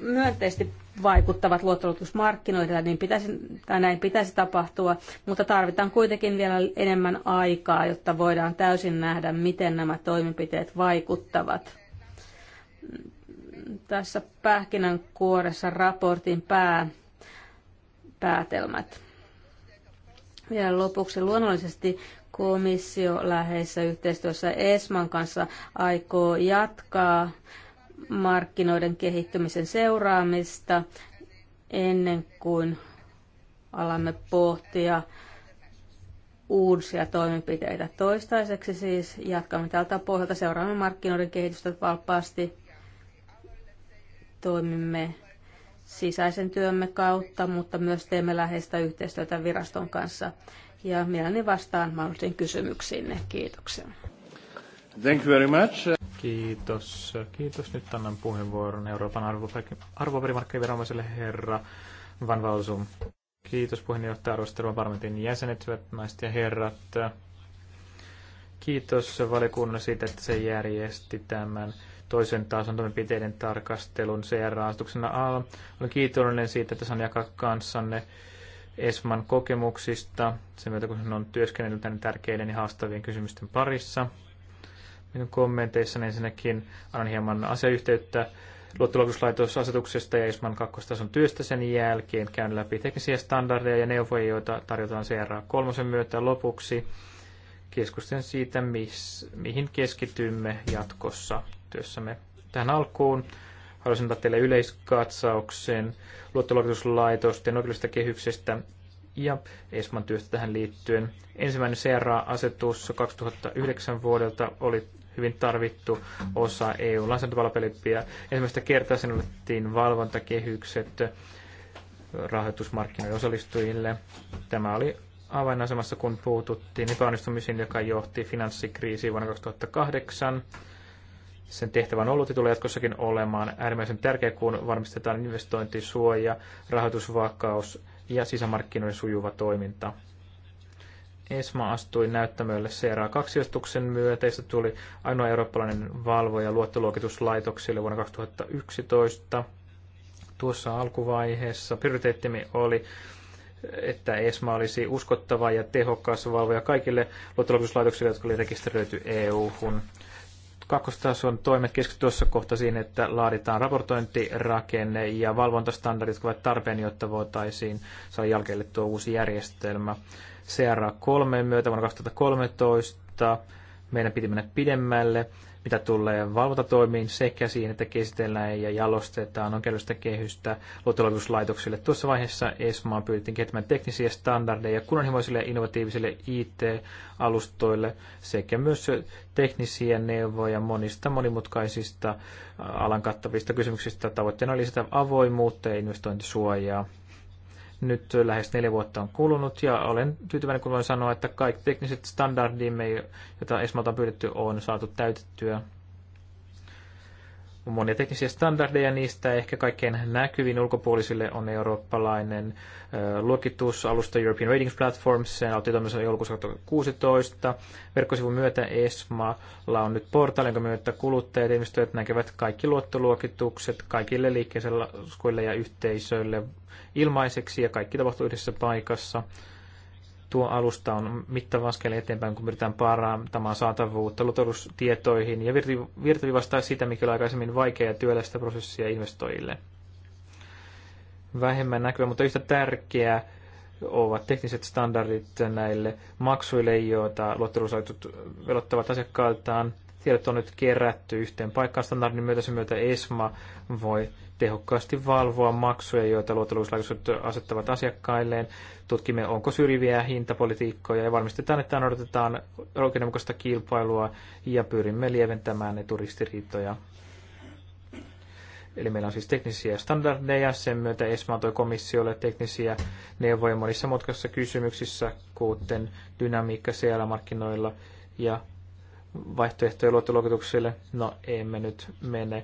S2: myönteisesti vaikuttavat luottoluotusmarkkinoihin, niin pitäisi, tai näin pitäisi tapahtua, mutta tarvitaan kuitenkin vielä enemmän aikaa, jotta voidaan täysin nähdä, miten nämä toimenpiteet vaikuttavat. Tässä pähkinänkuoressa raportin pää, päätelmät. Vielä lopuksi luonnollisesti komissio läheisessä yhteistyössä ESMAn kanssa aikoo jatkaa markkinoiden kehittymisen seuraamista ennen kuin alamme pohtia uusia toimenpiteitä. Toistaiseksi siis jatkamme tältä pohjalta, seuraamme markkinoiden kehitystä valppaasti, toimimme sisäisen työmme kautta, mutta myös teemme läheistä yhteistyötä viraston kanssa. Ja mielelläni vastaan mahdollisiin kysymyksiinne. Kiitoksia.
S1: Thank you very much. Kiitos. Kiitos. Nyt annan puheenvuoron Euroopan arvopaperimarkkinaviranomaiselle herra Van Valsum. Kiitos puheenjohtaja arvostelman parlamentin jäsenet, hyvät naiset ja herrat. Kiitos valiokunnan siitä, että se järjesti tämän toisen tason toimenpiteiden tarkastelun CR-asetuksena A. Olen kiitollinen siitä, että saan jakaa kanssanne Esman kokemuksista, sen myötä kun hän on työskennellyt näiden tärkeiden ja haastavien kysymysten parissa minun kommenteissani ensinnäkin annan hieman asiayhteyttä luottoluokituslaitosasetuksesta ja ISMAN kakkostason työstä sen jälkeen. Käyn läpi teknisiä standardeja ja neuvoja, joita tarjotaan CRA kolmosen myötä lopuksi. Keskustelen siitä, miss, mihin keskitymme jatkossa työssämme. Tähän alkuun haluaisin antaa teille yleiskatsauksen luottoluokituslaitosten oikeudellisesta kehyksestä ja ESMAn työstä tähän liittyen. Ensimmäinen CRA-asetus 2009 vuodelta oli hyvin tarvittu osa EU-lainsäädäntövalpelipiä. Ensimmäistä kertaa sen otettiin valvontakehykset rahoitusmarkkinoiden osallistujille. Tämä oli avainasemassa, kun puututtiin epäonnistumisiin, joka johti finanssikriisiin vuonna 2008. Sen tehtävä on ollut ja tulee jatkossakin olemaan äärimmäisen tärkeä, kun varmistetaan investointisuoja, rahoitusvakaus ja sisämarkkinoiden sujuva toiminta. ESMA astui näyttämölle CRA 2 myötä. Se tuli ainoa eurooppalainen valvoja luottoluokituslaitoksille vuonna 2011. Tuossa alkuvaiheessa prioriteettimme oli että ESMA olisi uskottava ja tehokas valvoja kaikille luottoluokituslaitoksille, jotka oli rekisteröity EU-hun. Kakkostason toimet keskittyvät tuossa kohta siihen, että laaditaan raportointirakenne ja valvontastandardit, jotka ovat tarpeen, jotta voitaisiin saada jälkeelle tuo uusi järjestelmä cr 3 myötä vuonna 2013. Meidän piti mennä pidemmälle, mitä tulee valvontatoimiin sekä siihen, että käsitellään ja jalostetaan oikeudellista kehystä luottoluokituslaitoksille. Tuossa vaiheessa ESMAan pyydettiin kehittämään teknisiä standardeja kunnanhimoisille ja innovatiivisille IT-alustoille sekä myös teknisiä neuvoja monista monimutkaisista alan kattavista kysymyksistä. Tavoitteena oli lisätä avoimuutta ja investointisuojaa nyt lähes neljä vuotta on kulunut ja olen tyytyväinen, kun voin sanoa, että kaikki tekniset standardimme, joita Esmalta on pyydetty, on saatu täytettyä. On monia teknisiä standardeja, niistä ehkä kaikkein näkyvin ulkopuolisille on eurooppalainen luokitusalusta European Ratings Platform, sen aloitti toiminnassa joulukuussa 2016. Verkkosivun myötä ESMAlla on nyt portaali, jonka myötä kuluttajat ja näkevät kaikki luottoluokitukset kaikille liikkeeseen ja yhteisöille ilmaiseksi ja kaikki tapahtuu yhdessä paikassa. Tuo alusta on mittava askel eteenpäin, kun pyritään parantamaan saatavuutta luototustietoihin ja virtavivastaa sitä, mikä oli aikaisemmin vaikea ja työlästä prosessia investoijille. Vähemmän näkyvä, mutta yhtä tärkeää ovat tekniset standardit näille maksuille, joita luottoluototukset velottavat asiakkailtaan Tiedot on nyt kerätty yhteen paikkaan standardin myötä, sen myötä ESMA voi tehokkaasti valvoa maksuja, joita luottoluokituslaitokset asettavat asiakkailleen. Tutkimme, onko syrjiviä hintapolitiikkoja ja varmistetaan, että noudatetaan oikeudenmukaista kilpailua ja pyrimme lieventämään ne turistiriitoja. Eli meillä on siis teknisiä standardeja, sen myötä ESMA toi komissiolle teknisiä neuvoja monissa mutkassa kysymyksissä, kuten dynamiikka siellä markkinoilla ja vaihtoehtoja luottoluokituksille. No, emme nyt mene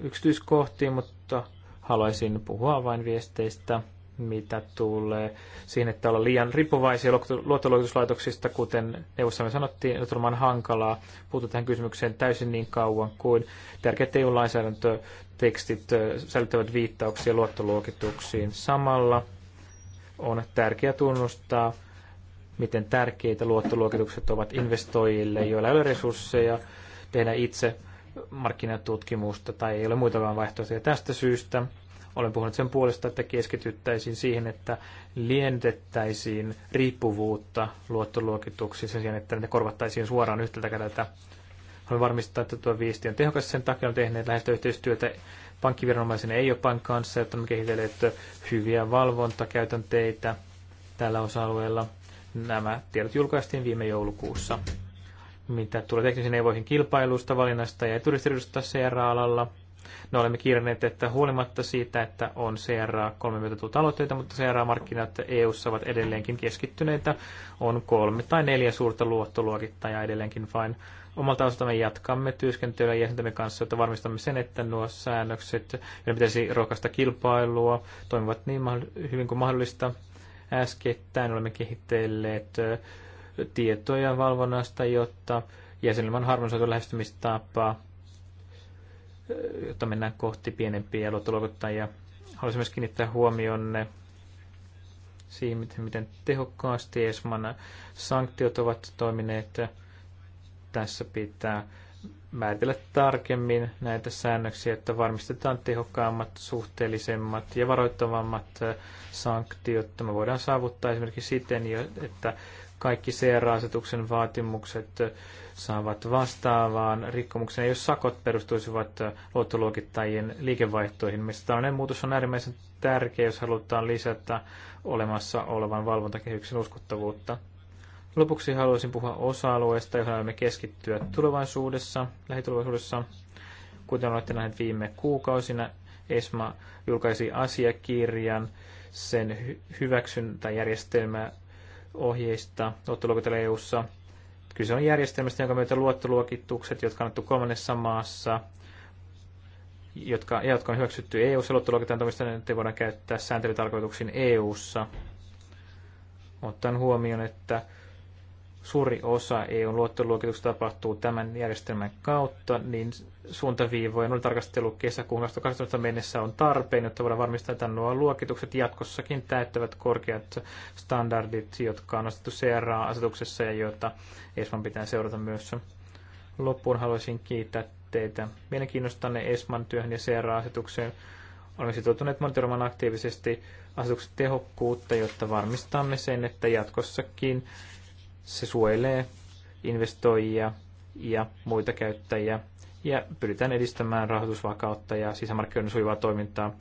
S1: yksityiskohtiin, mutta haluaisin puhua vain viesteistä, mitä tulee siihen, että olla liian riippuvaisia luottoluokituslaitoksista, kuten neuvossamme sanottiin, on hankalaa puuttua tähän kysymykseen täysin niin kauan kuin tärkeät EU-lainsäädäntötekstit säilyttävät viittauksia luottoluokituksiin. Samalla on tärkeää tunnustaa miten tärkeitä luottoluokitukset ovat investoijille, joilla ei ole resursseja tehdä itse markkinatutkimusta tai ei ole muitakaan vaihtoehtoja. Tästä syystä olen puhunut sen puolesta, että keskityttäisiin siihen, että lientettäisiin riippuvuutta luottoluokituksiin sen sijaan, että ne korvattaisiin suoraan yhtäältä kädeltä. Haluan varmistaa, että tuo viesti on tehokas. Sen takia on tehneet läheistä yhteistyötä pankkiviranomaisen ei ole kanssa, että on kehitelleet hyviä valvontakäytänteitä tällä osa-alueella. Nämä tiedot julkaistiin viime joulukuussa. Mitä tulee teknisiin neuvoihin kilpailusta, valinnasta ja eturistiriidosta CRA-alalla, No olemme kirjanneet, että huolimatta siitä, että on CRA kolme myötä aloitteita, mutta CRA-markkinat EU:ssa ovat edelleenkin keskittyneitä. On kolme tai neljä suurta luottoluokittajaa edelleenkin vain. Omalta osaltamme jatkamme työskentelyä jäsentämme kanssa, että varmistamme sen, että nuo säännökset, joiden pitäisi rohkaista kilpailua, toimivat niin hyvin kuin mahdollista. Äskettäin olemme kehitteilleet tietoja valvonnasta, jotta jäsenilman harmonisoitu lähestymistapaa, jotta mennään kohti pienempiä luottoluokittajia. Haluaisin myös kiinnittää huomionne siihen, miten tehokkaasti ESMAN sanktiot ovat toimineet. Tässä pitää määritellä tarkemmin näitä säännöksiä, että varmistetaan tehokkaammat, suhteellisemmat ja varoittavammat sanktiot. Tämä voidaan saavuttaa esimerkiksi siten, että kaikki CR-asetuksen vaatimukset saavat vastaavaan rikkomukseen, jos sakot perustuisivat luottoluokittajien liikevaihtoihin. Mielestäni tällainen muutos on äärimmäisen tärkeä, jos halutaan lisätä olemassa olevan valvontakehyksen uskottavuutta. Lopuksi haluaisin puhua osa-alueesta, johon olemme keskittyä tulevaisuudessa, lähitulevaisuudessa. Kuten olette nähneet viime kuukausina, ESMA julkaisi asiakirjan sen hy- hyväksyntäjärjestelmää ohjeista luottoluokitella EU-ssa. Kyse on järjestelmästä, jonka myötä luottoluokitukset, jotka on annettu kolmannessa maassa, jotka, jotka on hyväksytty EU-ssa toimista, niin ne voidaan käyttää sääntelytarkoituksiin EU-ssa. Ottaen huomioon, että suuri osa EUn luottoluokituksesta tapahtuu tämän järjestelmän kautta, niin suuntaviivojen tarkastelu kesäkuun 2018 mennessä on tarpeen, jotta voidaan varmistaa, että nuo luokitukset jatkossakin täyttävät korkeat standardit, jotka on nostettu CRA-asetuksessa ja joita ESMAn pitää seurata myös. Loppuun haluaisin kiittää teitä mielenkiinnostanne ESMAn työhön ja CRA-asetukseen. Olemme sitoutuneet monitoroimaan aktiivisesti asetuksen tehokkuutta, jotta varmistamme sen, että jatkossakin se suojelee investoijia ja muita käyttäjiä ja pyritään edistämään rahoitusvakautta ja sisämarkkinoiden sujuvaa toimintaa.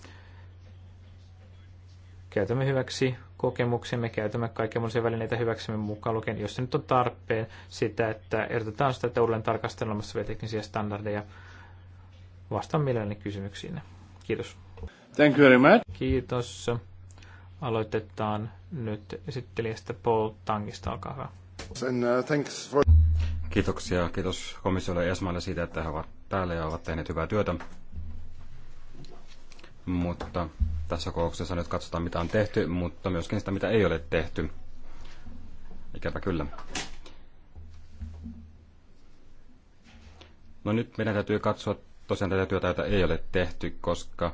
S1: Käytämme hyväksi kokemuksemme, käytämme kaikkia mahdollisia välineitä hyväksemme mukaan lukien, jos se nyt on tarpeen, sitä, että erotetaan sitä, että uudelleen vielä teknisiä standardeja. Vastaan mielelläni kysymyksiin. Kiitos. Thank you very much. Kiitos. Aloitetaan nyt esittelijästä Paul Tangista, olkaa hyvä.
S3: Uh, Kiitoksia. Kiitos komissiolle ja Esmalle siitä, että he ovat täällä ja ovat tehneet hyvää työtä. Mutta tässä kokouksessa nyt katsotaan, mitä on tehty, mutta myöskin sitä, mitä ei ole tehty. Ikävä kyllä. No nyt meidän täytyy katsoa tosiaan tätä työtä, jota ei ole tehty, koska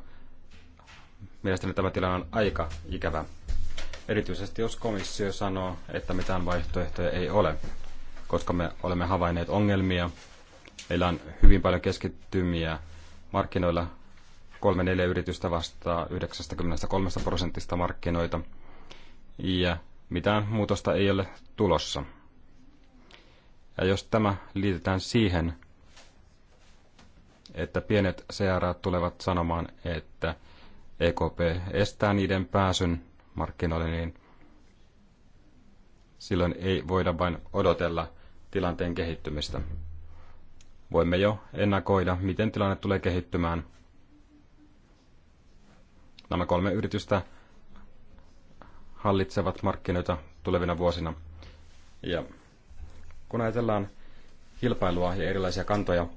S3: mielestäni tämä tilanne on aika ikävä. Erityisesti jos komissio sanoo, että mitään vaihtoehtoja ei ole, koska me olemme havainneet ongelmia. Meillä on hyvin paljon keskittymiä markkinoilla. kolme neljä yritystä vastaa 93 prosentista markkinoita. Ja mitään muutosta ei ole tulossa. Ja jos tämä liitetään siihen, että pienet CRA tulevat sanomaan, että EKP estää niiden pääsyn markkinoille, niin silloin ei voida vain odotella tilanteen kehittymistä. Voimme jo ennakoida, miten tilanne tulee kehittymään. Nämä kolme yritystä hallitsevat markkinoita tulevina vuosina. Ja kun ajatellaan kilpailua ja erilaisia kantoja,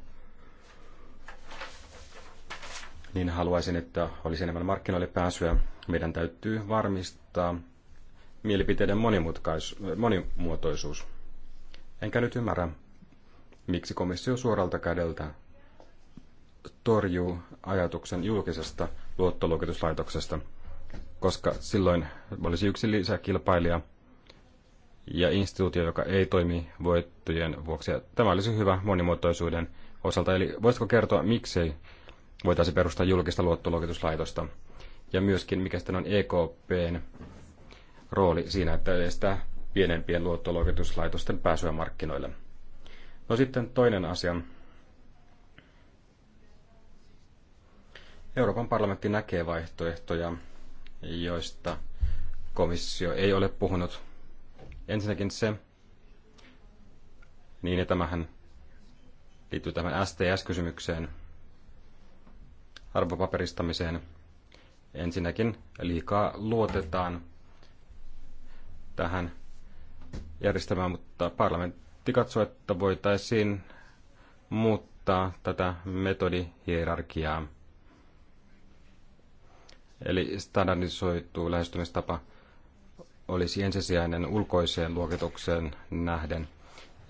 S3: niin haluaisin, että olisi enemmän markkinoille pääsyä. Meidän täytyy varmistaa mielipiteiden monimuotoisuus. Enkä nyt ymmärrä, miksi komissio suoralta kädeltä torjuu ajatuksen julkisesta luottoluokituslaitoksesta, koska silloin olisi yksi lisäkilpailija ja instituutio, joka ei toimi voittojen vuoksi. Ja tämä olisi hyvä monimuotoisuuden osalta. Eli voisitko kertoa, miksei voitaisiin perustaa julkista luottoluokituslaitosta. Ja myöskin, mikä sitten on EKPn rooli siinä, että estää pienempien luottoluokituslaitosten pääsyä markkinoille. No sitten toinen asia. Euroopan parlamentti näkee vaihtoehtoja, joista komissio ei ole puhunut. Ensinnäkin se, niin ja tämähän liittyy tähän STS-kysymykseen, arvopaperistamiseen. Ensinnäkin liikaa luotetaan tähän järjestelmään, mutta parlamentti katsoo, että voitaisiin muuttaa tätä metodihierarkiaa. Eli standardisoitu lähestymistapa olisi ensisijainen ulkoiseen luokitukseen nähden.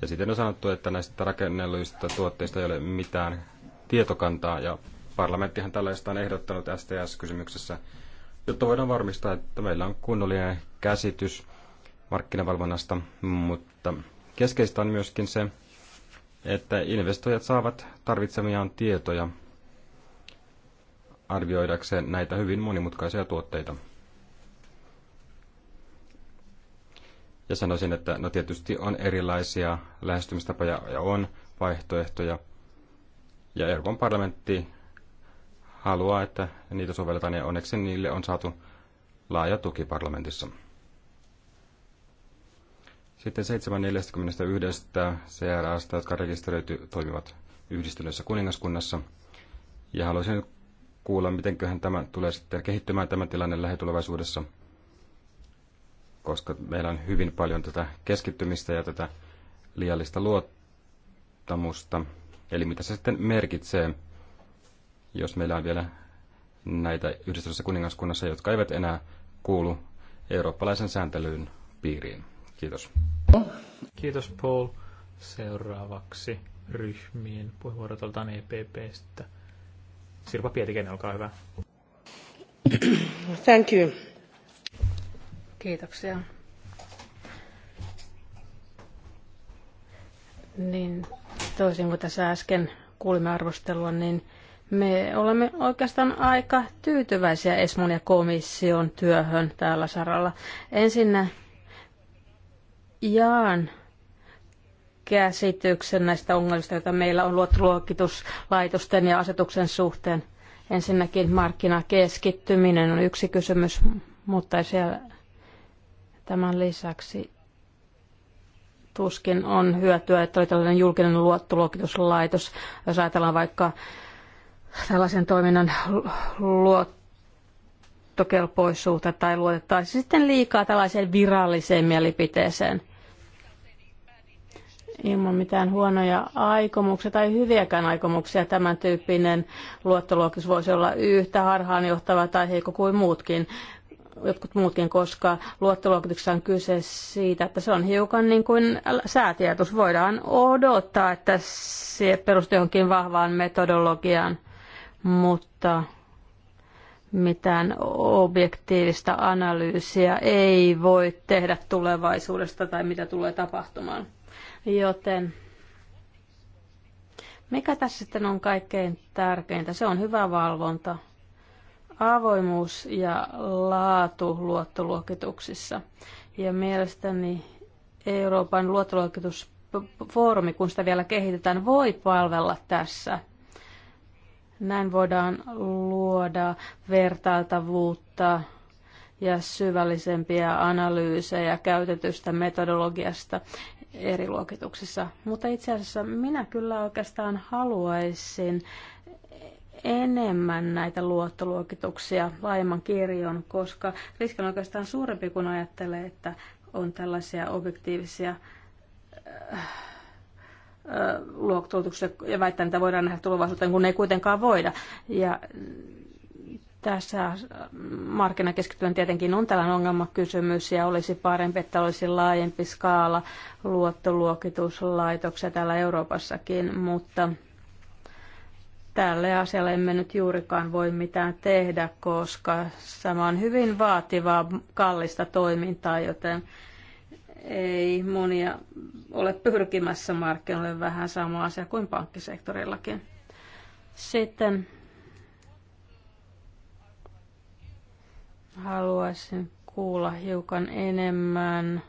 S3: Ja sitten on sanottu, että näistä rakennelluista tuotteista ei ole mitään tietokantaa ja Parlamenttihan tällaista on ehdottanut STS-kysymyksessä, jotta voidaan varmistaa, että meillä on kunnollinen käsitys markkinavalvonnasta, mutta keskeistä on myöskin se, että investoijat saavat tarvitsemiaan tietoja arvioidakseen näitä hyvin monimutkaisia tuotteita. Ja sanoisin, että no tietysti on erilaisia lähestymistapoja ja on vaihtoehtoja. Ja Euroopan parlamentti haluaa, että niitä sovelletaan ja onneksi niille on saatu laaja tuki parlamentissa. Sitten 741 CRAsta, jotka rekisteröity, toimivat yhdistyneessä kuningaskunnassa. Ja haluaisin kuulla, mitenköhän tämä tulee sitten kehittymään tämä tilanne lähitulevaisuudessa, koska meillä on hyvin paljon tätä keskittymistä ja tätä liiallista luottamusta. Eli mitä se sitten merkitsee jos meillä on vielä näitä yhdistyksessä kuningaskunnassa, jotka eivät enää kuulu eurooppalaisen sääntelyyn piiriin. Kiitos. Kiitos
S1: Paul. Seuraavaksi ryhmien puheenvuorot oltaan EPPstä. Sirpa Pietikäinen, olkaa hyvä.
S2: Thank you. Kiitoksia. Niin toisin kuin tässä äsken kuulimme arvostelua, niin me olemme oikeastaan aika tyytyväisiä Esmon ja komission työhön täällä saralla. Ensinnä jaan käsityksen näistä ongelmista, joita meillä on luottoluokituslaitosten ja asetuksen suhteen. Ensinnäkin markkinakeskittyminen on yksi kysymys, mutta siellä tämän lisäksi tuskin on hyötyä, että oli tällainen julkinen luottoluokituslaitos. Jos ajatellaan vaikka tällaisen toiminnan luottokelpoisuutta tai luotettaisiin sitten liikaa tällaiseen viralliseen mielipiteeseen ilman mitään huonoja aikomuksia tai hyviäkään aikomuksia tämän tyyppinen luottoluokitus voisi olla yhtä harhaanjohtava tai heikko kuin muutkin jotkut muutkin, koska luottoluokituksessa on kyse siitä, että se on hiukan niin kuin säätietos. Voidaan odottaa, että se perustuu johonkin vahvaan metodologiaan mutta mitään objektiivista analyysiä ei voi tehdä tulevaisuudesta tai mitä tulee tapahtumaan. Joten mikä tässä sitten on kaikkein tärkeintä? Se on hyvä valvonta, avoimuus ja laatu luottoluokituksissa. Ja mielestäni Euroopan luottoluokitusfoorumi, kun sitä vielä kehitetään, voi palvella tässä näin voidaan luoda vertailtavuutta ja syvällisempiä analyysejä käytetystä metodologiasta eri luokituksissa. Mutta itse asiassa minä kyllä oikeastaan haluaisin enemmän näitä luottoluokituksia laajemman kirjon, koska riski on oikeastaan suurempi, kun ajattelee, että on tällaisia objektiivisia äh, luokkatulotukselle ja väittää, että voidaan nähdä tulevaisuuteen, kun ei kuitenkaan voida. Ja tässä markkinakeskittymän tietenkin on tällainen ongelmakysymys ja olisi parempi, että olisi laajempi skaala luottoluokituslaitoksia täällä Euroopassakin, mutta tälle asialle emme nyt juurikaan voi mitään tehdä, koska sama on hyvin vaativaa, kallista toimintaa, joten ei monia ole pyrkimässä markkinoille vähän sama asia kuin pankkisektorillakin. Sitten haluaisin kuulla hiukan enemmän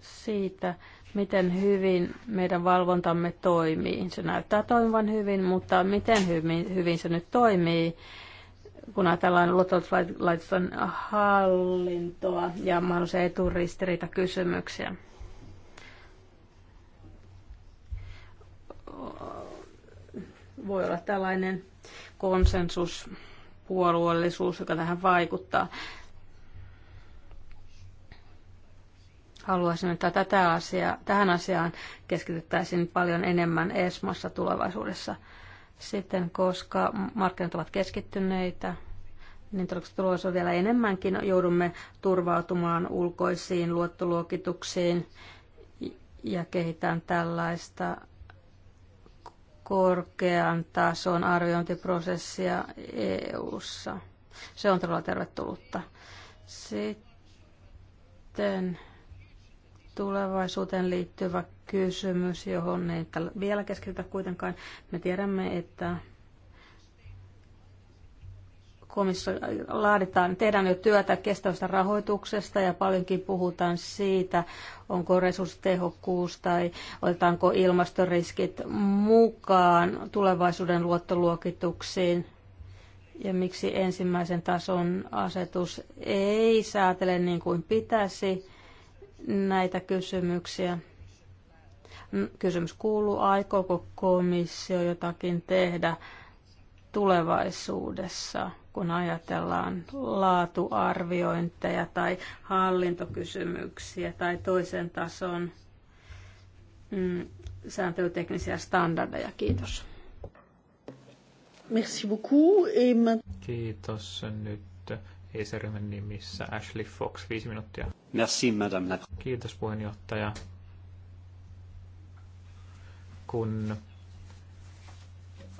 S2: siitä, miten hyvin meidän valvontamme toimii. Se näyttää toimivan hyvin, mutta miten hyvin, hyvin se nyt toimii kun ajatellaan on hallintoa ja mahdollisia kysymyksiä. Voi olla tällainen konsensus, puolueellisuus, joka tähän vaikuttaa. Haluaisin, että tätä asiaa, tähän asiaan keskityttäisiin paljon enemmän ESMassa tulevaisuudessa – sitten, koska markkinat ovat keskittyneitä, niin on vielä enemmänkin joudumme turvautumaan ulkoisiin luottoluokituksiin ja kehitään tällaista korkean tason arviointiprosessia EU:ssa. Se on todella tervetullutta. Sitten tulevaisuuteen liittyvä kysymys, johon ei vielä keskitytä kuitenkaan. Me tiedämme, että komissio laaditaan, tehdään jo työtä kestävästä rahoituksesta ja paljonkin puhutaan siitä, onko resurssitehokkuus tai otetaanko ilmastoriskit mukaan tulevaisuuden luottoluokituksiin ja miksi ensimmäisen tason asetus ei säätele niin kuin pitäisi näitä kysymyksiä. Kysymys kuuluu, aikooko komissio jotakin tehdä tulevaisuudessa, kun ajatellaan laatuarviointeja tai hallintokysymyksiä tai toisen tason mm, sääntelyteknisiä standardeja. Kiitos. Merci beaucoup.
S1: Kiitos nyt ESR-ryhmän nimissä Ashley Fox, viisi minuuttia. Merci, madame. Kiitos puheenjohtaja. Kun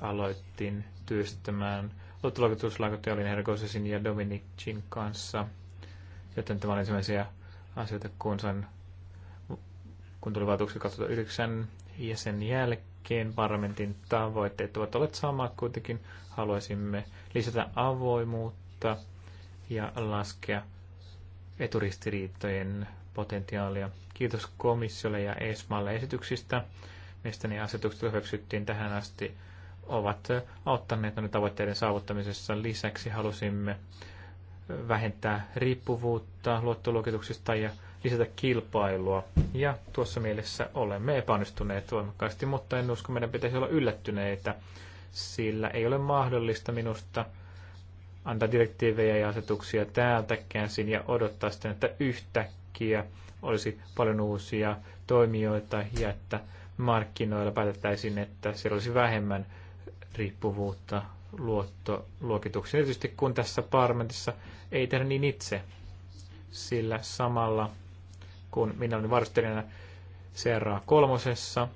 S1: aloitin työstämään luottoluokituslaikotteja olin Herkosesin ja Dominicin kanssa, joten tämä oli ensimmäisiä asioita, kun, sain, kun tuli valtuuksi 2009 ja sen jälkeen parlamentin tavoitteet ovat olleet samat kuitenkin. Haluaisimme lisätä avoimuutta ja laskea eturistiriitojen potentiaalia. Kiitos komissiolle ja ESMAlle esityksistä. ne asetukset hyväksyttiin tähän asti ovat auttaneet noiden tavoitteiden saavuttamisessa. Lisäksi halusimme vähentää riippuvuutta luottoluokituksista ja lisätä kilpailua. Ja tuossa mielessä olemme epäonnistuneet voimakkaasti, mutta en usko meidän pitäisi olla yllättyneitä, sillä ei ole mahdollista minusta antaa direktiivejä ja asetuksia täältä käsin ja odottaa sitten, että yhtäkkiä olisi paljon uusia toimijoita ja että markkinoilla päätettäisiin, että siellä olisi vähemmän riippuvuutta luottoluokituksiin. Tietysti kun tässä parlamentissa ei tehdä niin itse, sillä samalla kun minä olin varustelijana CRA kolmosessa,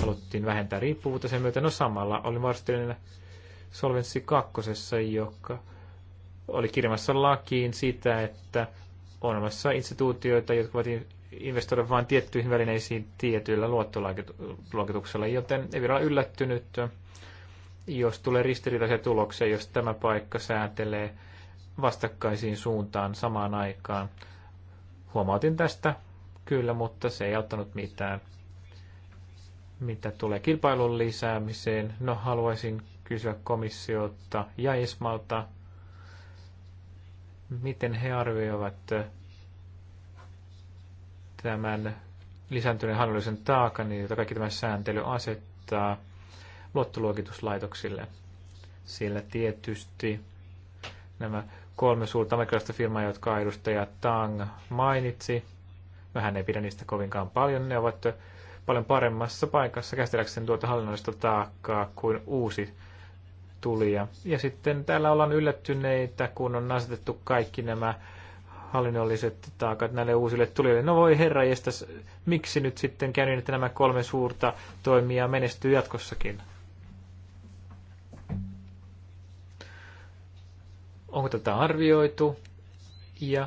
S1: haluttiin vähentää riippuvuutta sen myötä, no samalla olin varustelijana Solvenssi kakkosessa, joka oli kirjamassa lakiin sitä, että on olemassa instituutioita, jotka voivat investoida vain tiettyihin välineisiin tietyillä luottoluokituksella, joten ei vielä yllättynyt, jos tulee ristiriitaisia tuloksia, jos tämä paikka säätelee vastakkaisiin suuntaan samaan aikaan. Huomautin tästä kyllä, mutta se ei auttanut mitään. Mitä tulee kilpailun lisäämiseen, no haluaisin kysyä komissiolta ja Esmalta, miten he arvioivat tämän lisääntyneen hallinnollisen taakan, jota kaikki tämä sääntely asettaa luottoluokituslaitoksille. siellä tietysti nämä kolme suurta amerikkalaista firmaa, jotka edustaja Tang mainitsi, vähän ei pidä niistä kovinkaan paljon, ne ovat paljon paremmassa paikassa käsitelläkseen tuota hallinnollista taakkaa kuin uusi Tuli Ja ja sitten täällä ollaan yllättyneitä, kun on asetettu kaikki nämä hallinnolliset taakat näille uusille tulijoille. No voi herra, jestas, miksi nyt sitten käy niin, että nämä kolme suurta toimia menestyy jatkossakin? Onko tätä arvioitu? Ja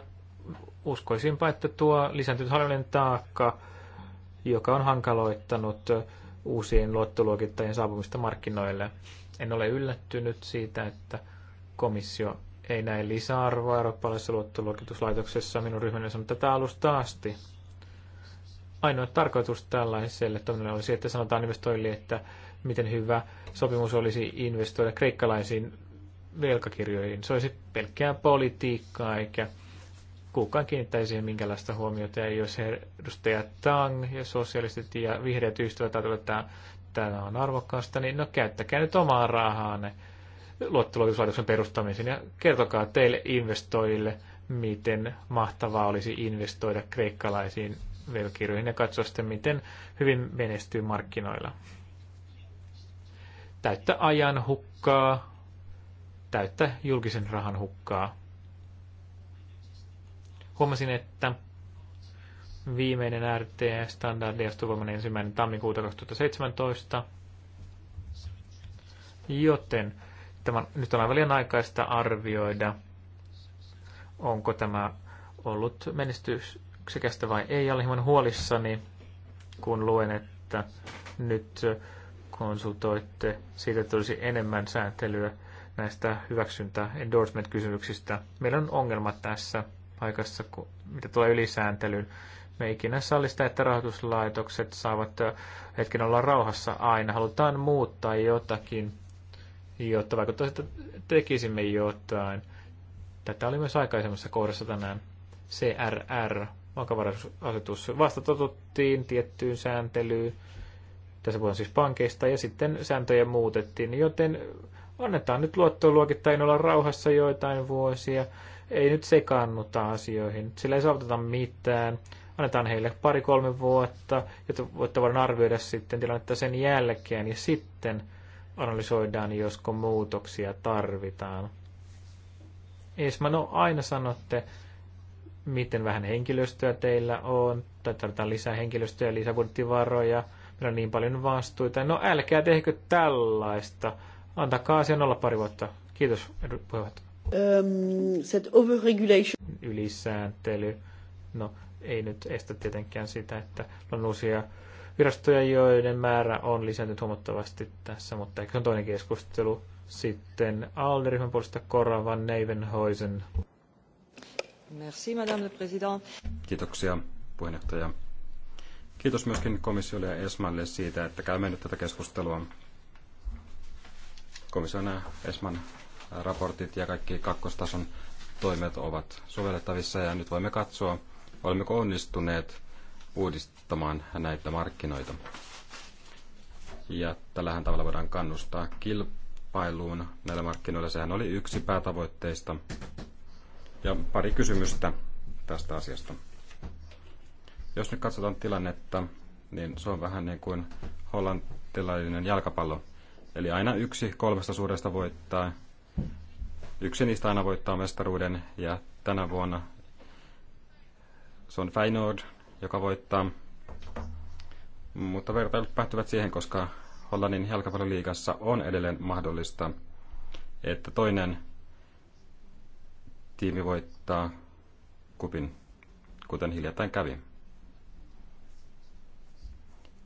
S1: uskoisinpa, että tuo lisääntynyt hallinnollinen taakka, joka on hankaloittanut uusien luottoluokittajien saapumista markkinoille – en ole yllättynyt siitä, että komissio ei näe lisäarvoa eurooppalaisessa luottoluokituslaitoksessa. Minun ryhmäni on tätä alusta asti. Ainoa tarkoitus tällaiselle toiminnalle olisi, että sanotaan investoijille, että miten hyvä sopimus olisi investoida kreikkalaisiin velkakirjoihin. Se olisi pelkkää politiikkaa, eikä kukaan kiinnittäisi siihen minkälaista huomiota. Ja jos edustaja Tang ja sosialistit ja vihreät ystävät ajatellaan, että tämä on arvokasta, niin no käyttäkää nyt omaa rahaanne luottoluokituslaitoksen perustamiseen ja kertokaa teille investoijille, miten mahtavaa olisi investoida kreikkalaisiin velkirjoihin ja katsoa sitten, miten hyvin menestyy markkinoilla. Täyttä ajan hukkaa, täyttä julkisen rahan hukkaa. Huomasin, että viimeinen RTE-standardi astui voimaan ensimmäinen tammikuuta 2017. Joten tämä nyt on aivan liian aikaista arvioida, onko tämä ollut menestyksekästä vai ei. Olen hieman huolissani, kun luen, että nyt konsultoitte siitä, että olisi enemmän sääntelyä näistä hyväksyntä endorsement-kysymyksistä. Meillä on ongelma tässä paikassa, mitä tulee ylisääntelyyn me ikinä sallista, että rahoituslaitokset saavat hetken olla rauhassa aina. Halutaan muuttaa jotakin, jotta vaikuttaa, että tekisimme jotain. Tätä oli myös aikaisemmassa kohdassa tänään. CRR, vakavaraisuusasetus, totuttiin tiettyyn sääntelyyn. Tässä puhutaan siis pankeista ja sitten sääntöjä muutettiin, joten annetaan nyt luottoluokittain olla rauhassa joitain vuosia. Ei nyt sekaannuta asioihin, sillä ei saavuteta mitään annetaan heille pari-kolme vuotta, jotta, voitte voidaan arvioida sitten tilannetta sen jälkeen ja sitten analysoidaan, josko muutoksia tarvitaan. Esma, no aina sanotte, miten vähän henkilöstöä teillä on, tai tarvitaan lisää henkilöstöä ja lisäbudjettivaroja, meillä on niin paljon vastuita. No älkää tehkö tällaista. Antakaa asian olla pari vuotta. Kiitos, puheenjohtaja.
S2: Um, overregulation.
S1: Ylisääntely. No, ei nyt estä tietenkään sitä, että on uusia virastoja, joiden määrä on lisääntynyt huomattavasti tässä, mutta ehkä on toinen keskustelu. Sitten alde puolesta Cora
S3: Neivenhoisen.
S2: Merci, Madame le Président.
S3: Kiitoksia, puheenjohtaja. Kiitos myöskin komissiolle ja Esmalle siitä, että käymme nyt tätä keskustelua. Komission ja Esman raportit ja kaikki kakkostason toimet ovat sovellettavissa ja nyt voimme katsoa, olemmeko onnistuneet uudistamaan näitä markkinoita. Ja tällähän tavalla voidaan kannustaa kilpailuun näillä markkinoilla. Sehän oli yksi päätavoitteista. Ja pari kysymystä tästä asiasta. Jos nyt katsotaan tilannetta, niin se on vähän niin kuin hollantilainen jalkapallo. Eli aina yksi kolmesta suuresta voittaa. Yksi niistä aina voittaa mestaruuden ja tänä vuonna se on Feyenoord, joka voittaa. Mutta vertailut päättyvät siihen, koska Hollannin jalkapalloliigassa on edelleen mahdollista, että toinen tiimi voittaa kupin, kuten hiljattain kävi.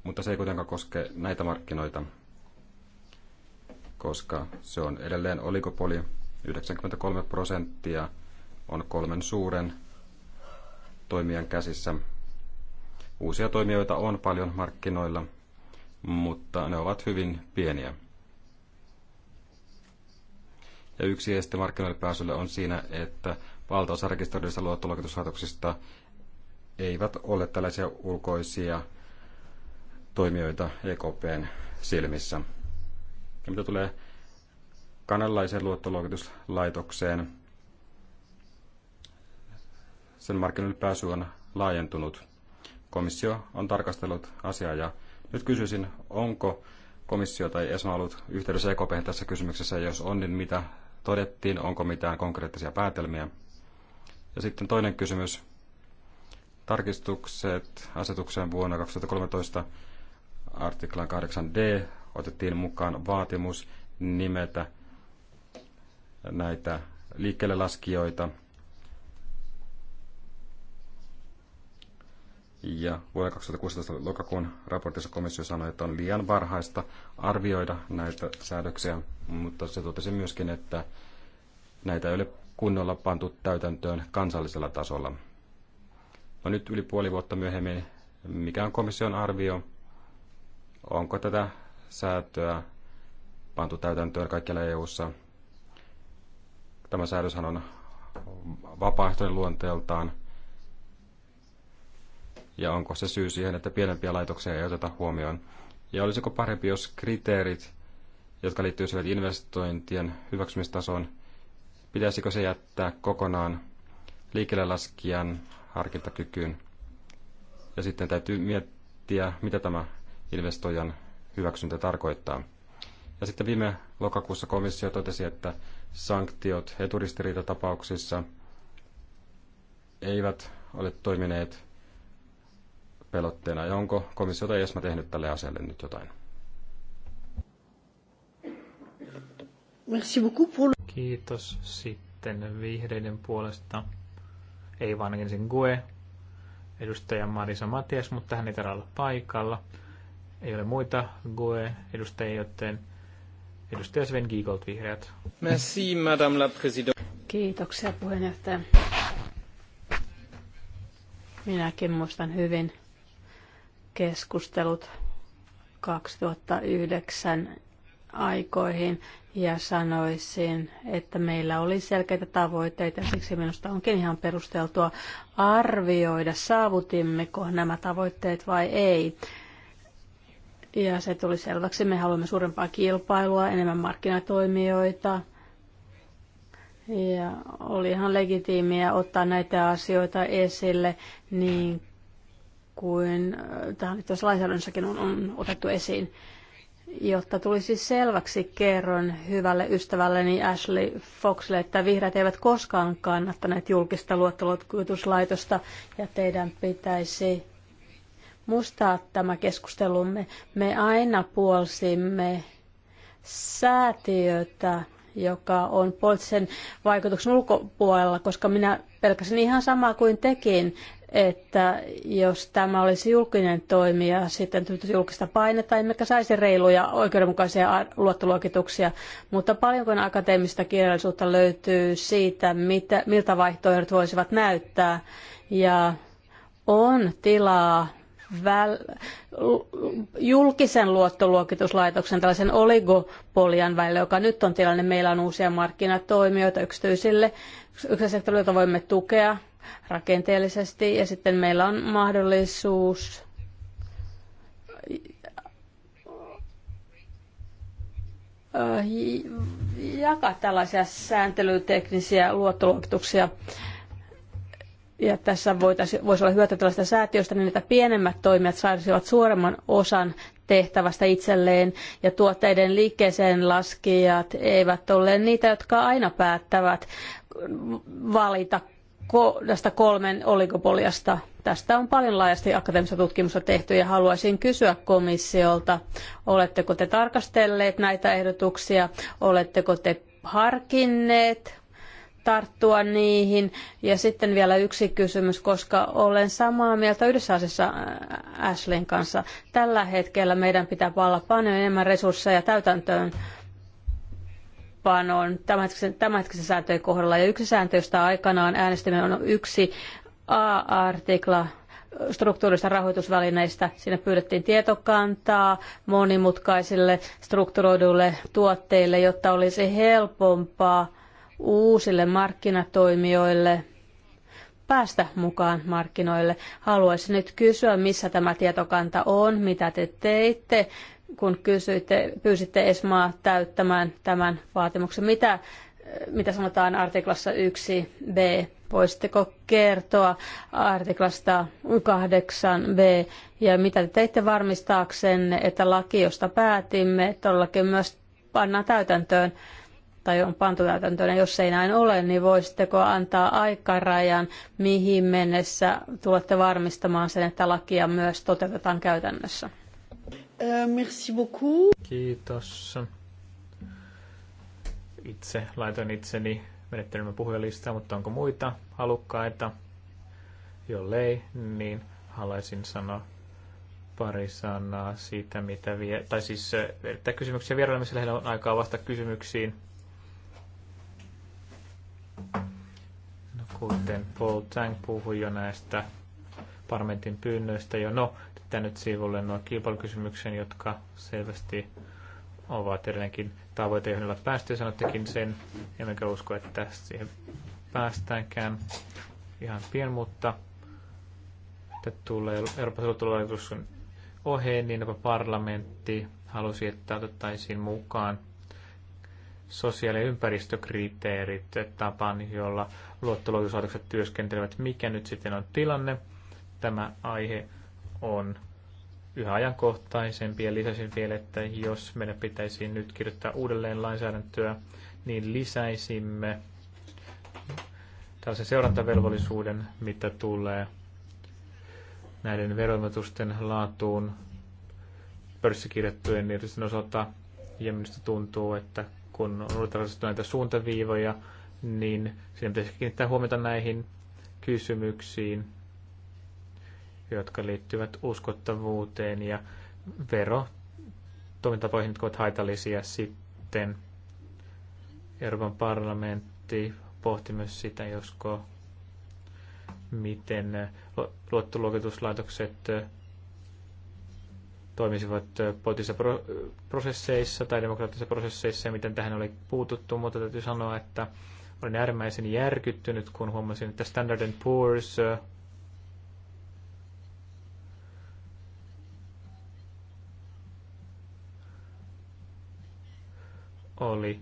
S3: Mutta se ei kuitenkaan koske näitä markkinoita, koska se on edelleen oligopoli. 93 prosenttia on kolmen suuren toimijan käsissä. Uusia toimijoita on paljon markkinoilla, mutta ne ovat hyvin pieniä. Ja yksi este markkinoille pääsylle on siinä, että valtaosa rekisteröidyistä luottoluokituslaitoksista eivät ole tällaisia ulkoisia toimijoita EKPn silmissä. Ja mitä tulee kanalaiseen luottoluokituslaitokseen, sen markkinoille pääsy on laajentunut. Komissio on tarkastellut asiaa ja nyt kysyisin, onko komissio tai ESMA ollut yhteydessä EKP tässä kysymyksessä, jos on, niin mitä todettiin, onko mitään konkreettisia päätelmiä. Ja sitten toinen kysymys. Tarkistukset asetukseen vuonna 2013 artiklan 8d otettiin mukaan vaatimus nimetä näitä liikkeelle laskijoita – Ja vuoden 2016 lokakuun raportissa komissio sanoi, että on liian varhaista arvioida näitä säädöksiä, mutta se totesi myöskin, että näitä ei ole kunnolla pantu täytäntöön kansallisella tasolla. No nyt yli puoli vuotta myöhemmin, mikä on komission arvio? Onko tätä säätöä pantu täytäntöön kaikkialla EU-ssa? Tämä säädöshän on vapaaehtoinen luonteeltaan – ja onko se syy siihen, että pienempiä laitoksia ei oteta huomioon? Ja olisiko parempi, jos kriteerit, jotka liittyisivät investointien hyväksymistasoon, pitäisikö se jättää kokonaan liikkeellelaskijan harkintakykyyn? Ja sitten täytyy miettiä, mitä tämä investoijan hyväksyntä tarkoittaa. Ja sitten viime lokakuussa komissio totesi, että sanktiot eturistiriitatapauksissa eivät ole toimineet pelotteena ja onko komissio tai ESMA tehnyt tälle asialle nyt jotain?
S1: Kiitos sitten vihreiden puolesta. Ei vaan ensin GUE, edustaja Marisa Matias, mutta hän ei tarvitse olla paikalla. Ei ole muita GUE-edustajia, joten edustaja Sven Giegold, vihreät. Merci, madame la présidente.
S2: Kiitoksia puheenjohtaja. Minäkin muistan hyvin keskustelut 2009 aikoihin ja sanoisin, että meillä oli selkeitä tavoitteita ja siksi minusta onkin ihan perusteltua arvioida, saavutimmeko nämä tavoitteet vai ei. Ja se tuli selväksi, me haluamme suurempaa kilpailua, enemmän markkinatoimijoita. Ja oli ihan legitiimiä ottaa näitä asioita esille niin kuin äh, tähän liittyvässä lainsäädännössäkin on, on otettu esiin. Jotta tulisi selväksi, kerron hyvälle ystävälleni Ashley Foxille, että vihreät eivät koskaan kannattaneet julkista luottoluokituslaitosta ja teidän pitäisi muistaa tämä keskustelumme. Me aina puolsimme säätiötä, joka on poliittisen vaikutuksen ulkopuolella, koska minä pelkäsin ihan samaa kuin tekin, että jos tämä olisi julkinen toimija, sitten julkista painetta, emmekä saisi reiluja oikeudenmukaisia luottoluokituksia. Mutta paljonko akateemista kirjallisuutta löytyy siitä, mitä, miltä vaihtoehdot voisivat näyttää. Ja on tilaa väl, julkisen luottoluokituslaitoksen, tällaisen oligopolian välillä, joka nyt on tilanne. Meillä on uusia markkinatoimijoita yksityisille, yksityiselle joita voimme tukea rakenteellisesti ja sitten meillä on mahdollisuus äh, jakaa tällaisia sääntelyteknisiä luottoluokituksia. Ja tässä voisi olla hyötyä tällaista säätiöstä, niin että pienemmät toimijat saisivat suuremman osan tehtävästä itselleen ja tuotteiden liikkeeseen laskijat eivät ole niitä, jotka aina päättävät valita tästä kolmen oligopoliasta. Tästä on paljon laajasti akateemista tutkimusta tehty ja haluaisin kysyä komissiolta, oletteko te tarkastelleet näitä ehdotuksia, oletteko te harkinneet tarttua niihin. Ja sitten vielä yksi kysymys, koska olen samaa mieltä yhdessä asiassa äh, Ashlin kanssa. Tällä hetkellä meidän pitää olla paljon enemmän resursseja täytäntöön toimeenpanoon tämänhetkisen, tämänhetkisen sääntöjen kohdalla. Ja yksi sääntö, josta aikanaan äänestimme, on yksi A-artikla struktuurista rahoitusvälineistä. Siinä pyydettiin tietokantaa monimutkaisille strukturoiduille tuotteille, jotta olisi helpompaa uusille markkinatoimijoille päästä mukaan markkinoille. Haluaisin nyt kysyä, missä tämä tietokanta on, mitä te teitte kun kysyitte, pyysitte ESMAa täyttämään tämän vaatimuksen. Mitä, mitä sanotaan artiklassa 1b? Voisitteko kertoa artiklasta 8b ja mitä te teitte varmistaaksenne, että laki, josta päätimme, todellakin myös panna täytäntöön? tai on pantu täytäntöön, ja jos ei näin ole, niin voisitteko antaa aikarajan, mihin mennessä tulette varmistamaan sen, että lakia myös toteutetaan käytännössä? Euh, merci beaucoup.
S1: Kiitos. Itse laitoin itseni menettelemään puhujalistaa, mutta onko muita halukkaita? Jollei, niin haluaisin sanoa pari sanaa siitä, mitä vie, tai siis että kysymyksiä vieraille, on aikaa vastata kysymyksiin. No kuten Paul Tang puhui jo näistä parlamentin pyynnöistä jo. No, jättänyt sivulle nuo kilpailukysymyksen, jotka selvästi ovat edelleenkin tavoite, johon ollaan päästy, ja sanottekin sen, emmekä usko, että siihen päästäänkään ihan pian, mutta että tulee Euroopan sotulaitoksen oheen, niin Euroopan parlamentti halusi, että otettaisiin mukaan sosiaali- ja ympäristökriteerit tapaan, jolla luottoluokituslaitokset työskentelevät. Mikä nyt sitten on tilanne? Tämä aihe on yhä ajankohtaisempi ja lisäisin vielä, että jos meidän pitäisi nyt kirjoittaa uudelleen lainsäädäntöä, niin lisäisimme tällaisen seurantavelvollisuuden, mitä tulee näiden veroilmoitusten laatuun pörssikirjattujen niiden osalta. Ja minusta tuntuu, että kun on tällaisia näitä suuntaviivoja, niin siinä pitäisi kiinnittää huomiota näihin kysymyksiin jotka liittyvät uskottavuuteen ja vero toimintatapoihin, jotka ovat haitallisia. Sitten Euroopan parlamentti pohti myös sitä, josko miten luottoluokituslaitokset toimisivat poliittisissa prosesseissa tai demokraattisissa prosesseissa ja miten tähän oli puututtu, mutta täytyy sanoa, että olin äärimmäisen järkyttynyt, kun huomasin, että Standard Poor's oli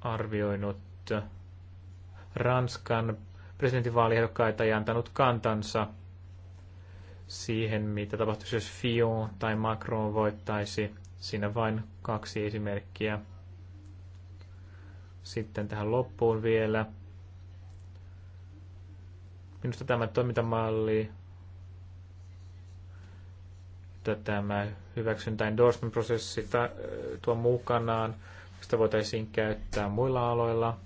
S1: arvioinut Ranskan presidentinvaaliehdokkaita ja antanut kantansa siihen, mitä tapahtuisi, jos Fion tai Macron voittaisi. Siinä vain kaksi esimerkkiä. Sitten tähän loppuun vielä. Minusta tämä toimintamalli, tämä hyväksyntä endorsement-prosessi tuo mukanaan sitä voitaisiin käyttää muilla aloilla.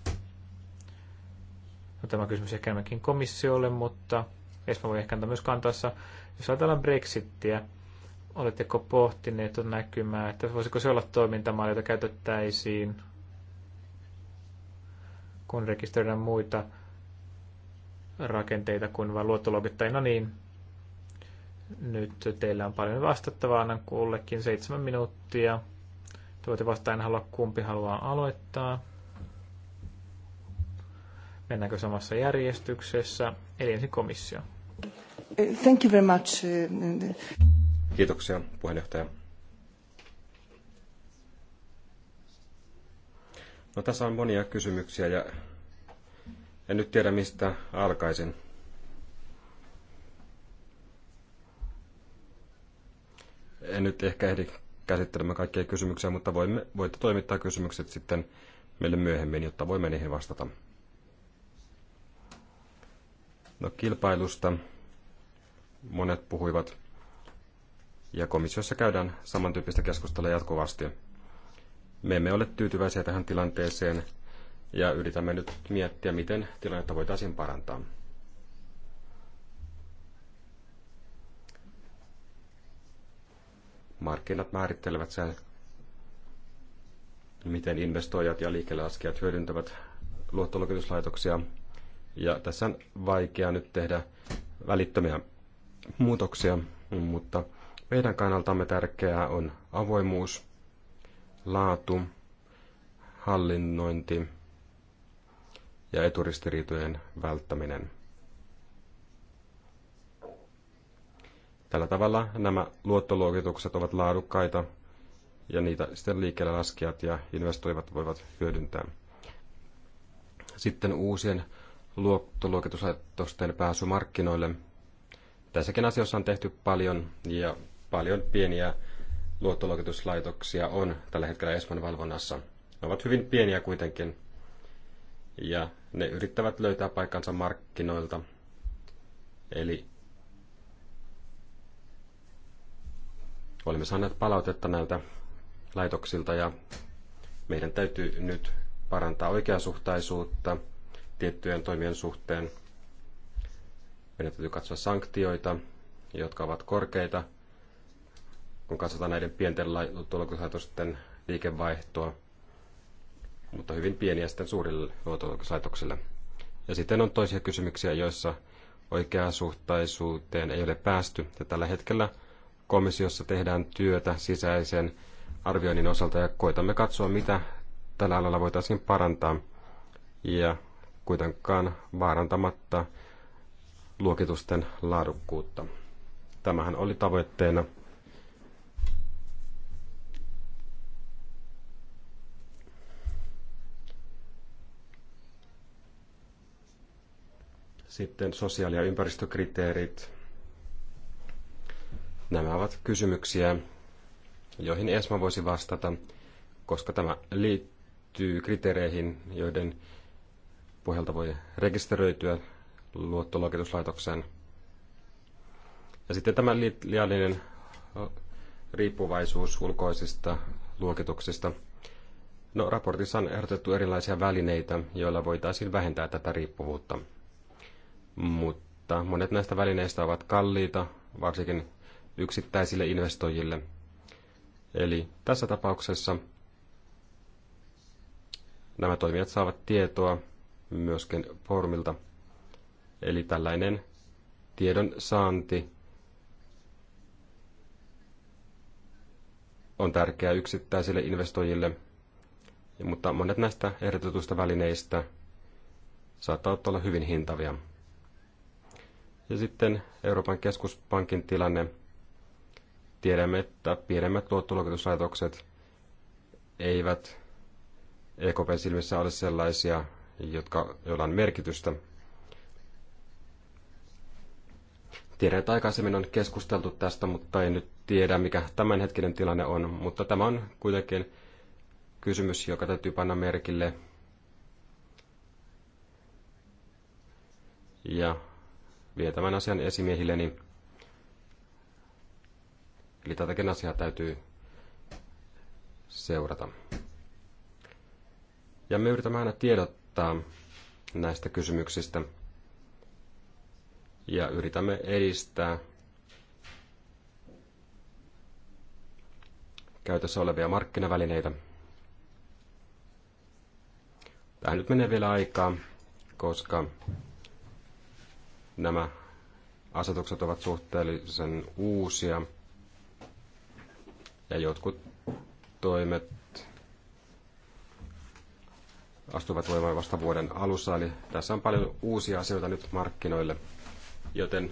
S1: No, tämä kysymys ehkä enemmänkin komissiolle, mutta Esma voi ehkä antaa myös kantassa, Jos ajatellaan Brexittiä, oletteko pohtineet on näkymää, että voisiko se olla toimintamalli, jota käytettäisiin, kun rekisteröidään muita rakenteita kuin vain No niin nyt teillä on paljon vastattavaa, annan kullekin seitsemän minuuttia. Tuoti vastaan en halua kumpi haluaa aloittaa. Mennäänkö samassa järjestyksessä? Eli ensin komissio. Thank you very much. Uh,
S3: Kiitoksia puheenjohtaja. No, tässä on monia kysymyksiä ja en nyt tiedä mistä alkaisin. En nyt ehkä ehdi käsittelemme kaikkia kysymyksiä, mutta voimme, voitte toimittaa kysymykset sitten meille myöhemmin, jotta voimme niihin vastata. No kilpailusta monet puhuivat. Ja komissiossa käydään samantyyppistä keskustelua jatkuvasti. Me emme ole tyytyväisiä tähän tilanteeseen ja yritämme nyt miettiä, miten tilannetta voitaisiin parantaa. markkinat määrittelevät sen, miten investoijat ja liikelaskijat hyödyntävät luottoluokituslaitoksia. Ja tässä on vaikea nyt tehdä välittömiä muutoksia, mutta meidän kannaltamme tärkeää on avoimuus, laatu, hallinnointi ja eturistiriitojen välttäminen. Tällä tavalla nämä luottoluokitukset ovat laadukkaita ja niitä sitten liikkeelle laskijat ja investoivat voivat hyödyntää. Sitten uusien luottoluokituslaitosten pääsy markkinoille. Tässäkin asiassa on tehty paljon ja paljon pieniä luottoluokituslaitoksia on tällä hetkellä Espan valvonnassa. Ne ovat hyvin pieniä kuitenkin ja ne yrittävät löytää paikkansa markkinoilta. Eli Olemme saaneet palautetta näiltä laitoksilta ja meidän täytyy nyt parantaa oikeasuhtaisuutta tiettyjen toimien suhteen. Meidän täytyy katsoa sanktioita, jotka ovat korkeita, kun katsotaan näiden pienten luottolaitosten liikevaihtoa, mutta hyvin pieniä sitten suurille luottolaitoksille. Ja sitten on toisia kysymyksiä, joissa oikeasuhtaisuuteen ei ole päästy. Ja tällä hetkellä komissiossa tehdään työtä sisäisen arvioinnin osalta ja koitamme katsoa, mitä tällä alalla voitaisiin parantaa ja kuitenkaan vaarantamatta luokitusten laadukkuutta. Tämähän oli tavoitteena. Sitten sosiaali- ja ympäristökriteerit – Nämä ovat kysymyksiä, joihin ESMA voisi vastata, koska tämä liittyy kriteereihin, joiden pohjalta voi rekisteröityä luottoluokituslaitokseen. Ja sitten tämä liiallinen riippuvaisuus ulkoisista luokituksista. No, raportissa on ehdotettu erilaisia välineitä, joilla voitaisiin vähentää tätä riippuvuutta. Mutta monet näistä välineistä ovat kalliita, varsinkin yksittäisille investoijille. Eli tässä tapauksessa nämä toimijat saavat tietoa myöskin formilta. Eli tällainen tiedon saanti on tärkeää yksittäisille investoijille, mutta monet näistä ehdotetuista välineistä saattavat olla hyvin hintavia. Ja sitten Euroopan keskuspankin tilanne Tiedämme, että pienemmät luottoluokituslaitokset eivät EKPn silmissä ole sellaisia, jotka, joilla on merkitystä. Tiedän, että aikaisemmin on keskusteltu tästä, mutta en nyt tiedä, mikä tämänhetkinen tilanne on. Mutta tämä on kuitenkin kysymys, joka täytyy panna merkille. Ja vie tämän asian esimiehilleni. Niin Eli tätäkin asiaa täytyy seurata. Ja me yritämme aina tiedottaa näistä kysymyksistä ja yritämme edistää käytössä olevia markkinavälineitä. Tähän nyt menee vielä aikaa, koska nämä asetukset ovat suhteellisen uusia – ja jotkut toimet astuvat voimaan vasta vuoden alussa, eli tässä on paljon uusia asioita nyt markkinoille, joten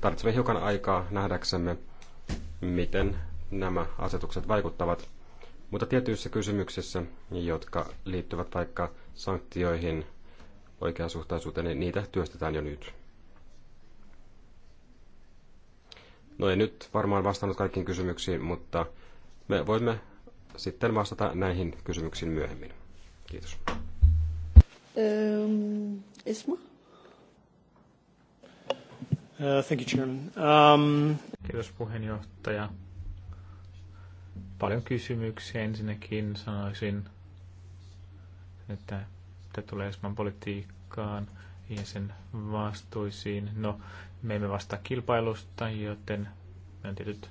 S3: tarvitsemme hiukan aikaa nähdäksemme, miten nämä asetukset vaikuttavat. Mutta tietyissä kysymyksissä, jotka liittyvät vaikka sanktioihin, oikeasuhtaisuuteen, niin niitä työstetään jo nyt. No ei nyt varmaan vastannut kaikkiin kysymyksiin, mutta me voimme sitten vastata näihin kysymyksiin myöhemmin. Kiitos. Ähm, Esma? Uh, thank you, Chairman.
S1: Um... Kiitos puheenjohtaja. Paljon kysymyksiä. Ensinnäkin sanoisin, että mitä tulee Esman politiikkaan, ja sen vastuisiin. No, me emme vastaa kilpailusta, joten me on tietyt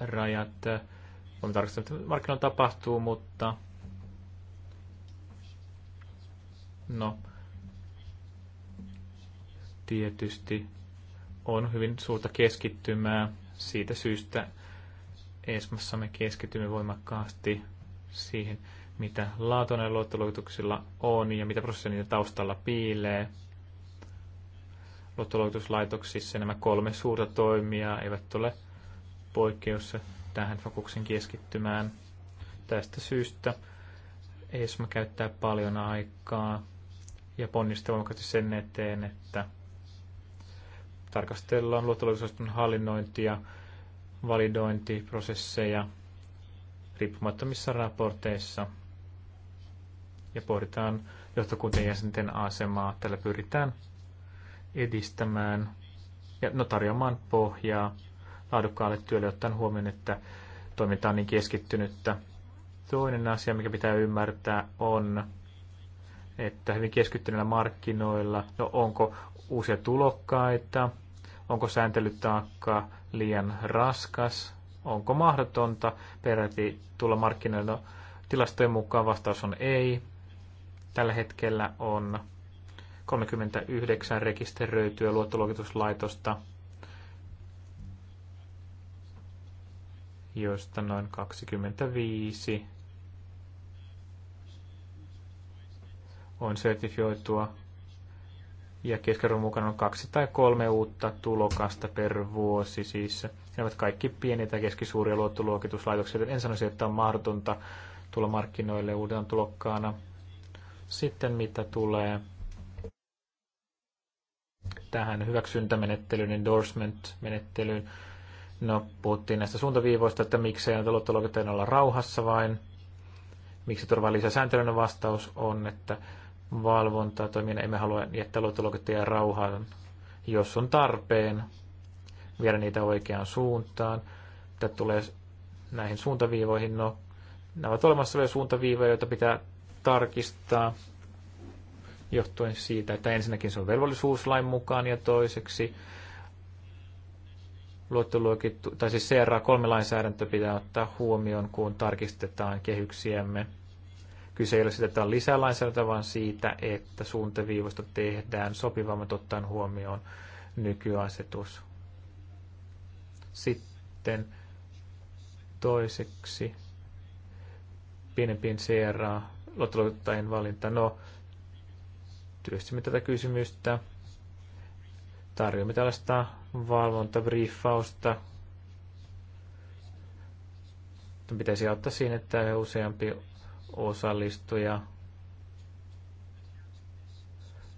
S1: rajat. On tarkastella, että markkinoilla tapahtuu, mutta no, tietysti on hyvin suurta keskittymää. Siitä syystä Esmassa me keskitymme voimakkaasti siihen, mitä laatuinen luottoluokituksilla on ja mitä prosessia niitä taustalla piilee. Luottoluokituslaitoksissa nämä kolme suurta toimijaa eivät ole poikkeus tähän fokuksen keskittymään. Tästä syystä ESMA käyttää paljon aikaa ja ponnistaa voimakkaasti sen eteen, että tarkastellaan luottoluokitusosaston hallinnointia, validointiprosesseja riippumattomissa raporteissa – ja pohditaan johtokuntien jäsenten asemaa. Tällä pyritään edistämään ja no, tarjoamaan pohjaa laadukkaalle työlle, ottaen huomioon, että toiminta on niin keskittynyttä. Toinen asia, mikä pitää ymmärtää, on, että hyvin keskittyneillä markkinoilla, no onko uusia tulokkaita, onko sääntelytaakka liian raskas, onko mahdotonta peräti tulla markkinoille, no, tilastojen mukaan vastaus on ei, Tällä hetkellä on 39 rekisteröityä luottoluokituslaitosta, joista noin 25 on sertifioitua ja keskiarvon mukana on kaksi tai kolme uutta tulokasta per vuosi. Siis ne ovat kaikki pieniä tai keskisuuria luottoluokituslaitoksia. En sanoisi, että on mahdotonta tulla markkinoille uudena tulokkaana. Sitten mitä tulee tähän hyväksyntämenettelyyn, endorsement-menettelyyn, no puhuttiin näistä suuntaviivoista, että miksei näitä luottoluokittajia olla rauhassa vain, miksi turvaa lisää sääntelyn no, vastaus on, että valvontaa toimien emme halua jättää luottoluokittajia rauhaan, jos on tarpeen viedä niitä oikeaan suuntaan. Tämä tulee näihin suuntaviivoihin, no nämä ovat olemassa vielä suuntaviivoja, joita pitää tarkistaa johtuen siitä, että ensinnäkin se on velvollisuuslain mukaan ja toiseksi luottoluokittu, tai siis CRA3 lainsäädäntö pitää ottaa huomioon, kun tarkistetaan kehyksiämme. Kyse ei ole siitä, että on lisää lainsäädäntöä, vaan siitä, että suuntaviivoista tehdään sopivammat ottaen huomioon nykyasetus. Sitten toiseksi pienempiin CRA luottoluokittajien valinta. No, työstimme tätä kysymystä. Tarjoamme tällaista valvontabriefausta. Pitäisi auttaa siinä, että useampi osallistuja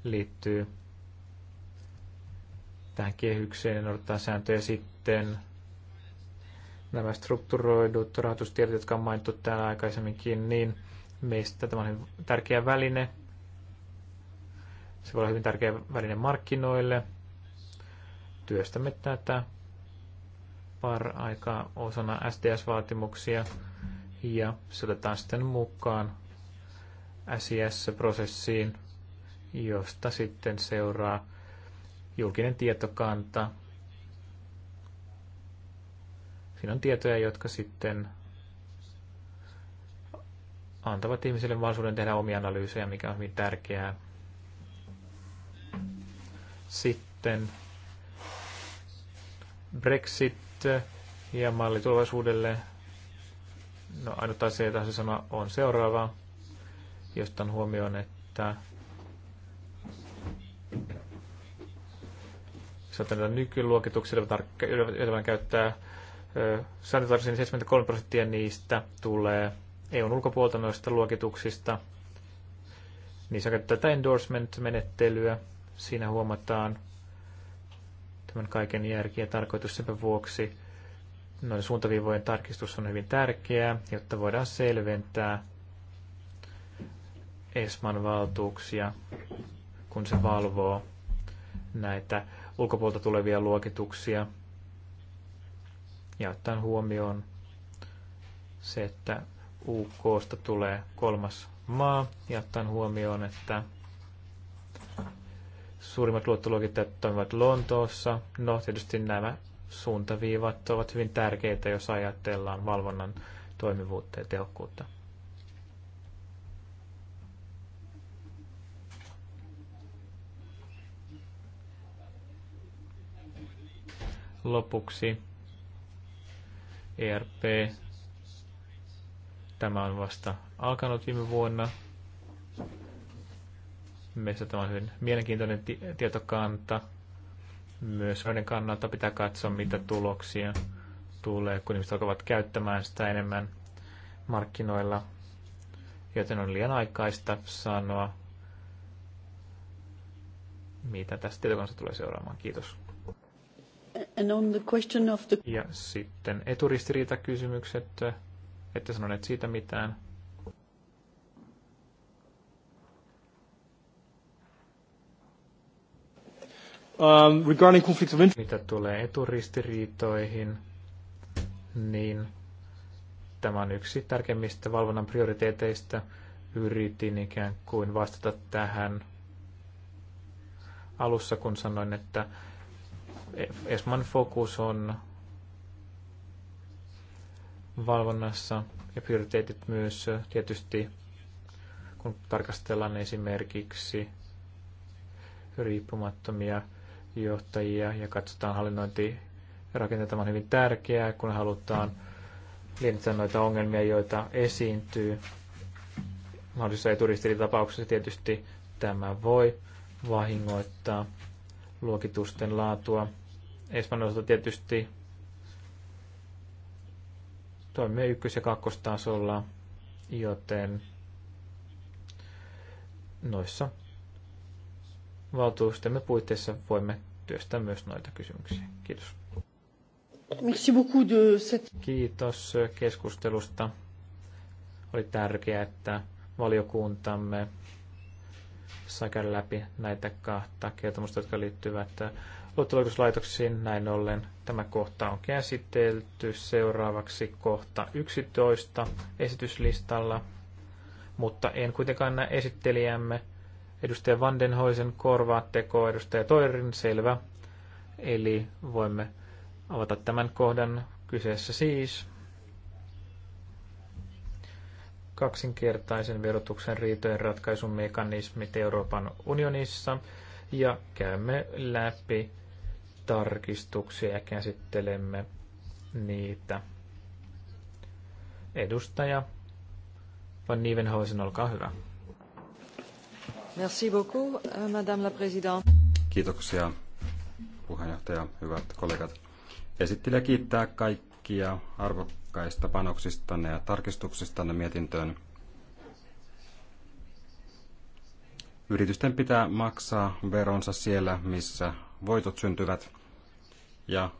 S1: liittyy tähän kehykseen ja noudattaa sääntöjä sitten. Nämä strukturoidut rahoitustiedot, jotka on mainittu täällä aikaisemminkin, niin Meistä tämä on tärkeä väline. Se voi olla hyvin tärkeä väline markkinoille. Työstämme tätä par-aikaa osana STS-vaatimuksia ja se otetaan sitten mukaan SIS-prosessiin, josta sitten seuraa julkinen tietokanta. Siinä on tietoja, jotka sitten antavat ihmisille mahdollisuuden tehdä omia analyysejä, mikä on hyvin tärkeää. Sitten Brexit ja malli tulevaisuudelle. No ainut asia, jota se sanoa, on seuraava, josta on huomioon, että sanotaan nykyluokituksilla, joita käyttää, säännötarkasti 73 prosenttia niistä tulee EUn ulkopuolta noista luokituksista. Niissä käytetään tätä endorsement-menettelyä. Siinä huomataan tämän kaiken järki ja tarkoitus sen vuoksi. noin suuntaviivojen tarkistus on hyvin tärkeää, jotta voidaan selventää ESMAn valtuuksia, kun se valvoo näitä ulkopuolta tulevia luokituksia ja ottaen huomioon se, että UKsta tulee kolmas maa ja ottaen huomioon, että suurimmat luottoluokittajat toimivat Lontoossa. No, tietysti nämä suuntaviivat ovat hyvin tärkeitä, jos ajatellaan valvonnan toimivuutta ja tehokkuutta. Lopuksi ERP Tämä on vasta alkanut viime vuonna. Meistä tämä on hyvin mielenkiintoinen tietokanta. Myös noiden kannalta pitää katsoa, mitä tuloksia tulee, kun ihmiset alkavat käyttämään sitä enemmän markkinoilla. Joten on liian aikaista sanoa, mitä tästä tietokannasta tulee seuraamaan. Kiitos. And on the question of the... Ja sitten eturistiriitakysymykset. kysymykset ette sanoneet siitä mitään. Um, regarding conflicts of interest. Mitä tulee eturistiriitoihin, niin tämä on yksi tärkeimmistä valvonnan prioriteeteista. Yritin ikään kuin vastata tähän alussa, kun sanoin, että ESMAN fokus on valvonnassa ja prioriteetit myös tietysti, kun tarkastellaan esimerkiksi riippumattomia johtajia ja katsotaan hallinnointi rakennetaan on hyvin tärkeää, kun halutaan lientää noita ongelmia, joita esiintyy. Mahdollisissa eturistilitapauksissa tietysti tämä voi vahingoittaa luokitusten laatua. Espanjalta tietysti toimii ykkös- ja kakkostasolla, joten noissa valtuustemme puitteissa voimme työstää myös noita kysymyksiä. Kiitos. Merci beaucoup de cette... Kiitos keskustelusta. Oli tärkeää, että valiokuntamme sai läpi näitä kahta kertomusta, jotka liittyvät luottolaitoslaitoksiin. Näin ollen tämä kohta on käsitelty. Seuraavaksi kohta 11 esityslistalla, mutta en kuitenkaan näe esittelijämme. Edustaja Vandenhoisen korvaatteko edustaja Toirin, selvä. Eli voimme avata tämän kohdan kyseessä siis kaksinkertaisen verotuksen riitojen ratkaisun mekanismit Euroopan unionissa ja käymme läpi tarkistuksia ja käsittelemme niitä. Edustaja
S3: Van Nivenhoisen, olkaa hyvä.
S2: Merci
S1: beaucoup, euh, Madame la Présidente.
S3: Kiitoksia, puheenjohtaja, hyvät kollegat. Esittelijä kiittää kaikkia arvokkaista panoksistanne ja tarkistuksistanne mietintöön. Yritysten pitää maksaa veronsa siellä, missä voitot syntyvät ja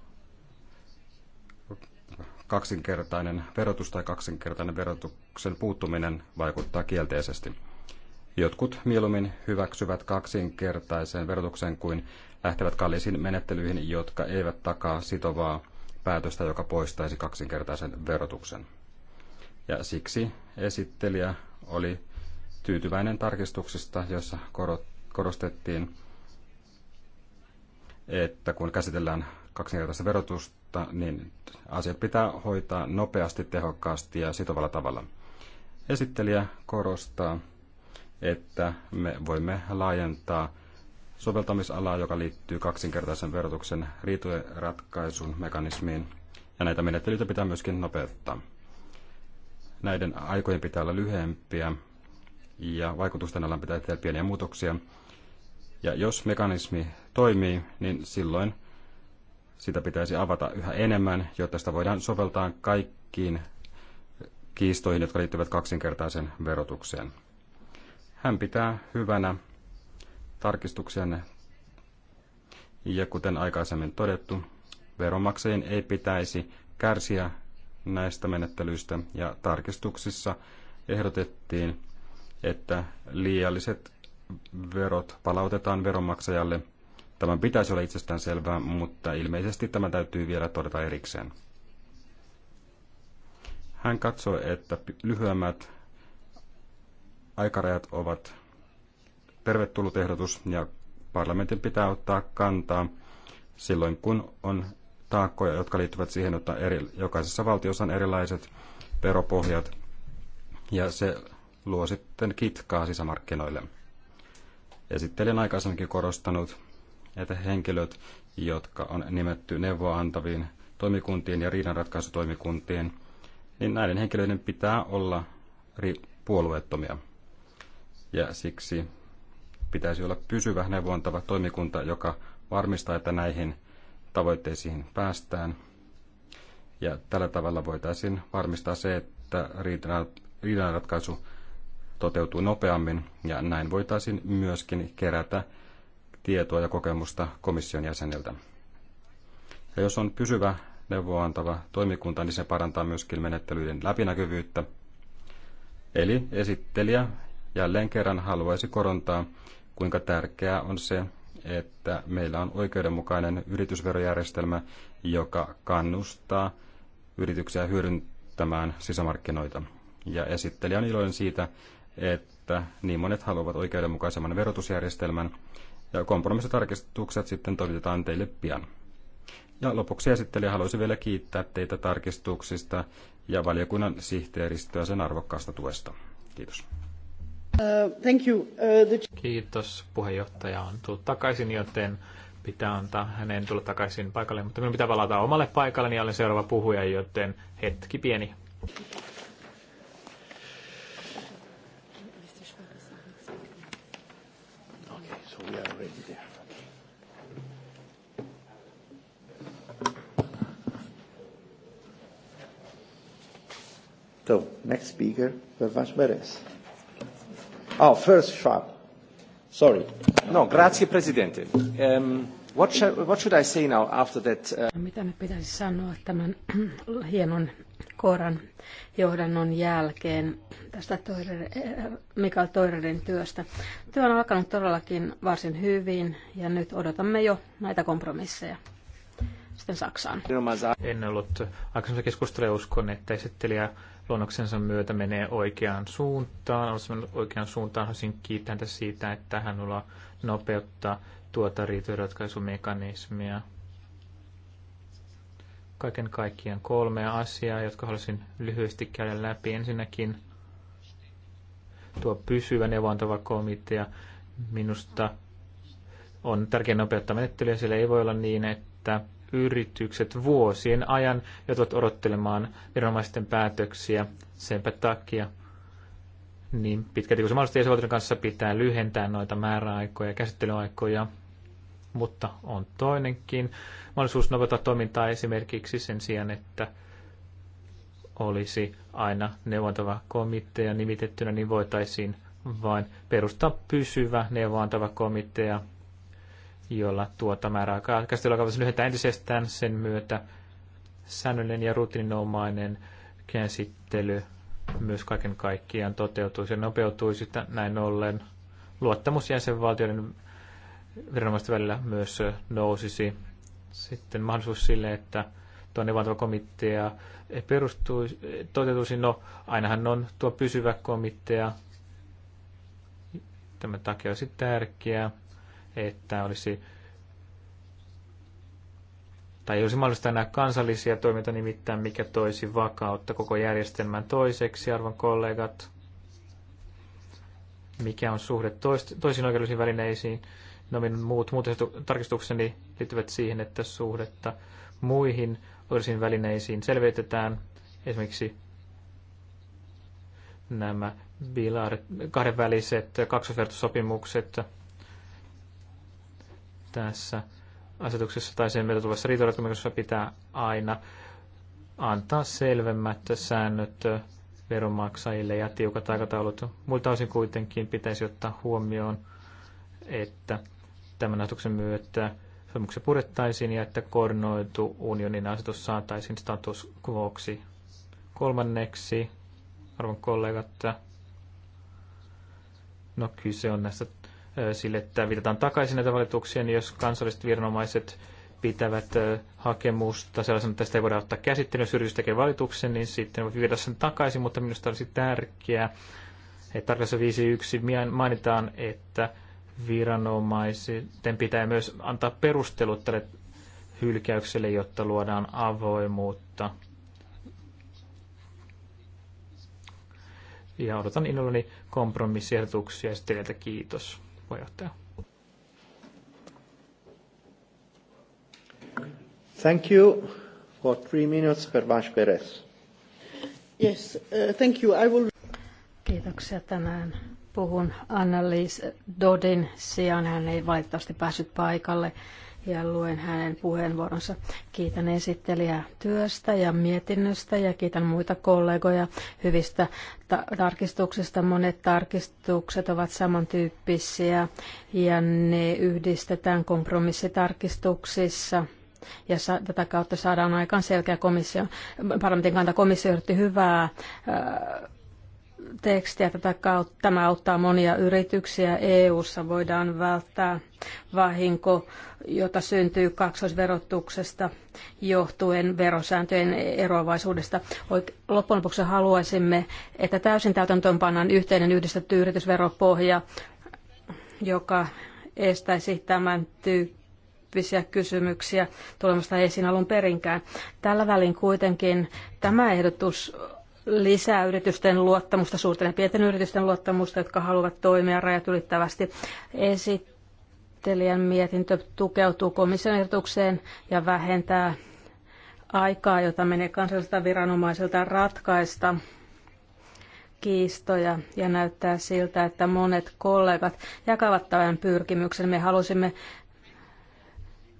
S3: kaksinkertainen verotus tai kaksinkertainen verotuksen puuttuminen vaikuttaa kielteisesti. Jotkut mieluummin hyväksyvät kaksinkertaisen verotuksen kuin lähtevät kallisiin menettelyihin, jotka eivät takaa sitovaa päätöstä, joka poistaisi kaksinkertaisen verotuksen. Ja siksi esittelijä oli tyytyväinen tarkistuksista, jossa korostettiin, että kun käsitellään kaksinkertaista verotusta, niin asiat pitää hoitaa nopeasti, tehokkaasti ja sitovalla tavalla. Esittelijä korostaa, että me voimme laajentaa soveltamisalaa, joka liittyy kaksinkertaisen verotuksen ratkaisun mekanismiin, ja näitä menettelyitä pitää myöskin nopeuttaa. Näiden aikojen pitää olla lyhyempiä, ja vaikutusten alan pitää tehdä pieniä muutoksia. Ja jos mekanismi toimii, niin silloin – sitä pitäisi avata yhä enemmän, jotta sitä voidaan soveltaa kaikkiin kiistoihin, jotka liittyvät kaksinkertaisen verotukseen. Hän pitää hyvänä tarkistuksenne. Ja kuten aikaisemmin todettu, veronmaksajien ei pitäisi kärsiä näistä menettelyistä ja tarkistuksissa ehdotettiin, että liialliset verot palautetaan veronmaksajalle – Tämän pitäisi olla itsestään selvää, mutta ilmeisesti tämä täytyy vielä todeta erikseen. Hän katsoi, että lyhyemmät aikarajat ovat tervetullut ehdotus ja parlamentin pitää ottaa kantaa silloin, kun on taakkoja, jotka liittyvät siihen, että eri, jokaisessa valtiossa on erilaiset veropohjat ja se luo sitten kitkaa sisämarkkinoille. Esittelijän aikaisemminkin korostanut, että henkilöt, jotka on nimetty neuvoa antaviin toimikuntiin ja riidanratkaisutoimikuntiin, niin näiden henkilöiden pitää olla puolueettomia. Ja siksi pitäisi olla pysyvä neuvontava toimikunta, joka varmistaa, että näihin tavoitteisiin päästään. Ja tällä tavalla voitaisiin varmistaa se, että riidanratkaisu toteutuu nopeammin ja näin voitaisiin myöskin kerätä tietoa ja kokemusta komission jäseniltä. Ja jos on pysyvä neuvoantava toimikunta, niin se parantaa myöskin menettelyiden läpinäkyvyyttä. Eli esittelijä jälleen kerran haluaisi korontaa, kuinka tärkeää on se, että meillä on oikeudenmukainen yritysverojärjestelmä, joka kannustaa yrityksiä hyödyntämään sisämarkkinoita. Ja esittelijä on iloinen siitä, että niin monet haluavat oikeudenmukaisemman verotusjärjestelmän, ja kompromissitarkistukset sitten toimitetaan teille pian. Ja lopuksi esittelijä haluaisi vielä kiittää teitä tarkistuksista ja valiokunnan sihteeristöä sen arvokkaasta tuesta. Kiitos.
S2: Uh, thank you. Uh, the...
S3: Kiitos.
S1: Puheenjohtaja on tullut takaisin, joten pitää antaa hänen tulla takaisin paikalle, mutta minun pitää palata omalle paikalle niin olen seuraava puhuja, joten hetki pieni.
S2: So, next speaker, Pervash Beres. Oh, ah, first Schwab. Sorry.
S3: No, grazie, Presidente. Um, what, what should I say now after that? Uh... No,
S2: mitä nyt pitäisi sanoa tämän hienon koran johdannon jälkeen tästä Toirer, eh, Mikael Toirerin työstä. Työ on alkanut todellakin varsin hyvin ja nyt odotamme jo näitä kompromisseja sitten
S1: Saksaan. En ollut aikaisemmassa keskustelussa uskon, että esittelijä luonnoksensa myötä menee oikeaan suuntaan. Olisimme oikeaan suuntaan. Haluaisin kiittää häntä siitä, että hän on nopeuttaa tuota riitojenratkaisumekanismia. Kaiken kaikkiaan kolme asiaa, jotka haluaisin lyhyesti käydä läpi. Ensinnäkin tuo pysyvä neuvontava komitea minusta on tärkeä nopeuttaa menettelyä. Siellä ei voi olla niin, että yritykset vuosien ajan joutuvat odottelemaan viranomaisten päätöksiä. Senpä takia niin pitkälti kuin se mahdollisesti kanssa pitää lyhentää noita määräaikoja ja käsittelyaikoja, mutta on toinenkin mahdollisuus nopeuttaa toimintaa esimerkiksi sen sijaan, että olisi aina neuvontava komitea nimitettynä, niin voitaisiin vain perustaa pysyvä neuvontava komitea – jolla tuota määräaikaa käsittelyaikavuus lyhentää entisestään sen myötä säännöllinen ja rutiininomainen käsittely myös kaiken kaikkiaan toteutuisi ja nopeutuisi näin ollen. Luottamus jäsenvaltioiden viranomaisten välillä myös nousisi. Sitten mahdollisuus sille, että tuo neuvontava perustuisi, toteutuisi, no ainahan on tuo pysyvä komitea, tämä takia olisi tärkeää, että olisi tai ei olisi mahdollista enää kansallisia toimintoja nimittäin, mikä toisi vakautta koko järjestelmän toiseksi, arvon kollegat. Mikä on suhde toist, toisiin oikeudellisiin välineisiin? No minun muut, muut tarkistukseni liittyvät siihen, että suhdetta muihin oikeudellisiin välineisiin selvitetään. Esimerkiksi nämä bilaar, kahdenväliset kaksosvertosopimukset, tässä asetuksessa tai sen myötä tulevassa riitoratkomikossa pitää aina antaa selvemmät säännöt veronmaksajille ja tiukat aikataulut. Muilta osin kuitenkin pitäisi ottaa huomioon, että tämän asetuksen myötä sopimuksia purettaisiin ja että koordinoitu unionin asetus saataisiin status quoksi. Kolmanneksi, arvon kollegat, no kyse on näistä sille, että viitataan takaisin näitä valituksia, niin jos kansalliset viranomaiset pitävät hakemusta sellaisena, että tästä ei voida ottaa käsittelyyn, jos yritys tekee valituksen, niin sitten voi viedä sen takaisin, mutta minusta olisi tärkeää, että tarkassa 5.1 mainitaan, että viranomaisten pitää myös antaa perustelut tälle hylkäykselle, jotta luodaan avoimuutta. Ja odotan innollani kompromissiehdotuksia esittelijältä. Kiitos puheenjohtaja.
S2: Thank you
S1: for three minutes per Perez.
S2: Yes, uh, thank you. I will... Kiitoksia tänään. Puhun Anna-Liis Dodin sijaan. Hän ei valitettavasti päässyt paikalle ja luen hänen puheenvuoronsa. Kiitän esittelijää työstä ja mietinnöstä ja kiitän muita kollegoja hyvistä ta- tarkistuksista. Monet tarkistukset ovat samantyyppisiä ja ne yhdistetään kompromissitarkistuksissa ja sa- tätä kautta saadaan aikaan selkeä komissio. Parlamentin kanta komissio hyvää äh, tekstiä. Tätä kautta tämä auttaa monia yrityksiä. EU-ssa voidaan välttää vahinko, jota syntyy kaksoisverotuksesta johtuen verosääntöjen eroavaisuudesta. Loppujen lopuksi haluaisimme, että täysin täytäntöön pannaan yhteinen yhdistetty yritysveropohja, joka estäisi tämän tyyppisiä kysymyksiä tulemasta esiin alun perinkään. Tällä välin kuitenkin tämä ehdotus lisää yritysten luottamusta, suurten ja pienten yritysten luottamusta, jotka haluavat toimia rajat ylittävästi. Esittelijän mietintö tukeutuu komission ehdotukseen ja vähentää aikaa, jota menee kansallisilta viranomaiselta ratkaista kiistoja ja näyttää siltä, että monet kollegat jakavat tämän pyrkimyksen. Me halusimme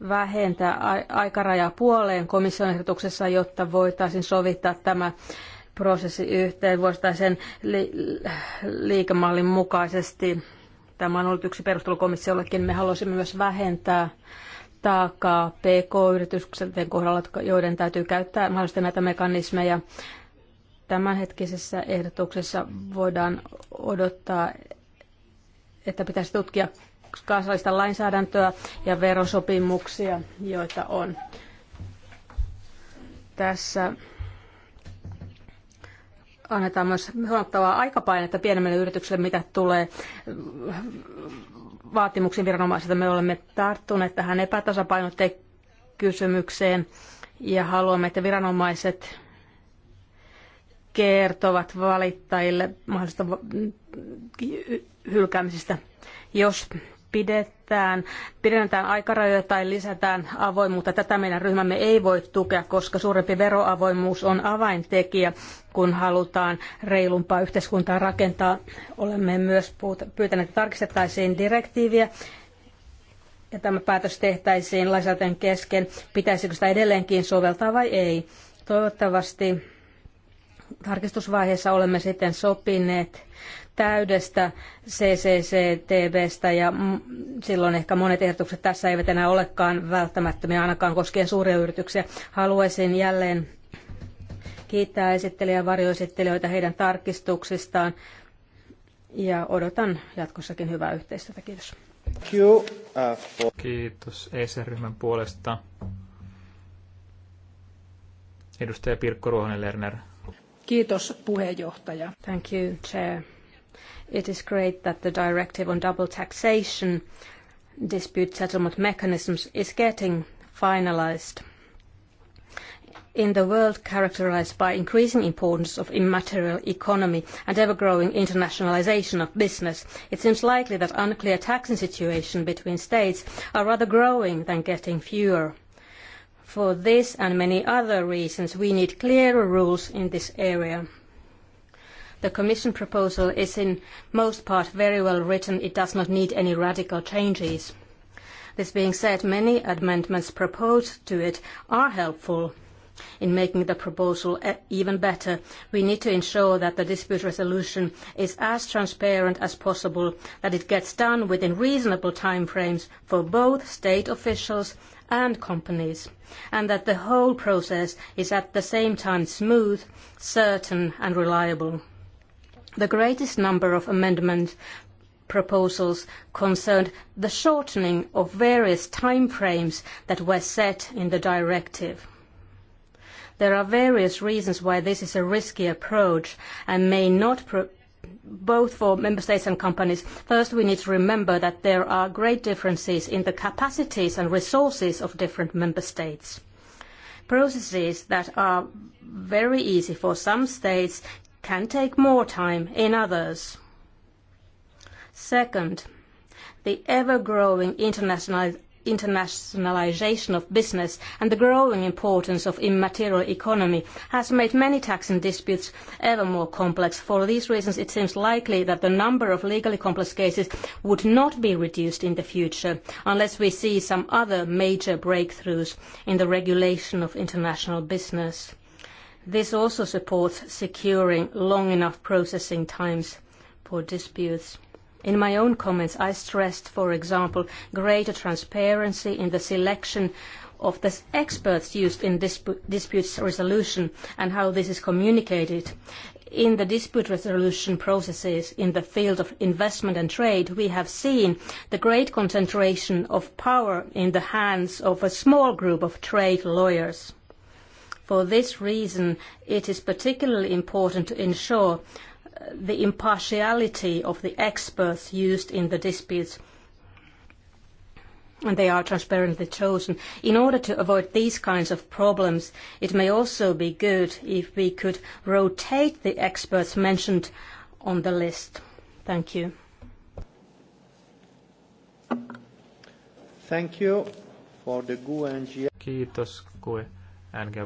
S2: vähentää aikarajaa puoleen komission ehdotuksessa, jotta voitaisiin sovittaa tämä prosessi yhteen sen li- liikemallin mukaisesti. Tämä on ollut yksi perustelukomissiollekin. Me haluaisimme myös vähentää taakkaa PK-yritysten kohdalla, joiden täytyy käyttää mahdollisesti näitä mekanismeja. Tämänhetkisessä ehdotuksessa voidaan odottaa, että pitäisi tutkia kansallista lainsäädäntöä ja verosopimuksia, joita on tässä annetaan myös huomattavaa aikapainetta pienemmille yrityksille, mitä tulee vaatimuksiin viranomaisilta. Me olemme tarttuneet tähän epätasapainotteen kysymykseen ja haluamme, että viranomaiset kertovat valittajille mahdollisista hylkäämisistä, jos pidetään, pidennetään aikarajoja tai lisätään avoimuutta. Tätä meidän ryhmämme ei voi tukea, koska suurempi veroavoimuus on avaintekijä, kun halutaan reilumpaa yhteiskuntaa rakentaa. Olemme myös pyytäneet, että tarkistettaisiin direktiiviä ja tämä päätös tehtäisiin lainsäädännön kesken, pitäisikö sitä edelleenkin soveltaa vai ei. Toivottavasti tarkistusvaiheessa olemme sitten sopineet täydestä CCCTVstä ja silloin ehkä monet ehdotukset tässä eivät enää olekaan välttämättömiä ainakaan koskien suuria yrityksiä. Haluaisin jälleen kiittää esittelijä ja varjoesittelijöitä heidän tarkistuksistaan ja odotan jatkossakin hyvää yhteistyötä. Kiitos.
S1: Uh, Kiitos ESR-ryhmän puolesta. Edustaja Pirkko Ruohonen-Lerner.
S2: Kiitos puheenjohtaja. Thank you, Chair. It is great that the directive on double taxation dispute settlement mechanisms is getting finalized. In the world characterized by increasing importance of immaterial economy and ever-growing internationalization of business, it seems likely that unclear taxing situations between states are rather growing than getting fewer. For this and many other reasons, we need clearer rules in this area. The Commission proposal is in most part very well written. It does not need any radical changes. This being said, many amendments proposed to it are helpful in making the proposal eh, even better. We need to ensure that the dispute resolution is as transparent as possible, that it gets done within reasonable timeframes for both state officials and companies, and that the whole process is at the same time smooth, certain and reliable. The greatest number of amendment proposals concerned the shortening of various timeframes that were set in the directive. There are various reasons why this is a risky approach and may not both for member states and companies. First, we need to remember that there are great differences in the capacities and resources of different member states. Processes that are very easy for some states can take more time in others. Second, the ever-growing international internationalization of business and the growing importance of immaterial economy has made many taxing disputes ever more complex. For these reasons, it seems likely that the number of legally complex cases would not be reduced in the future unless we see some other major breakthroughs in the regulation of international business. This also supports securing long enough processing times for disputes. In my own comments, I stressed, for example, greater transparency in the selection of the experts used in disputes resolution and how this is communicated. In the dispute resolution processes in the field of investment and trade, we have seen the great concentration of power in the hands of a small group of trade lawyers. For this reason, it is particularly important to ensure uh, the impartiality of the experts used in the disputes and they are transparently chosen. In order to avoid these kinds of problems, it may also be good if we could rotate the experts mentioned on the list. Thank you.
S1: Thank you for the GUE Kiitos GUE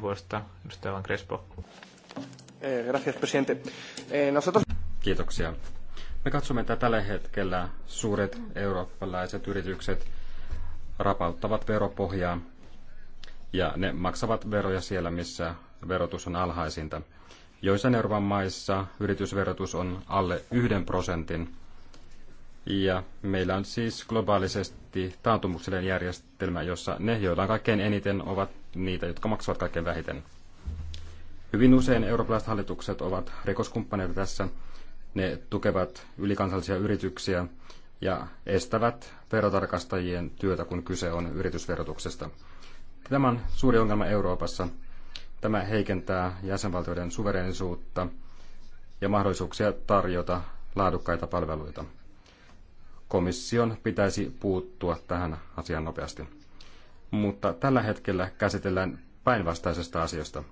S1: vuodesta. Edustaja Van Crespo.
S3: Eh, gracias, presidente. Eh, nosotros... Kiitoksia. Me katsomme, että tällä hetkellä suuret eurooppalaiset yritykset rapauttavat veropohjaa ja ne maksavat veroja siellä, missä verotus on alhaisinta. Joissain Euroopan maissa yritysverotus on alle yhden prosentin. Ja meillä on siis globaalisesti taantumuksellinen järjestelmä, jossa ne, joilla on kaikkein eniten, ovat niitä, jotka maksavat kaikkein vähiten. Hyvin usein eurooppalaiset hallitukset ovat rikoskumppaneita tässä. Ne tukevat ylikansallisia yrityksiä ja estävät verotarkastajien työtä, kun kyse on yritysverotuksesta. Tämä on suuri ongelma Euroopassa. Tämä heikentää jäsenvaltioiden suverenisuutta ja mahdollisuuksia tarjota laadukkaita palveluita. Komission pitäisi puuttua tähän asiaan nopeasti mutta tällä hetkellä käsitellään päinvastaisesta asiasta.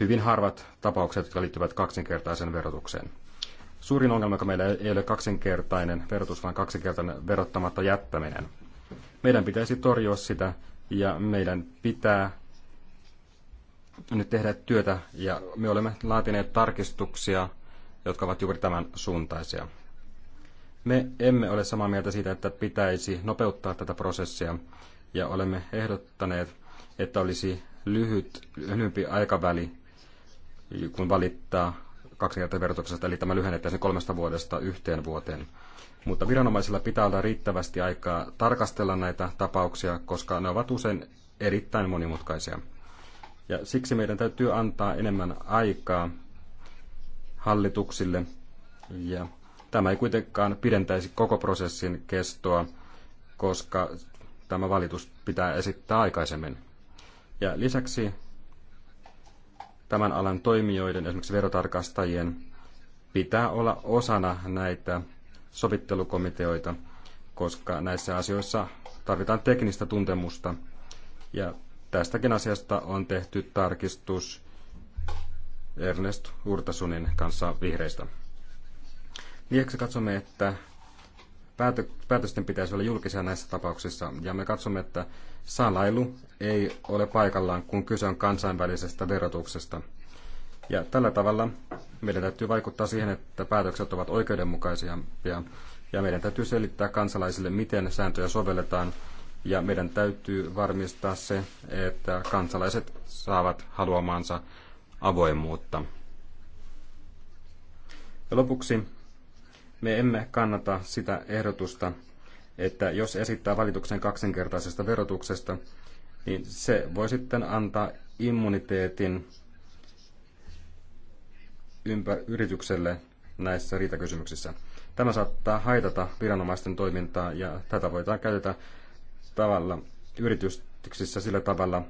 S3: Hyvin harvat tapaukset, jotka liittyvät kaksinkertaiseen verotukseen. Suurin ongelma, joka meillä ei ole kaksinkertainen verotus, vaan kaksinkertainen verottamatta jättäminen. Meidän pitäisi torjua sitä ja meidän pitää nyt tehdä työtä ja me olemme laatineet tarkistuksia, jotka ovat juuri tämän suuntaisia. Me emme ole samaa mieltä siitä, että pitäisi nopeuttaa tätä prosessia, ja olemme ehdottaneet, että olisi lyhyt, lyhyempi aikaväli, kun valittaa verotuksesta, eli tämä lyhennettäisiin kolmesta vuodesta yhteen vuoteen. Mutta viranomaisilla pitää olla riittävästi aikaa tarkastella näitä tapauksia, koska ne ovat usein erittäin monimutkaisia. Ja siksi meidän täytyy antaa enemmän aikaa hallituksille. Ja tämä ei kuitenkaan pidentäisi koko prosessin kestoa, koska tämä valitus pitää esittää aikaisemmin. Ja lisäksi tämän alan toimijoiden, esimerkiksi verotarkastajien, pitää olla osana näitä sovittelukomiteoita, koska näissä asioissa tarvitaan teknistä tuntemusta. Ja tästäkin asiasta on tehty tarkistus Ernest Urtasunin kanssa vihreistä. Lisäksi katsomme, että päätösten pitäisi olla julkisia näissä tapauksissa, ja me katsomme, että salailu ei ole paikallaan, kun kyse on kansainvälisestä verotuksesta. Ja tällä tavalla meidän täytyy vaikuttaa siihen, että päätökset ovat oikeudenmukaisia, ja meidän täytyy selittää kansalaisille, miten sääntöjä sovelletaan, ja meidän täytyy varmistaa se, että kansalaiset saavat haluamaansa avoimuutta. Ja lopuksi me emme kannata sitä ehdotusta, että jos esittää valituksen kaksinkertaisesta verotuksesta, niin se voi sitten antaa immuniteetin ympär- yritykselle näissä riitakysymyksissä. Tämä saattaa haitata viranomaisten toimintaa ja tätä voidaan käytetä tavalla yrityksissä sillä tavalla,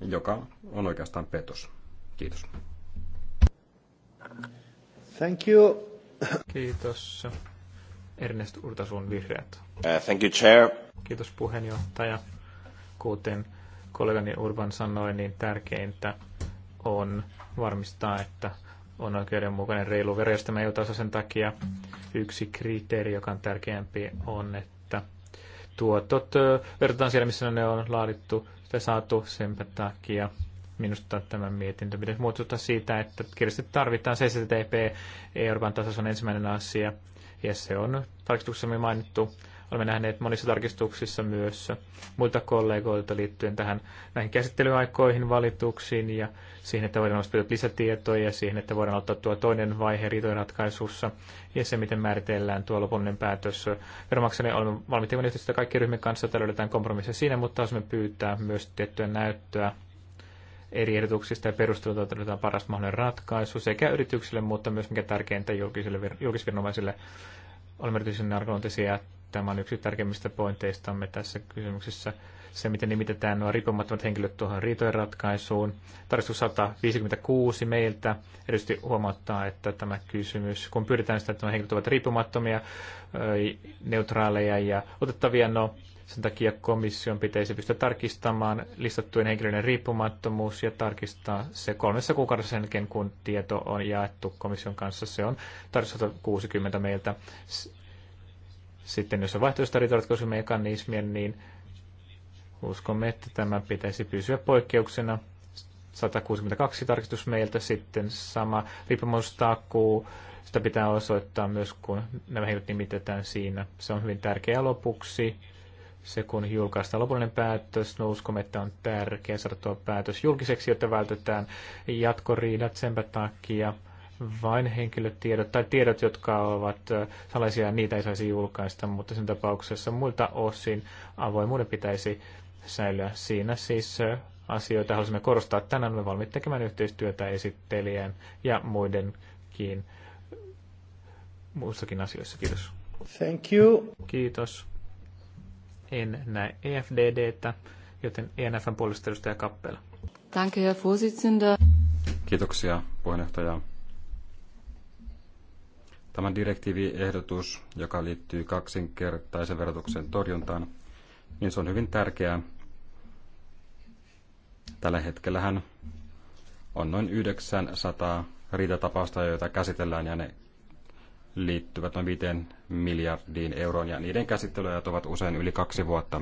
S3: joka on oikeastaan petos. Kiitos.
S2: Thank you.
S1: Kiitos. Ernest Urtasun vihreät.
S3: Uh, thank you, chair.
S1: Kiitos puheenjohtaja. Kuten kollegani Urban sanoi, niin tärkeintä on varmistaa, että on oikeudenmukainen reilu verojärjestelmä eu sen takia. Yksi kriteeri, joka on tärkeämpi, on, että tuotot verrataan siellä, missä ne on laadittu tai saatu sen takia Minusta tämä mietintö pitäisi muistuttaa siitä, että kirjastot tarvitaan CCTP Euroopan tasossa on ensimmäinen asia, ja se on tarkistuksessamme mainittu. Olemme nähneet monissa tarkistuksissa myös muilta kollegoilta liittyen tähän näihin käsittelyaikoihin, valituksiin ja siihen, että voidaan ostaa lisätietoja ja siihen, että voidaan ottaa tuo toinen vaihe riitojen ratkaisussa ja se, miten määritellään tuo lopullinen päätös. Veronmaksajille olemme valmiita yhteistyötä kaikki ryhmien kanssa, että löydetään kompromissia siinä, mutta jos me pyytää myös tiettyä näyttöä eri ehdotuksista ja perusteluita tarvitaan paras mahdollinen ratkaisu sekä yrityksille, mutta myös mikä tärkeintä julkisille, julkisviranomaisille. Olemme erityisen että tämä on yksi tärkeimmistä pointeistamme tässä kysymyksessä. Se, miten nimitetään nuo riippumattomat henkilöt tuohon riitojen ratkaisuun. Tarkistus 156 meiltä erityisesti huomauttaa, että tämä kysymys, kun pyritään sitä, että nuo henkilöt ovat riippumattomia, neutraaleja ja otettavia, no sen takia komission pitäisi pystyä tarkistamaan listattujen henkilöiden riippumattomuus ja tarkistaa se kolmessa kuukaudessa sen jälkeen, kun tieto on jaettu komission kanssa. Se on tarkistettu 60 meiltä. Sitten jos on vaihtoehtoista niin uskomme, että tämä pitäisi pysyä poikkeuksena 162 tarkistus meiltä sitten sama riippumattomuustakuu. Sitä pitää osoittaa myös, kun nämä henkilöt nimitetään siinä. Se on hyvin tärkeää lopuksi se, kun julkaistaan lopullinen päätös, no uskomme, että on tärkeää saada tuo päätös julkiseksi, jotta vältetään jatkoriidat sen takia vain henkilötiedot tai tiedot, jotka ovat salaisia, niitä ei saisi julkaista, mutta sen tapauksessa muilta osin avoimuuden pitäisi säilyä. Siinä siis asioita haluaisimme korostaa. Tänään me valmiit tekemään yhteistyötä esittelijän ja muidenkin muissakin asioissa. Kiitos.
S2: Thank you.
S1: Kiitos. En näe EFDDtä, joten ENFn puolesta edustaja Kappela.
S2: Danke, Herr
S3: Vorsitzender. Kiitoksia, puheenjohtaja. Tämä direktiiviehdotus, joka liittyy kaksinkertaisen verotuksen torjuntaan, niin se on hyvin tärkeää. Tällä hetkellähän on noin 900 riitatapausta, joita käsitellään, ja ne liittyvät noin 5 miljardiin euroon ja niiden käsittelyajat ovat usein yli kaksi vuotta.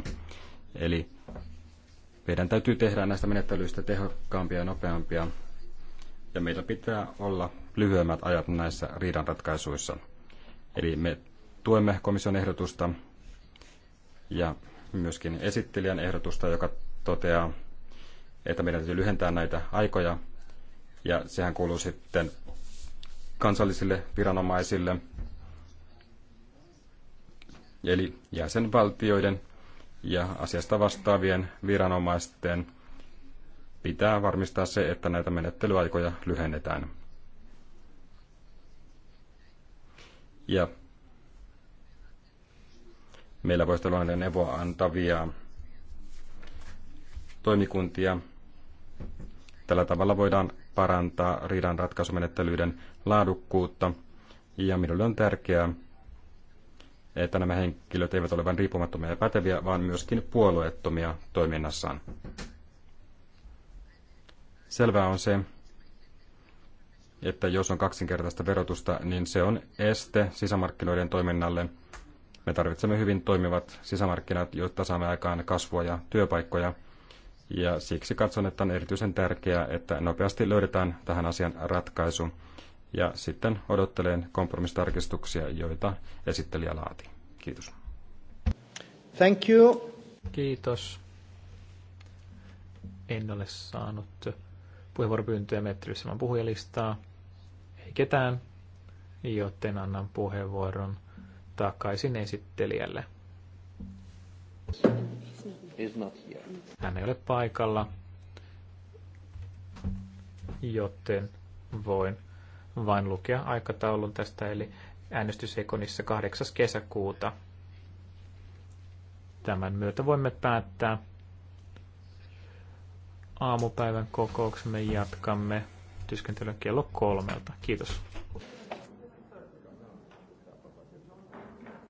S3: Eli meidän täytyy tehdä näistä menettelyistä tehokkaampia ja nopeampia ja meillä pitää olla lyhyemmät ajat näissä riidanratkaisuissa. Eli me tuemme komission ehdotusta ja myöskin esittelijän ehdotusta, joka toteaa, että meidän täytyy lyhentää näitä aikoja. Ja sehän kuuluu sitten kansallisille viranomaisille, eli jäsenvaltioiden ja asiasta vastaavien viranomaisten pitää varmistaa se, että näitä menettelyaikoja lyhennetään. Ja meillä voisi olla näitä neuvoa antavia toimikuntia. Tällä tavalla voidaan parantaa riidan ratkaisumenettelyiden laadukkuutta. Ja minulle on tärkeää, että nämä henkilöt eivät ole vain riippumattomia ja päteviä, vaan myöskin puolueettomia toiminnassaan. Selvää on se, että jos on kaksinkertaista verotusta, niin se on este sisämarkkinoiden toiminnalle. Me tarvitsemme hyvin toimivat sisämarkkinat, jotta saamme aikaan kasvua ja työpaikkoja – ja siksi katson, että on erityisen tärkeää, että nopeasti löydetään tähän asian ratkaisu. Ja sitten odottelen kompromistarkistuksia, joita esittelijä laati. Kiitos.
S1: Thank you. Kiitos. En ole saanut puheenvuoropyyntöjä metrissä puhujalistaa. Ei ketään, joten annan puheenvuoron takaisin esittelijälle. It's not. Hän ei ole paikalla, joten voin vain lukea aikataulun tästä, eli äänestysekonissa 8. kesäkuuta. Tämän myötä voimme päättää aamupäivän kokouksemme. Jatkamme työskentelyä kello kolmelta. Kiitos.